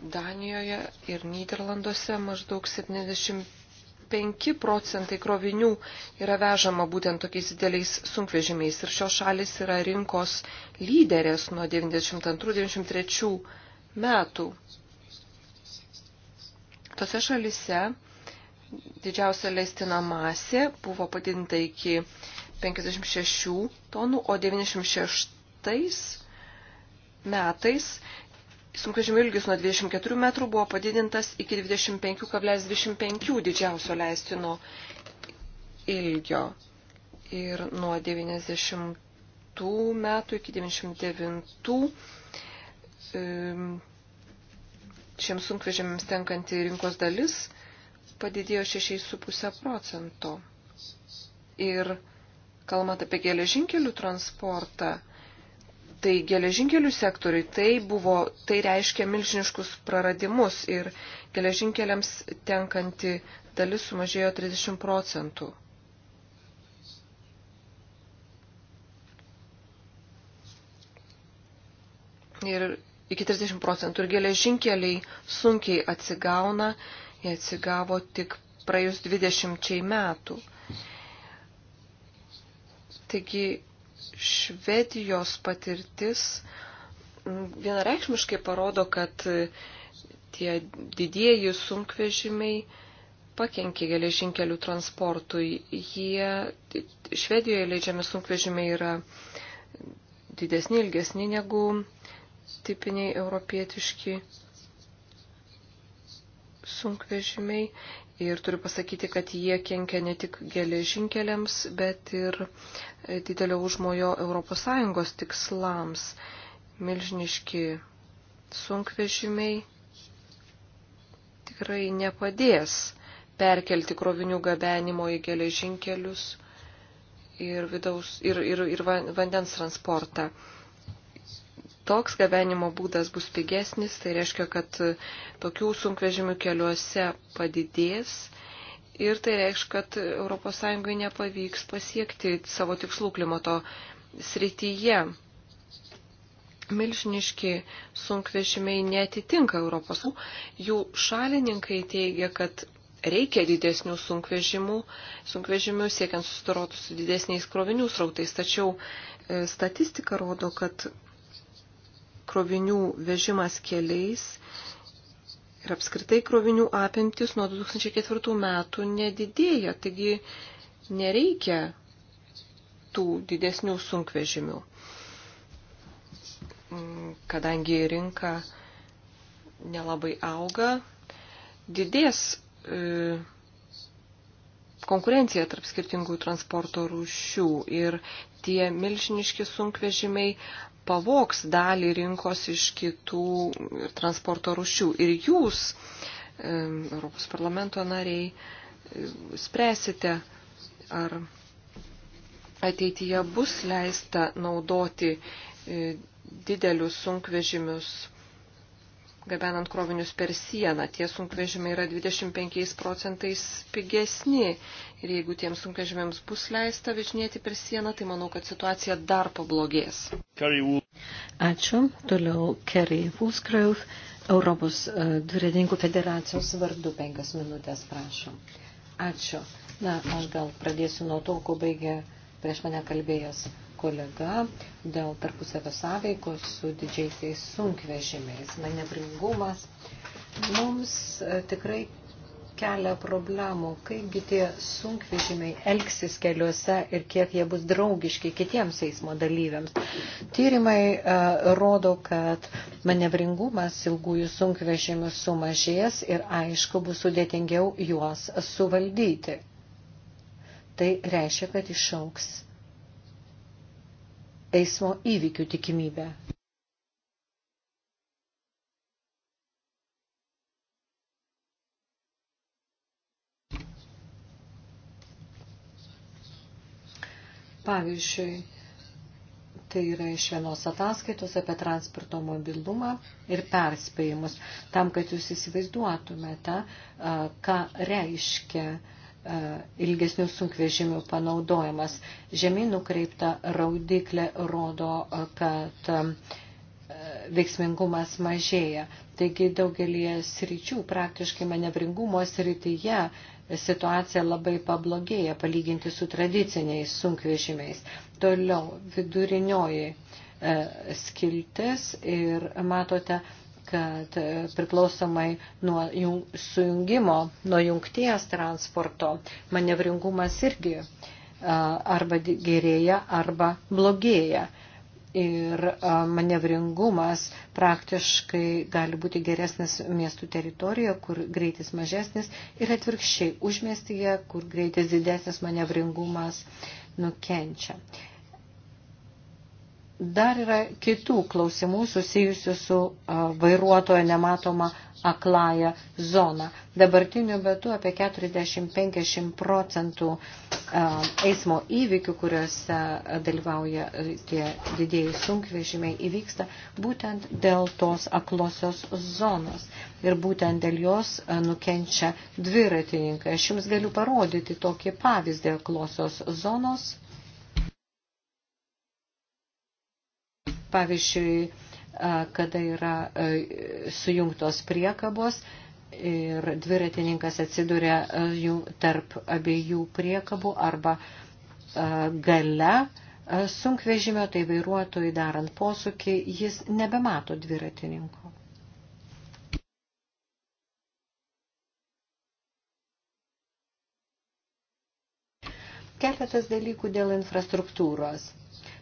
Danijoje ir Niderlanduose maždaug 75 procentai krovinių yra vežama būtent tokiais dideliais sunkvežimiais. Ir šios šalis yra rinkos lyderės nuo 92-93 metų. Tose šalise didžiausia leistina masė buvo padinta iki 56 tonų, o 96 metais sunkvežimių ilgis nuo 24 metrų buvo padidintas iki 25,25 didžiausio leistino ilgio. Ir nuo 90 metų iki 99 šiems sunkvežimiams tenkanti rinkos dalis padidėjo 6,5 procento. Ir kalbant apie geležinkelių transportą, tai geležinkelių sektoriui tai buvo, tai reiškia milžiniškus praradimus ir geležinkeliams tenkanti dalis sumažėjo 30 procentų. Ir iki 30 procentų ir geležinkeliai sunkiai atsigauna, jie atsigavo tik praėjus 20 metų. Taigi Švedijos patirtis mm, vienareikšmiškai parodo, kad tie didieji sunkvežimiai pakenkė geležinkelių transportui. Jie, Švedijoje leidžiami sunkvežimiai yra didesni, ilgesni negu tipiniai europietiški sunkvežimiai Ir turiu pasakyti, kad jie kenkia ne tik geležinkeliams, bet ir didelio užmojo ES tikslams. Milžiniški sunkvežimiai tikrai nepadės perkelti krovinių gabenimo į geležinkelius ir, vidaus, ir, ir, ir vandens transportą toks gabenimo būdas bus pigesnis, tai reiškia, kad tokių sunkvežimių keliuose padidės ir tai reiškia, kad ES nepavyks pasiekti savo tikslų klimato srityje. Milžiniški sunkvežimiai netitinka Europos. Jų šalininkai teigia, kad reikia didesnių sunkvežimų, sunkvežimių siekiant susidoroti su didesniais krovinių srautais. Tačiau e, statistika rodo, kad krovinių vežimas keliais ir apskritai krovinių apimtis nuo 2004 metų nedidėja, taigi nereikia tų didesnių sunkvežimių, kadangi rinka nelabai auga, didės e, konkurencija tarp skirtingų transporto rūšių ir tie milžiniški sunkvežimiai pavoks dalį rinkos iš kitų transporto rušių. Ir jūs, Europos parlamento nariai, spręsite, ar ateityje bus leista naudoti e, didelius sunkvežimius gabenant krovinius per sieną. Tie sunkvežimiai yra 25 procentais pigesni. Ir jeigu tiems sunkvežimiams bus leista vežinėti per sieną, tai manau, kad situacija dar pablogės. Ačiū. Toliau Kerry Woolsgrove, Europos e, dviratininkų federacijos vardu penkias minutės, prašom. Ačiū. Na, aš gal pradėsiu nuo to, ko baigė prieš mane kalbėjęs kolega dėl tarpusavio sąveikos su didžiaisiais sunkvežimiais. Manevringumas mums e, tikrai kelia problemų, kaipgi tie sunkvežimiai elgsis keliuose ir kiek jie bus draugiški kitiems eismo dalyviams. Tyrimai uh, rodo, kad manevringumas ilgųjų sunkvežimių sumažės ir aišku bus sudėtingiau juos suvaldyti. Tai reiškia, kad išauks eismo įvykių tikimybę. Pavyzdžiui, tai yra iš vienos ataskaitos apie transporto mobilumą ir perspėjimus, tam, kad jūs įsivaizduotumėte, ką reiškia E, ilgesnių sunkvežimių panaudojimas. Žemyn nukreipta raudiklė rodo, e, kad e, veiksmingumas mažėja. Taigi daugelį sričių, praktiškai manevringumo srityje situacija labai pablogėja palyginti su tradiciniais sunkvežimiais. Toliau vidurinioji skiltis ir matote kad e, priklausomai nuo sujungimo, nuo jungties transporto manevringumas irgi e, arba gerėja, arba blogėja. Ir e, manevringumas praktiškai gali būti geresnis miestų teritorijoje, kur greitis mažesnis ir atvirkščiai užmestyje, kur greitis didesnis manevringumas nukenčia. Dar yra kitų klausimų susijusių su vairuotojo nematoma aklaja zona. Dabartiniu metu apie 40-50 procentų eismo įvykių, kuriuose dalyvauja tie didėjai sunkvežimiai, įvyksta būtent dėl tos aklosios zonos. Ir būtent dėl jos nukenčia dviratininkai. Aš jums galiu parodyti tokį pavyzdį aklosios zonos Pavyzdžiui, kada yra sujungtos priekabos ir dviratininkas atsiduria tarp abiejų priekabų arba gale sunkvežimio, tai vairuotojai darant posūkį, jis nebemato dviratininko. Keletas dalykų dėl infrastruktūros.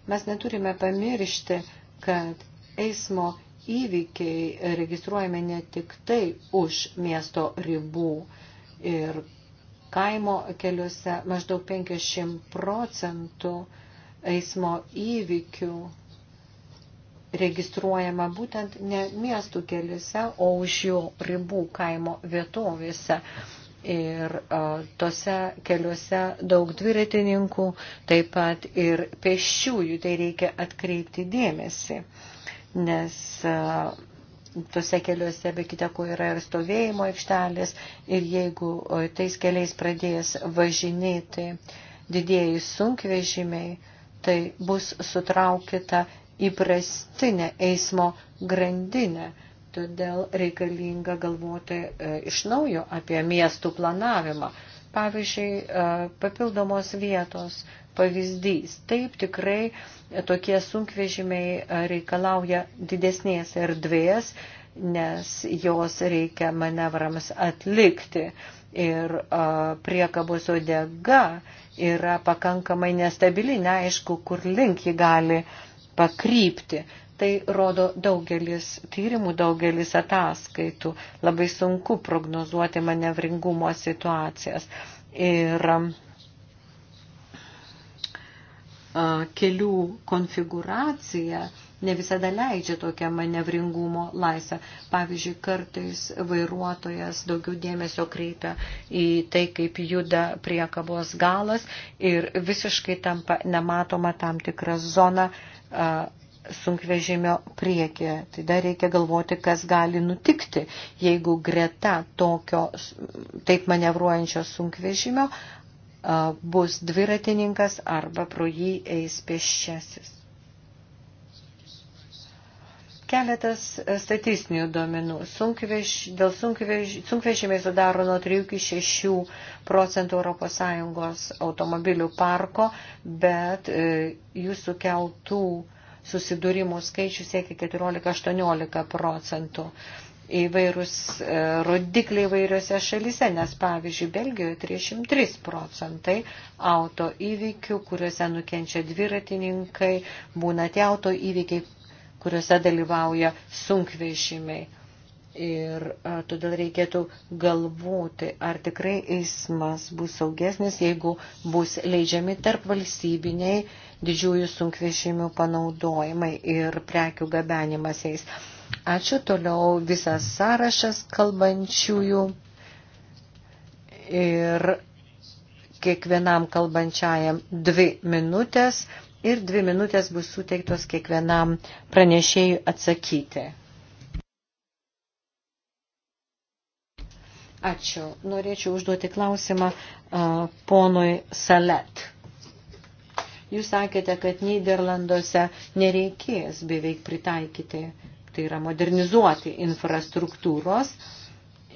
Mes neturime pamiršti, kad eismo įvykiai registruojame ne tik tai už miesto ribų ir kaimo keliuose maždaug 50 procentų eismo įvykių registruojama būtent ne miestų keliuose, o už jų ribų kaimo vietovėse ir tose keliuose daug dviratininkų, taip pat ir pešiųjų, tai reikia atkreipti dėmesį, nes tose keliuose be kitako yra ir stovėjimo aikštelės ir jeigu tais keliais pradės važinėti didėjai sunkvežimiai, tai bus sutraukita įprastinė eismo grandinė Todėl reikalinga galvoti e, iš naujo apie miestų planavimą. Pavyzdžiui, e, papildomos vietos pavyzdys. Taip tikrai tokie sunkvežimiai e, reikalauja didesnės erdvės, nes jos reikia manevrams atlikti. Ir priekabos odega yra pakankamai nestabili, neaišku, kur link ji gali pakrypti. Tai rodo daugelis tyrimų, daugelis ataskaitų. Labai sunku prognozuoti manevringumo situacijas. Ir kelių konfiguracija ne visada leidžia tokią manevringumo laisvę. Pavyzdžiui, kartais vairuotojas daugiau dėmesio kreipia į tai, kaip juda priekabos galas ir visiškai tampa nematoma tam tikra zona sunkvežimio priekį. Tai dar reikia galvoti, kas gali nutikti, jeigu greta tokio taip manevruojančio sunkvežimio bus dviratininkas arba pro jį eis pėsčiasis. Keletas e, statistinių duomenų. Sunkvež, dėl sunkvež, sunkvežimiai sudaro nuo 3 iki 6 procentų ES automobilių parko, bet e, jų sukeltų e, susidūrimų skaičius siekia 14-18 procentų įvairūs e, rodikliai įvairiose šalyse, nes pavyzdžiui, Belgijoje 303 procentai auto įvykių, kuriuose nukenčia dviratininkai, būna tie auto įvykiai, kuriuose dalyvauja sunkvežimiai. Ir a, e, todėl reikėtų galvoti, ar tikrai eismas bus saugesnis, jeigu bus leidžiami tarp valstybiniai didžiųjų sunkvežimių panaudojimai ir prekių gabenimas jais. Ačiū toliau visas sąrašas kalbančiųjų ir kiekvienam kalbančiajam dvi minutės ir dvi minutės bus suteiktos kiekvienam pranešėjui atsakyti. Ačiū. Norėčiau užduoti klausimą uh, ponui Salet. Jūs sakėte, kad Niderlanduose nereikės beveik pritaikyti, tai yra modernizuoti infrastruktūros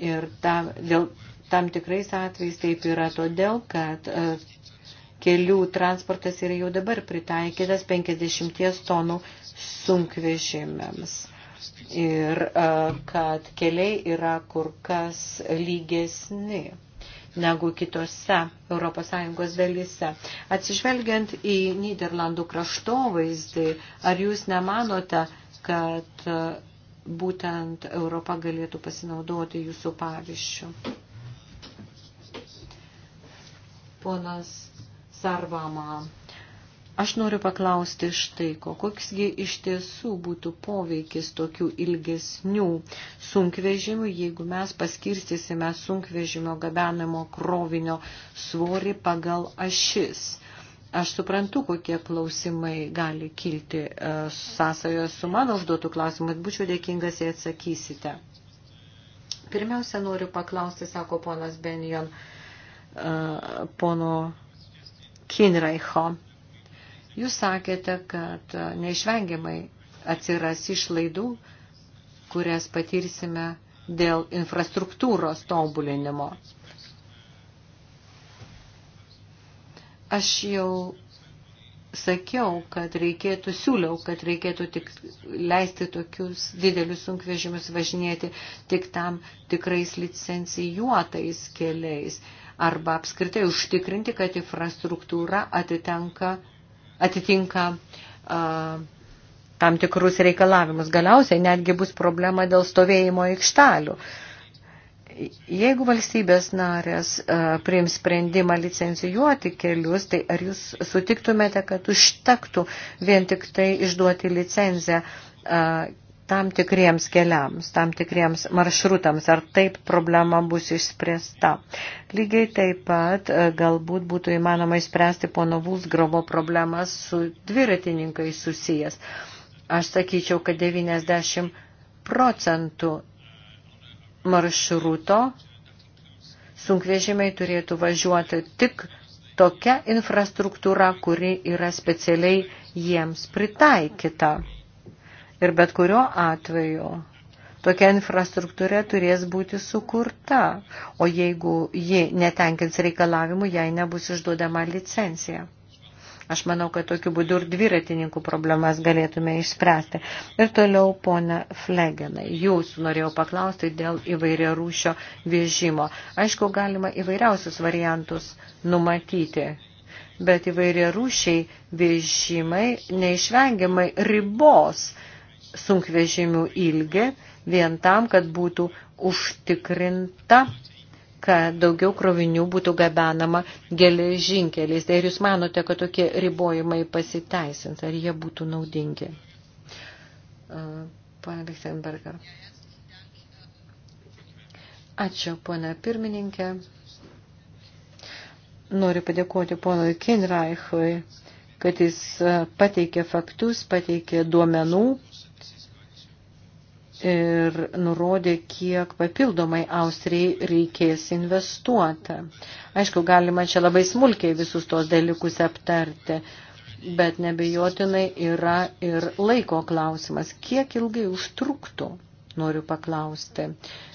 ir tam, dėl, tam tikrais atvejais taip yra todėl, kad e, kelių transportas yra jau dabar pritaikytas 50 tonų sunkvežimėms. Ir e, kad keliai yra kur kas lygesni negu kitose ES dalyse. Atsižvelgiant į Niderlandų kraštovaizdį, ar jūs nemanote, kad e, būtent Europa galėtų pasinaudoti jūsų pavyzdžių? Ponas Sarvama. Aš noriu paklausti štai, ko, koksgi iš tiesų būtų poveikis tokių ilgesnių sunkvežimių, jeigu mes paskirstysime sunkvežimio gabenamo krovinio svorį pagal ašis. Aš suprantu, kokie klausimai gali kilti e, sąsajoje su mano užduotų klausimu, bet būčiau dėkingas, jei atsakysite. Pirmiausia, noriu paklausti, sako ponas Benjon, e, pono Kinreicho Jūs sakėte, kad e, neišvengiamai atsiras išlaidų, kurias patirsime dėl infrastruktūros tobulinimo. Aš jau sakiau, kad reikėtų, siūliau, kad reikėtų tik leisti tokius didelius sunkvežimius važinėti tik tam tikrais licencijuotais keliais arba apskritai užtikrinti, kad infrastruktūra atitenka atitinka uh, tam tikrus reikalavimus. Galiausiai netgi bus problema dėl stovėjimo aikštelių. Jeigu valstybės narės uh, priims sprendimą licencijuoti kelius, tai ar jūs sutiktumėte, kad užtektų vien tik tai išduoti licenciją uh, tam tikriems keliams, tam tikriems maršrutams, ar taip problema bus išspręsta. Lygiai taip pat e, galbūt būtų įmanoma išspręsti pono Vulsgrobo problemas su dviratininkai susijęs. Aš sakyčiau, kad 90 procentų maršruto sunkvežimiai turėtų važiuoti tik tokia infrastruktūra, kuri yra specialiai jiems pritaikyta. Ir bet kurio atveju tokia infrastruktūra turės būti sukurta, o jeigu ji netenkins reikalavimų, jai nebus išduodama licencija. Aš manau, kad tokiu būdu ir dviratininkų problemas galėtume išspręsti. Ir toliau, pona Flegenai, jūsų norėjau paklausti dėl įvairia rūšio vėžimo. Aišku, galima įvairiausius variantus numatyti, bet įvairia rūšiai vėžimai neišvengiamai ribos sunkvežimių ilgį vien tam, kad būtų užtikrinta kad daugiau krovinių būtų gabenama geležinkeliais. Tai ar jūs manote, kad tokie ribojimai pasiteisins, ar jie būtų naudingi? Pane Lichtenberger. Ačiū, ponia pirmininkė. Noriu padėkoti ponui Kinreichui, kad jis pateikė faktus, pateikė duomenų ir nurodė, kiek papildomai Austrijai reikės investuoti. Aišku, galima čia labai smulkiai visus tos dalykus aptarti, bet nebejotinai yra ir laiko klausimas, kiek ilgai užtruktų, noriu paklausti.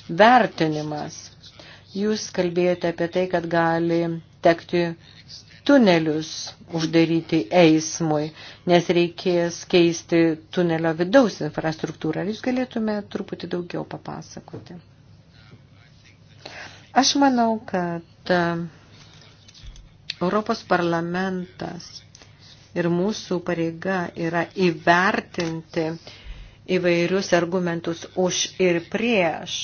Vertinimas. Jūs kalbėjote apie tai, kad gali tekti tunelius uždaryti eismui, nes reikės keisti tunelio vidaus infrastruktūrą. Ar jūs galėtume truputį daugiau papasakoti? Aš manau, kad e, Europos parlamentas ir mūsų pareiga yra įvertinti įvairius argumentus už ir prieš.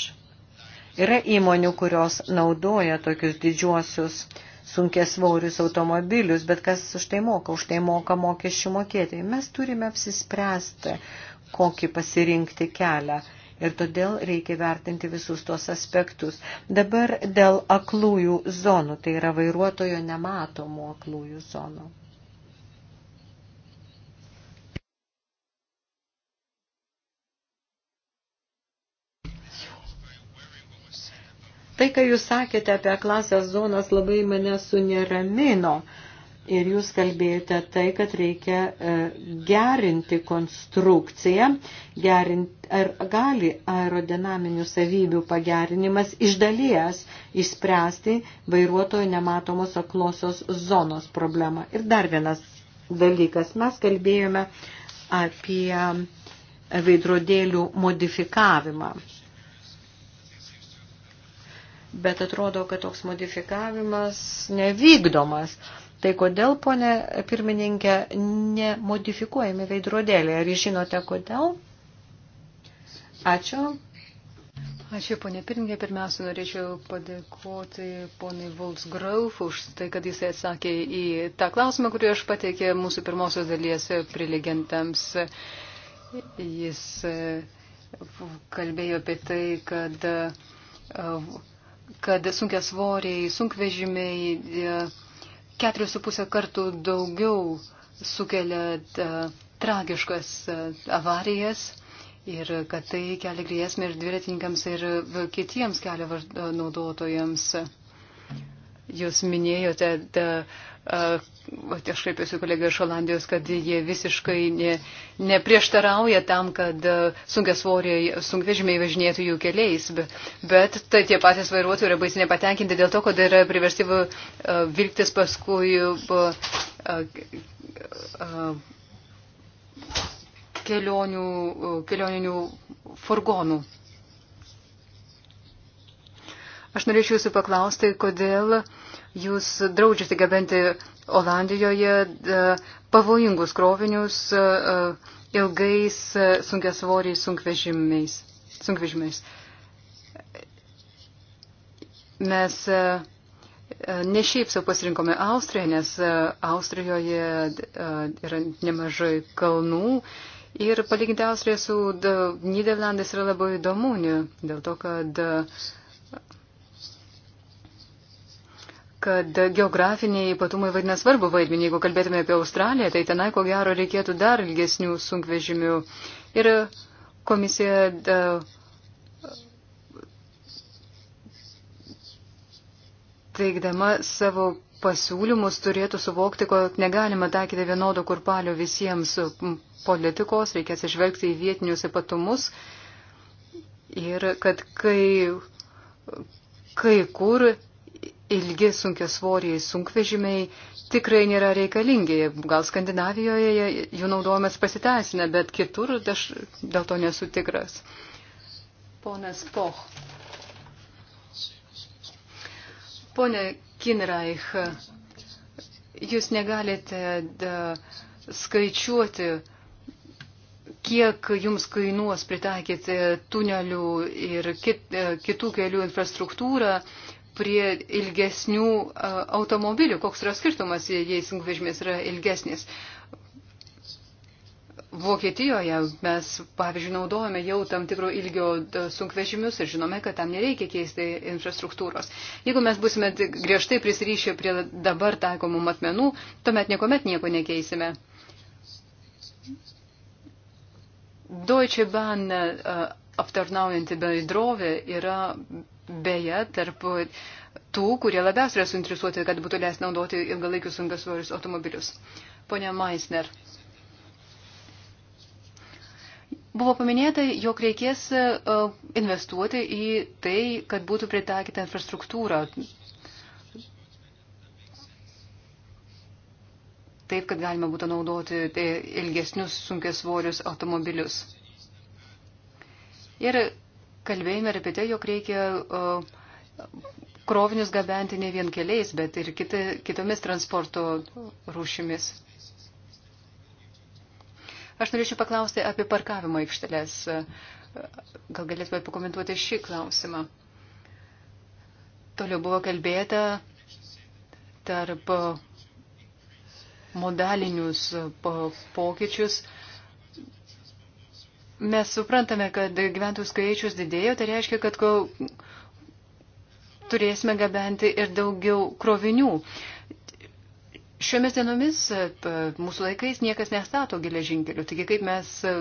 Yra įmonių, kurios naudoja tokius didžiuosius sunkės svorius automobilius, bet kas už tai moka? Už tai moka mokesčių mokėtojai. Mes turime apsispręsti, kokį pasirinkti kelią. Ir todėl reikia vertinti visus tuos aspektus. Dabar dėl aklųjų zonų, tai yra vairuotojo nematomų aklųjų zonų. Tai, ką jūs sakėte apie klasės zonas, labai mane suneramino. Ir jūs kalbėjote tai, kad reikia e, gerinti konstrukciją, gerinti, ar gali aerodinaminių savybių pagerinimas iš dalies išspręsti vairuotojo nematomos aklosios zonos problemą. Ir dar vienas dalykas. Mes kalbėjome apie veidrodėlių modifikavimą bet atrodo, kad toks modifikavimas nevykdomas. Tai kodėl, ponė pirmininkė, nemodifikuojami veidrodėliai? Ar žinote kodėl? Ačiū. Ačiū, ponė Pirmingė. Pirmiausia, norėčiau padėkoti ponai Volksgrauf už tai, kad jisai atsakė į tą klausimą, kurį aš pateikė mūsų pirmosios dalies prilegentams. Jis eh, kalbėjo apie tai, kad eh, kad sunkia svoriai, sunkvežimiai e, keturis su pusę kartų daugiau sukelia e, tragiškas e, avarijas ir kad tai kelia grėsmę ir dviratininkams, ir kitiems kelio naudotojams. Jūs minėjote, da, aš kreipiuosi kolegą iš Olandijos, kad jie visiškai ne, neprieštarauja tam, kad sunkia svoriai, sunkvežimiai važinėtų jų keliais, bet, bet tai tie patys vairuotojai yra baisiai nepatenkinti dėl to, kad yra priversti vilktis paskui kelionių, kelioninių furgonų. Aš norėčiau jūsų paklausti, kodėl jūs draudžiate gabenti Olandijoje e, pavojingus krovinius e, e, ilgais sunkiasvoriais sunkvežimiais. sunkvežimiais. Mes ne šiaip savo pasirinkome Austriją, nes Austrijoje yra nemažai kalnų ir palyginti Austriją su Niderlandais yra labai įdomu, dėl to, kad uh, kad geografiniai ypatumai vaidina svarbu vaidmenį. Jeigu kalbėtume apie Australiją, tai tenai ko gero reikėtų dar ilgesnių sunkvežimių. Ir komisija da, teikdama savo pasiūlymus turėtų suvokti, kad negalima taikyti vienodo kurpalio visiems politikos, reikia atsižvelgti į vietinius ypatumus. Ir kad kai, kai kur ilgi sunkia svoriai sunkvežimiai tikrai nėra reikalingi. Gal Skandinavijoje jų naudojimas pasiteisina, bet kitur aš dėl to nesu tikras. Ponas Poch. Pone Kinreich, jūs negalite da, skaičiuoti, kiek jums kainuos pritaikyti tunelių ir kit, kitų kelių infrastruktūrą uh, prie ilgesnių automobilių. Koks yra skirtumas, jei sunkvežimis yra ilgesnis? Vokietijoje mes, pavyzdžiui, naudojame jau tam tikro ilgio sunkvežimius ir žinome, kad tam nereikia keisti infrastruktūros. Jeigu mes busime griežtai prisryšę prie dabar taikomų matmenų, tuomet niekuomet nieko nekeisime. Deutsche Bahn aptarnaujanti bendrovė yra beje tarp tų, kurie labiausiai yra suinteresuoti, kad būtų leis naudoti ilgalaikius sunkiasvorius automobilius. Pone Meisner. Buvo paminėta, jog reikės e, investuoti į tai, kad būtų pritaikyta infrastruktūra. Taip, kad galima būtų naudoti e, ilgesnius sunkiasvorius automobilius. Ir kalbėjome ir apie tai, jog reikia krovinius gabenti ne vien keliais, bet ir kita, kitomis transporto rūšimis. Aš norėčiau paklausti apie parkavimo aikštelės. Gal galėtume pakomentuoti šį klausimą. Toliau buvo kalbėta tarp modalinius pokyčius. Po mes suprantame, kad gyventojų skaičius didėjo, tai reiškia, kad kol turėsime gabenti ir daugiau krovinių. Šiomis dienomis mūsų laikais niekas nestato geležinkelių, taigi kaip mes e,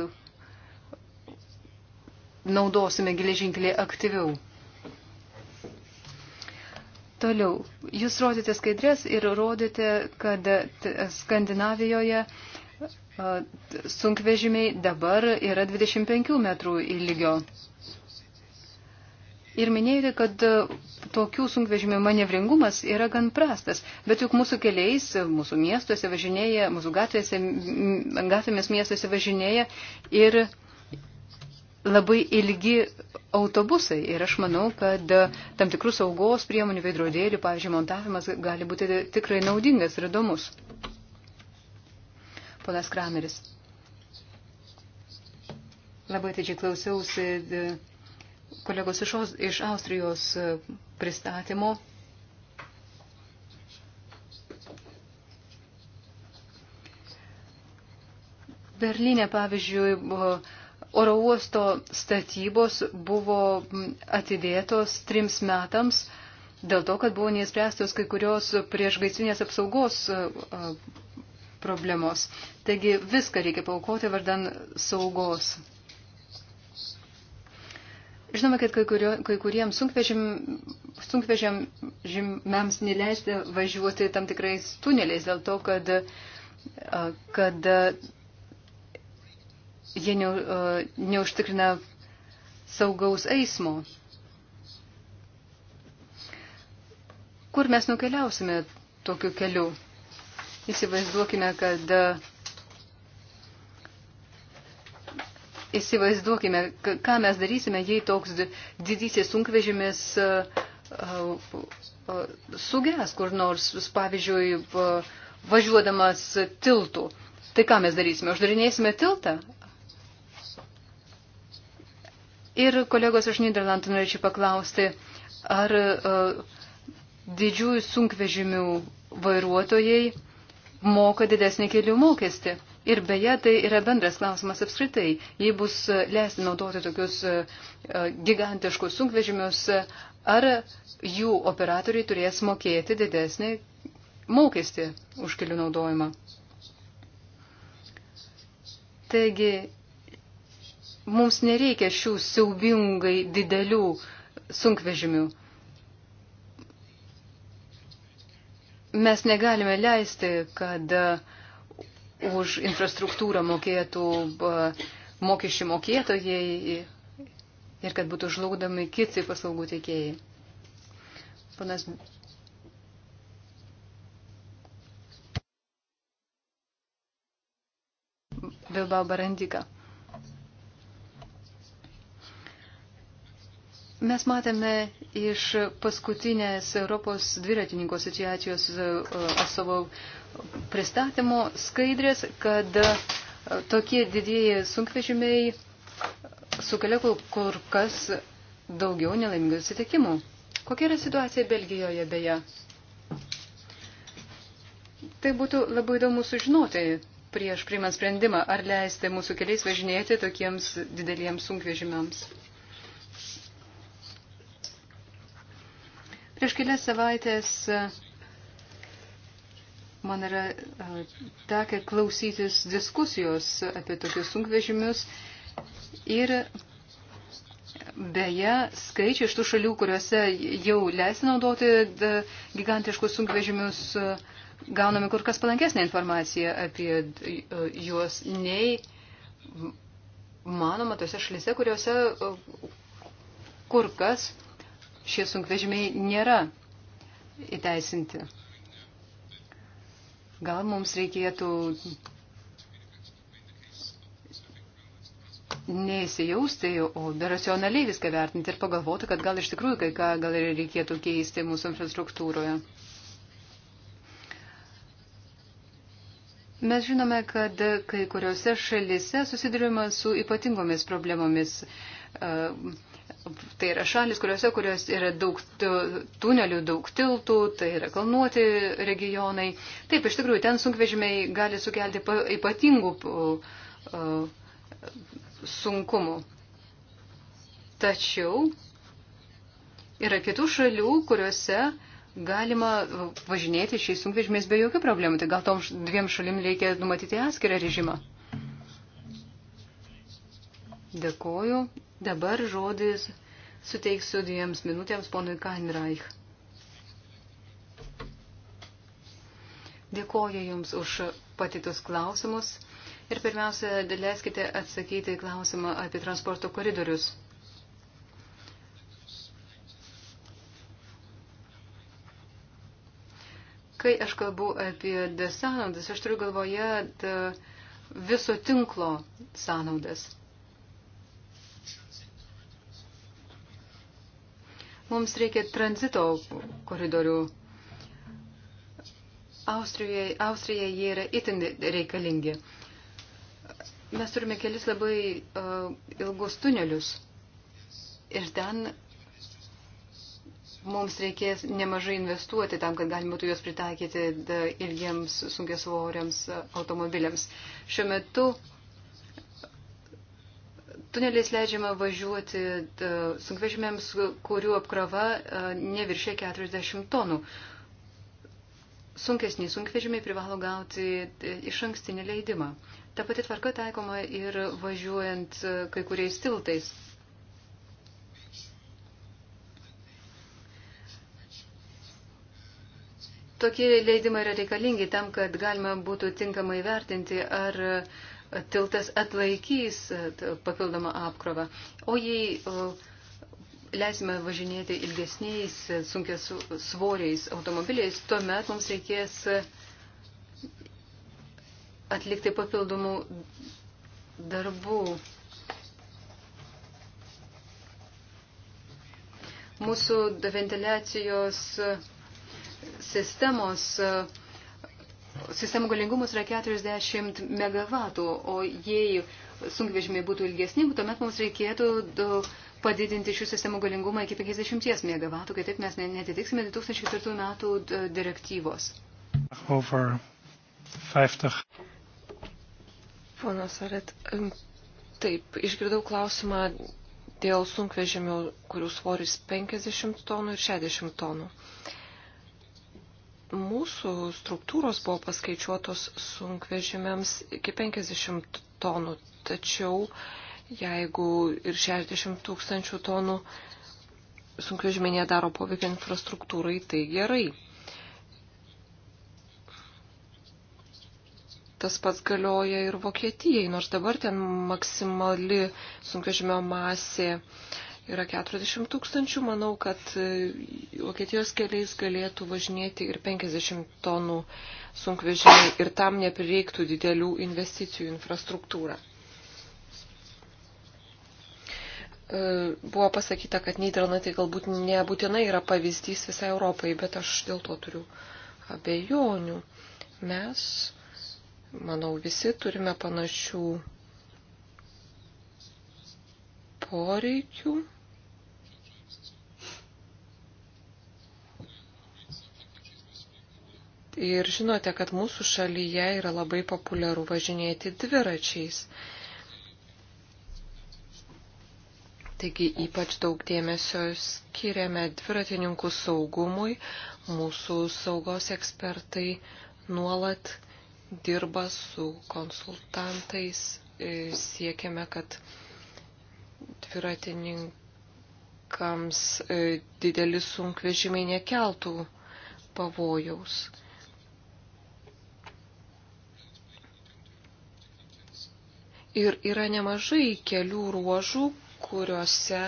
naudosime geležinkelį aktyviau. Toliau, jūs rodėte skaidrės ir rodėte, kad Skandinavijoje uh, sunkvežimiai dabar yra 25 metrų ilgio. Ir minėjote, kad tokių sunkvežimių manevringumas yra gan prastas, bet juk mūsų keliais, mūsų miestuose važinėja, mūsų gatvėse, gatvėmis miestuose važinėja ir labai ilgi autobusai. Ir aš manau, kad tam tikrų saugos priemonių veidrodėlių, pavyzdžiui, montavimas gali būti tikrai naudingas ir įdomus. Ponas Krameris. Labai atidžiai klausiausi e, kolegos iš, iš Austrijos e, pristatymo. Berlyne, pavyzdžiui, buvo oro uosto statybos buvo atidėtos trims metams dėl to, kad buvo neįspręstos kai kurios priešgaisvinės apsaugos e, problemos. Taigi viską reikia paukoti vardan saugos. Žinoma, kad kai, kurio, kai kuriems sunkvežimiams sunkvežim, neleista važiuoti tam tikrais tuneliais dėl to, kad, kad jie ne, neužtikrina saugaus eismo. Kur mes nukeliausime tokiu keliu? Įsivaizduokime, kad Įsivaizduokime, ką mes darysime, jei toks didysis sunkvežimis suges kur nors, pavyzdžiui, važiuodamas tiltų. Tai ką mes darysime? Uždarinėsime tiltą? Ir kolegos iš Niderlandų norėčiau paklausti, ar didžiųjų sunkvežimių vairuotojai moka didesnį kelių mokestį. Ir beje, tai yra bendras klausimas apskritai. Jei bus e, leisti naudoti tokius e, e, gigantiškus sunkvežimius, ar jų operatoriai turės mokėti didesnį mokestį už kelių naudojimą. Taigi, mums nereikia šių siaubingai didelių sunkvežimių. Mes negalime leisti, kad uh, už infrastruktūrą mokėtų uh, mokesčių mokėtojai ir kad būtų žlugdomi kiti paslaugų teikėjai. Panas Bilbao Barandika. Mes matėme iš paskutinės Europos dviratininkų asociacijos e, savo pristatymo skaidrės, kad e, tokie didieji sunkvežimiai sukelia kur kas daugiau nelaimingų atsitikimų. Kokia yra situacija Belgijoje beje? Tai būtų labai įdomu sužinoti prieš priimant sprendimą, ar leisti mūsų keliais važinėti tokiems dideliems sunkvežimiams. Prieš kelias savaitės e, man yra e, tekę klausytis diskusijos apie tokius sunkvežimius ir Beje, skaičiai iš tų šalių, kuriuose jau leisi naudoti e, gigantiškus sunkvežimius, gauname kur kas palankesnę informaciją apie juos nei manoma tose šalise, kuriuose kur kas šie sunkvežimiai nėra įteisinti. Gal mums reikėtų neįsijausti, o racionaliai viską vertinti ir pagalvoti, kad gal iš tikrųjų kai ką gal ir reikėtų keisti mūsų infrastruktūroje. Mes žinome, kad kai kuriuose šalise susidurime su ypatingomis problemomis. Uh, Tai yra šalis, kuriuose kurios yra daug tunelių, daug tiltų, tai yra kalnuoti regionai. Taip, iš tikrųjų, ten sunkvežimiai gali sukelti ypatingų sunkumų. Tačiau yra kitų šalių, kuriuose galima važinėti šiais sunkvežimiais be jokių problemų. Tai gal tom dviem šalim reikia numatyti atskirą režimą. Dėkoju. Dabar žodis suteiksiu dviems minutėms ponui Kainreich. Dėkoju Jums už patytus klausimus ir pirmiausia, leiskite atsakyti klausimą apie transporto koridorius. Kai aš kalbu apie sąnaudas, aš turiu galvoje viso tinklo sąnaudas. Mums reikia tranzito koridorių. Austrijai, Austrijai jie yra itin reikalingi. Mes turime kelis labai uh, ilgus tunelius ir ten mums reikės nemažai investuoti tam, kad galima būtų juos pritaikyti ilgiems sunkiasvoriams automobiliams. Šiuo metu tuneliais leidžiama važiuoti sunkvežimėms, kurių apkrova neviršė 40 tonų. Sunkesni sunkvežimiai privalo gauti e, iš ankstinį leidimą. Ta pati tvarka taikoma ir važiuojant e, kai kuriais tiltais. Tokie leidimai yra reikalingi tam, kad galima būtų tinkamai vertinti, ar uh, tiltas atlaikys e, papildomą apkrovą. O jei leisime važinėti ilgesniais, e, sunkias svoriais automobiliais, tuomet mums reikės e, atlikti papildomų darbų. Mūsų ventiliacijos sistemos uh, sistemų galingumas yra 40 MW, o jei sunkvežimiai būtų ilgesni, tuomet mums reikėtų padidinti šių sistemų galingumą iki 50 MW, kitaip mes netitiksime 2004 metų direktyvos. Over 50. Ponas Aret, taip, išgirdau klausimą dėl sunkvežimių, kurių svoris 50 tonų ir 60 tonų. Uh, mūsų struktūros buvo paskaičiuotos sunkvežimiams iki 50 tonų, tačiau jeigu ir 60 tūkstančių tonų sunkvežiminė daro poveikį infrastruktūrai, tai gerai. Tas pats galioja ir Vokietijai, nors dabar ten maksimali sunkvežimio masė uh, yra 40 tūkstančių. Manau, kad e, Vokietijos keliais galėtų važinėti ir 50 tonų sunkvežimiai ir tam neprireiktų didelių investicijų infrastruktūrą. E, Buvo pasakyta, kad Nyderlandai tai galbūt nebūtinai yra pavyzdys visai Europai, bet aš dėl to turiu abejonių. Mes, manau, visi turime panašių poreikių. Ir žinote, kad mūsų šalyje yra labai populiaru važinėti dviračiais. Taigi ypač daug dėmesio skiriame dviratininkų saugumui. Mūsų saugos ekspertai nuolat dirba su konsultantais. Siekiame, kad dviratininkams e, didelis sunkvežimiai nekeltų pavojaus. Ir yra nemažai kelių ruožų, kuriuose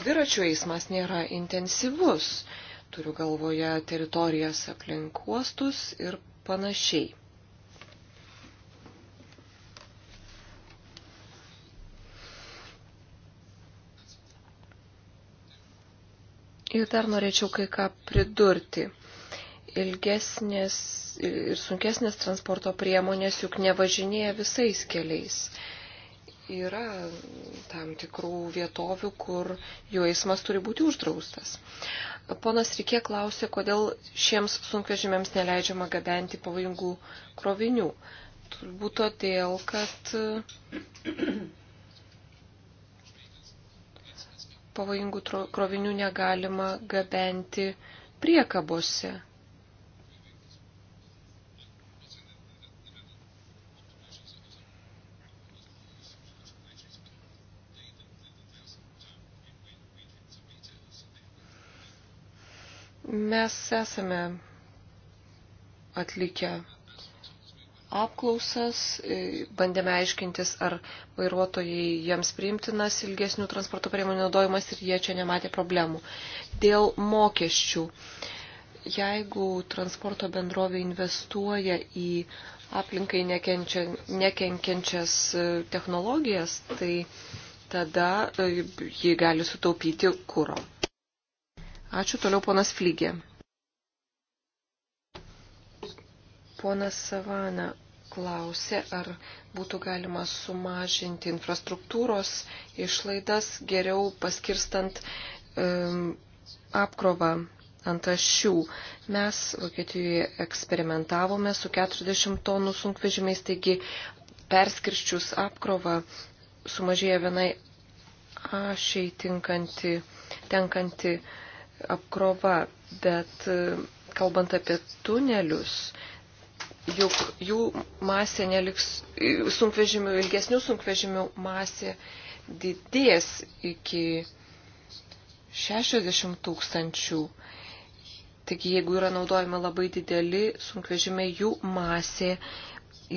dviračių eismas nėra intensyvus. Turiu galvoje teritorijas aplink uostus ir panašiai. Ir dar norėčiau kai ką pridurti. Ilgesnės ir sunkesnės transporto priemonės juk nevažinėja visais keliais. Yra tam tikrų vietovių, kur jų eismas turi būti uždraustas. Ponas Rikė klausė, kodėl šiems sunkvežimėms neleidžiama gabenti pavojingų krovinių. Turbūt todėl, kad pavojingų krovinių negalima gabenti priekabose. Mes esame atlikę apklausas, e, bandėme aiškintis, ar vairuotojai jiems priimtinas ilgesnių transporto priemonių naudojimas ir jie čia nematė problemų. Dėl mokesčių. Jeigu transporto bendrovė investuoja į aplinkai nekenčia, nekenkiančias e, technologijas, tai tada e, ji gali sutaupyti kūro. Ačiū toliau ponas Flygė. Ponas Savana, klausė, ar būtų galima sumažinti infrastruktūros išlaidas geriau paskirstant um, apkrovą ant ašių. Mes Vokietijoje eksperimentavome su 40 tonų sunkvežimiais, taigi perskirščius apkrovą sumažėja vienai ašiai tinkanti, tenkanti apkrova, bet kalbant apie tunelius, juk jų masė neliks, sunkvežimių, ilgesnių sunkvežimių masė didės iki 60 tūkstančių. Taigi, jeigu yra naudojama labai dideli sunkvežimiai, jų masė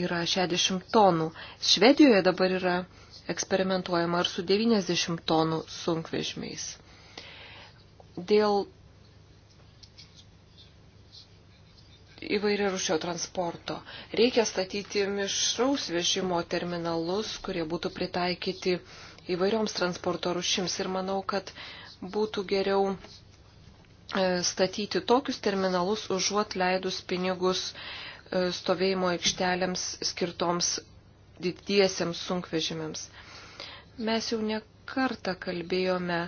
yra 60 tonų. Švedijoje dabar yra eksperimentuojama ir su 90 tonų sunkvežimiais. Dėl įvairių rušio transporto. Reikia statyti mišraus vežimo terminalus, kurie būtų pritaikyti įvairioms transporto rušims. Ir manau, kad būtų geriau e, statyti tokius terminalus, užuot leidus pinigus e, stovėjimo aikštelėms skirtoms didiesiems sunkvežimiams. Mes jau ne kartą kalbėjome,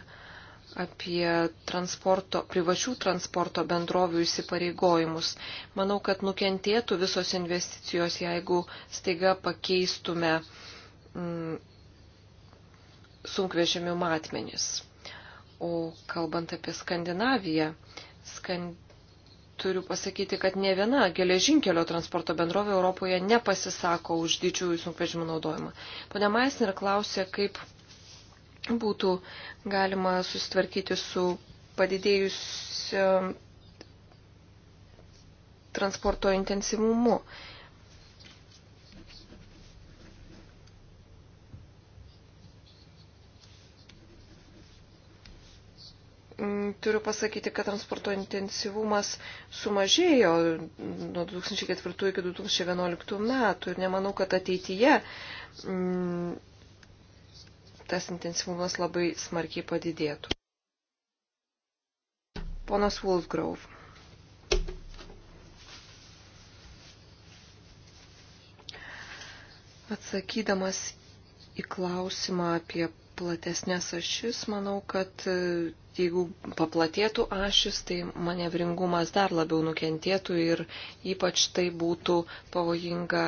apie transporto, privačių transporto bendrovių įsipareigojimus. Manau, kad nukentėtų visos investicijos, jeigu staiga pakeistume mm, sunkvežimių matmenis. O kalbant apie Skandinaviją, skan... turiu pasakyti, kad ne viena geležinkelio transporto bendrovė Europoje nepasisako už didžiųjų sunkvežimių naudojimą. Pone Maisner klausė, kaip būtų galima susitvarkyti su padidėjusiu transporto intensyvumu. Mm, turiu pasakyti, kad transporto intensyvumas sumažėjo nuo 2004 iki 2011 metų ir nemanau, kad ateityje mm, tas intensyvumas labai smarkiai padidėtų. Ponas Wolfgrove. Atsakydamas į klausimą apie platesnės ašis, manau, kad e, jeigu paplatėtų ašis, tai manevringumas dar labiau nukentėtų ir ypač tai būtų pavojinga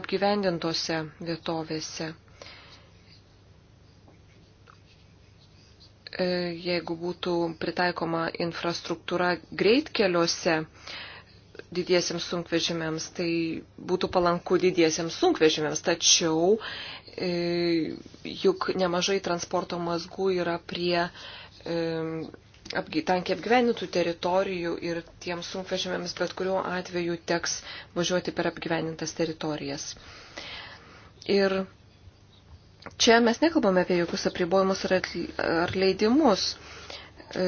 apgyvendintose vietovėse. E, jeigu būtų pritaikoma infrastruktūra greitkeliuose didiesiems sunkvežimiams, tai būtų palanku didiesiems sunkvežimiams, tačiau e, juk nemažai transporto mazgų yra prie e, tankiai apgyvenintų teritorijų ir tiems sunkvežimiams bet kuriuo atveju teks važiuoti per apgyvenintas teritorijas. Ir Čia mes nekalbame apie jokius apribojimus ar, ar leidimus. E,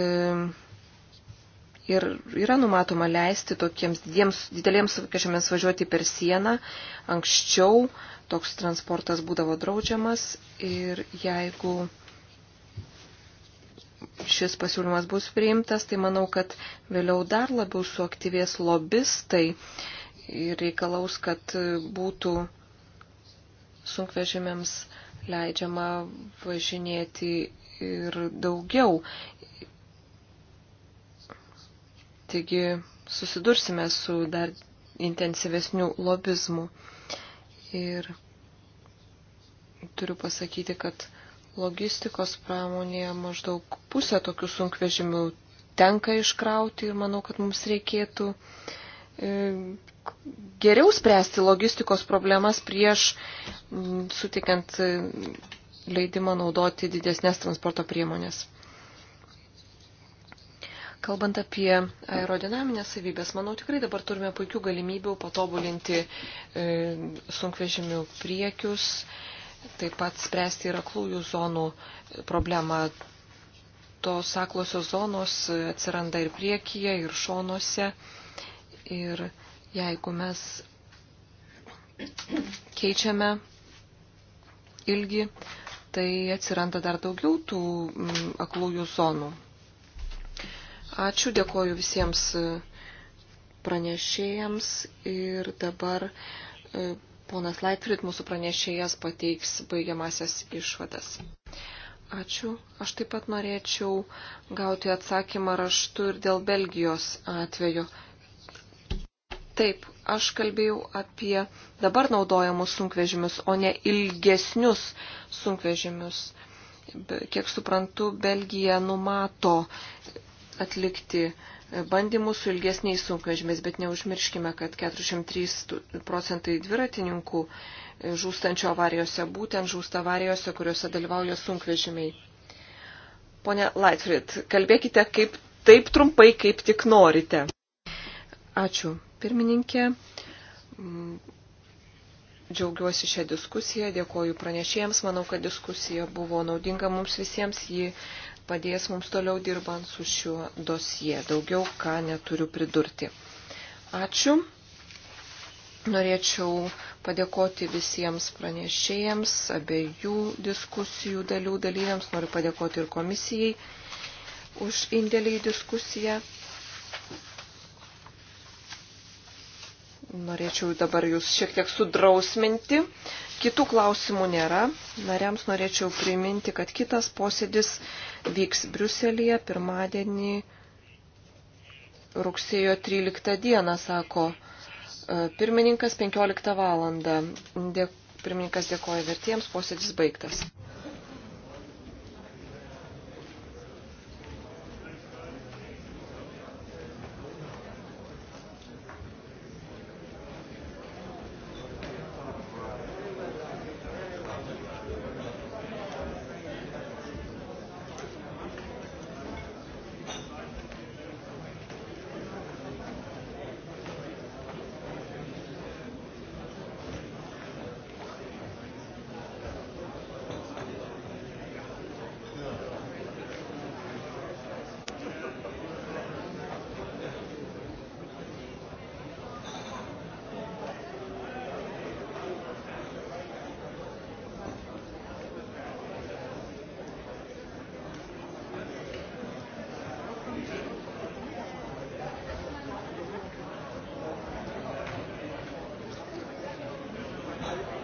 ir yra numatoma leisti tokiems didiems, dideliems sunkvežimėms važiuoti per sieną. Anksčiau toks transportas būdavo draudžiamas ir jeigu šis pasiūlymas bus priimtas, tai manau, kad vėliau dar labiau suaktyvės lobistai ir reikalaus, kad būtų sunkvežimėms leidžiama važinėti ir daugiau. Taigi susidursime su dar intensyvesniu lobizmu. Ir turiu pasakyti, kad logistikos pramonėje maždaug pusę tokių sunkvežimių tenka iškrauti ir manau, kad mums reikėtų e, geriau spręsti logistikos problemas prieš mm, sutikiant e, leidimą naudoti didesnės transporto priemonės. Kalbant apie aerodinaminės savybės, manau tikrai dabar turime puikių galimybių patobulinti e, sunkvežimių priekius, taip pat spręsti ir aklųjų zonų problemą. Tos aklosios zonos atsiranda ir priekyje, ir šonuose. Ir jeigu mes keičiame ilgį, tai atsiranda dar daugiau tų mm, aklųjų zonų. Ačiū, dėkoju visiems e, pranešėjams ir dabar e, ponas Leitfrid, mūsų pranešėjas, pateiks baigiamasias išvadas. Ačiū. Aš taip pat norėčiau gauti atsakymą raštu ir dėl Belgijos atveju. Taip, aš kalbėjau apie dabar naudojamus sunkvežimius, o ne ilgesnius sunkvežimius. Kiek suprantu, Belgija numato atlikti bandymus su ilgesniais sunkvežimiais, bet neužmirškime, kad 403 procentai dviratininkų e, žūstančio avarijose būtent žūsta avarijose, kuriuose dalyvauja sunkvežimiai. Pone Lightfried, kalbėkite kaip, taip trumpai, kaip tik norite. Ačiū, pirmininkė. Džiaugiuosi šią diskusiją, dėkoju pranešėjams, manau, kad diskusija buvo naudinga mums visiems, ji padės mums toliau dirbant su šiuo dosie. Daugiau ką neturiu pridurti. Ačiū. Norėčiau padėkoti visiems pranešėjams, abiejų diskusijų dalių dalyviams, noriu padėkoti ir komisijai už indėlį į diskusiją. Norėčiau dabar jūs šiek tiek sudrausminti. Kitų klausimų nėra. Nariams norėčiau priminti, kad kitas posėdis vyks Briuselėje pirmadienį rugsėjo 13 dieną, sako e, pirmininkas 15 valandą. Dėk, pirmininkas dėkoja vertiems, posėdis baigtas.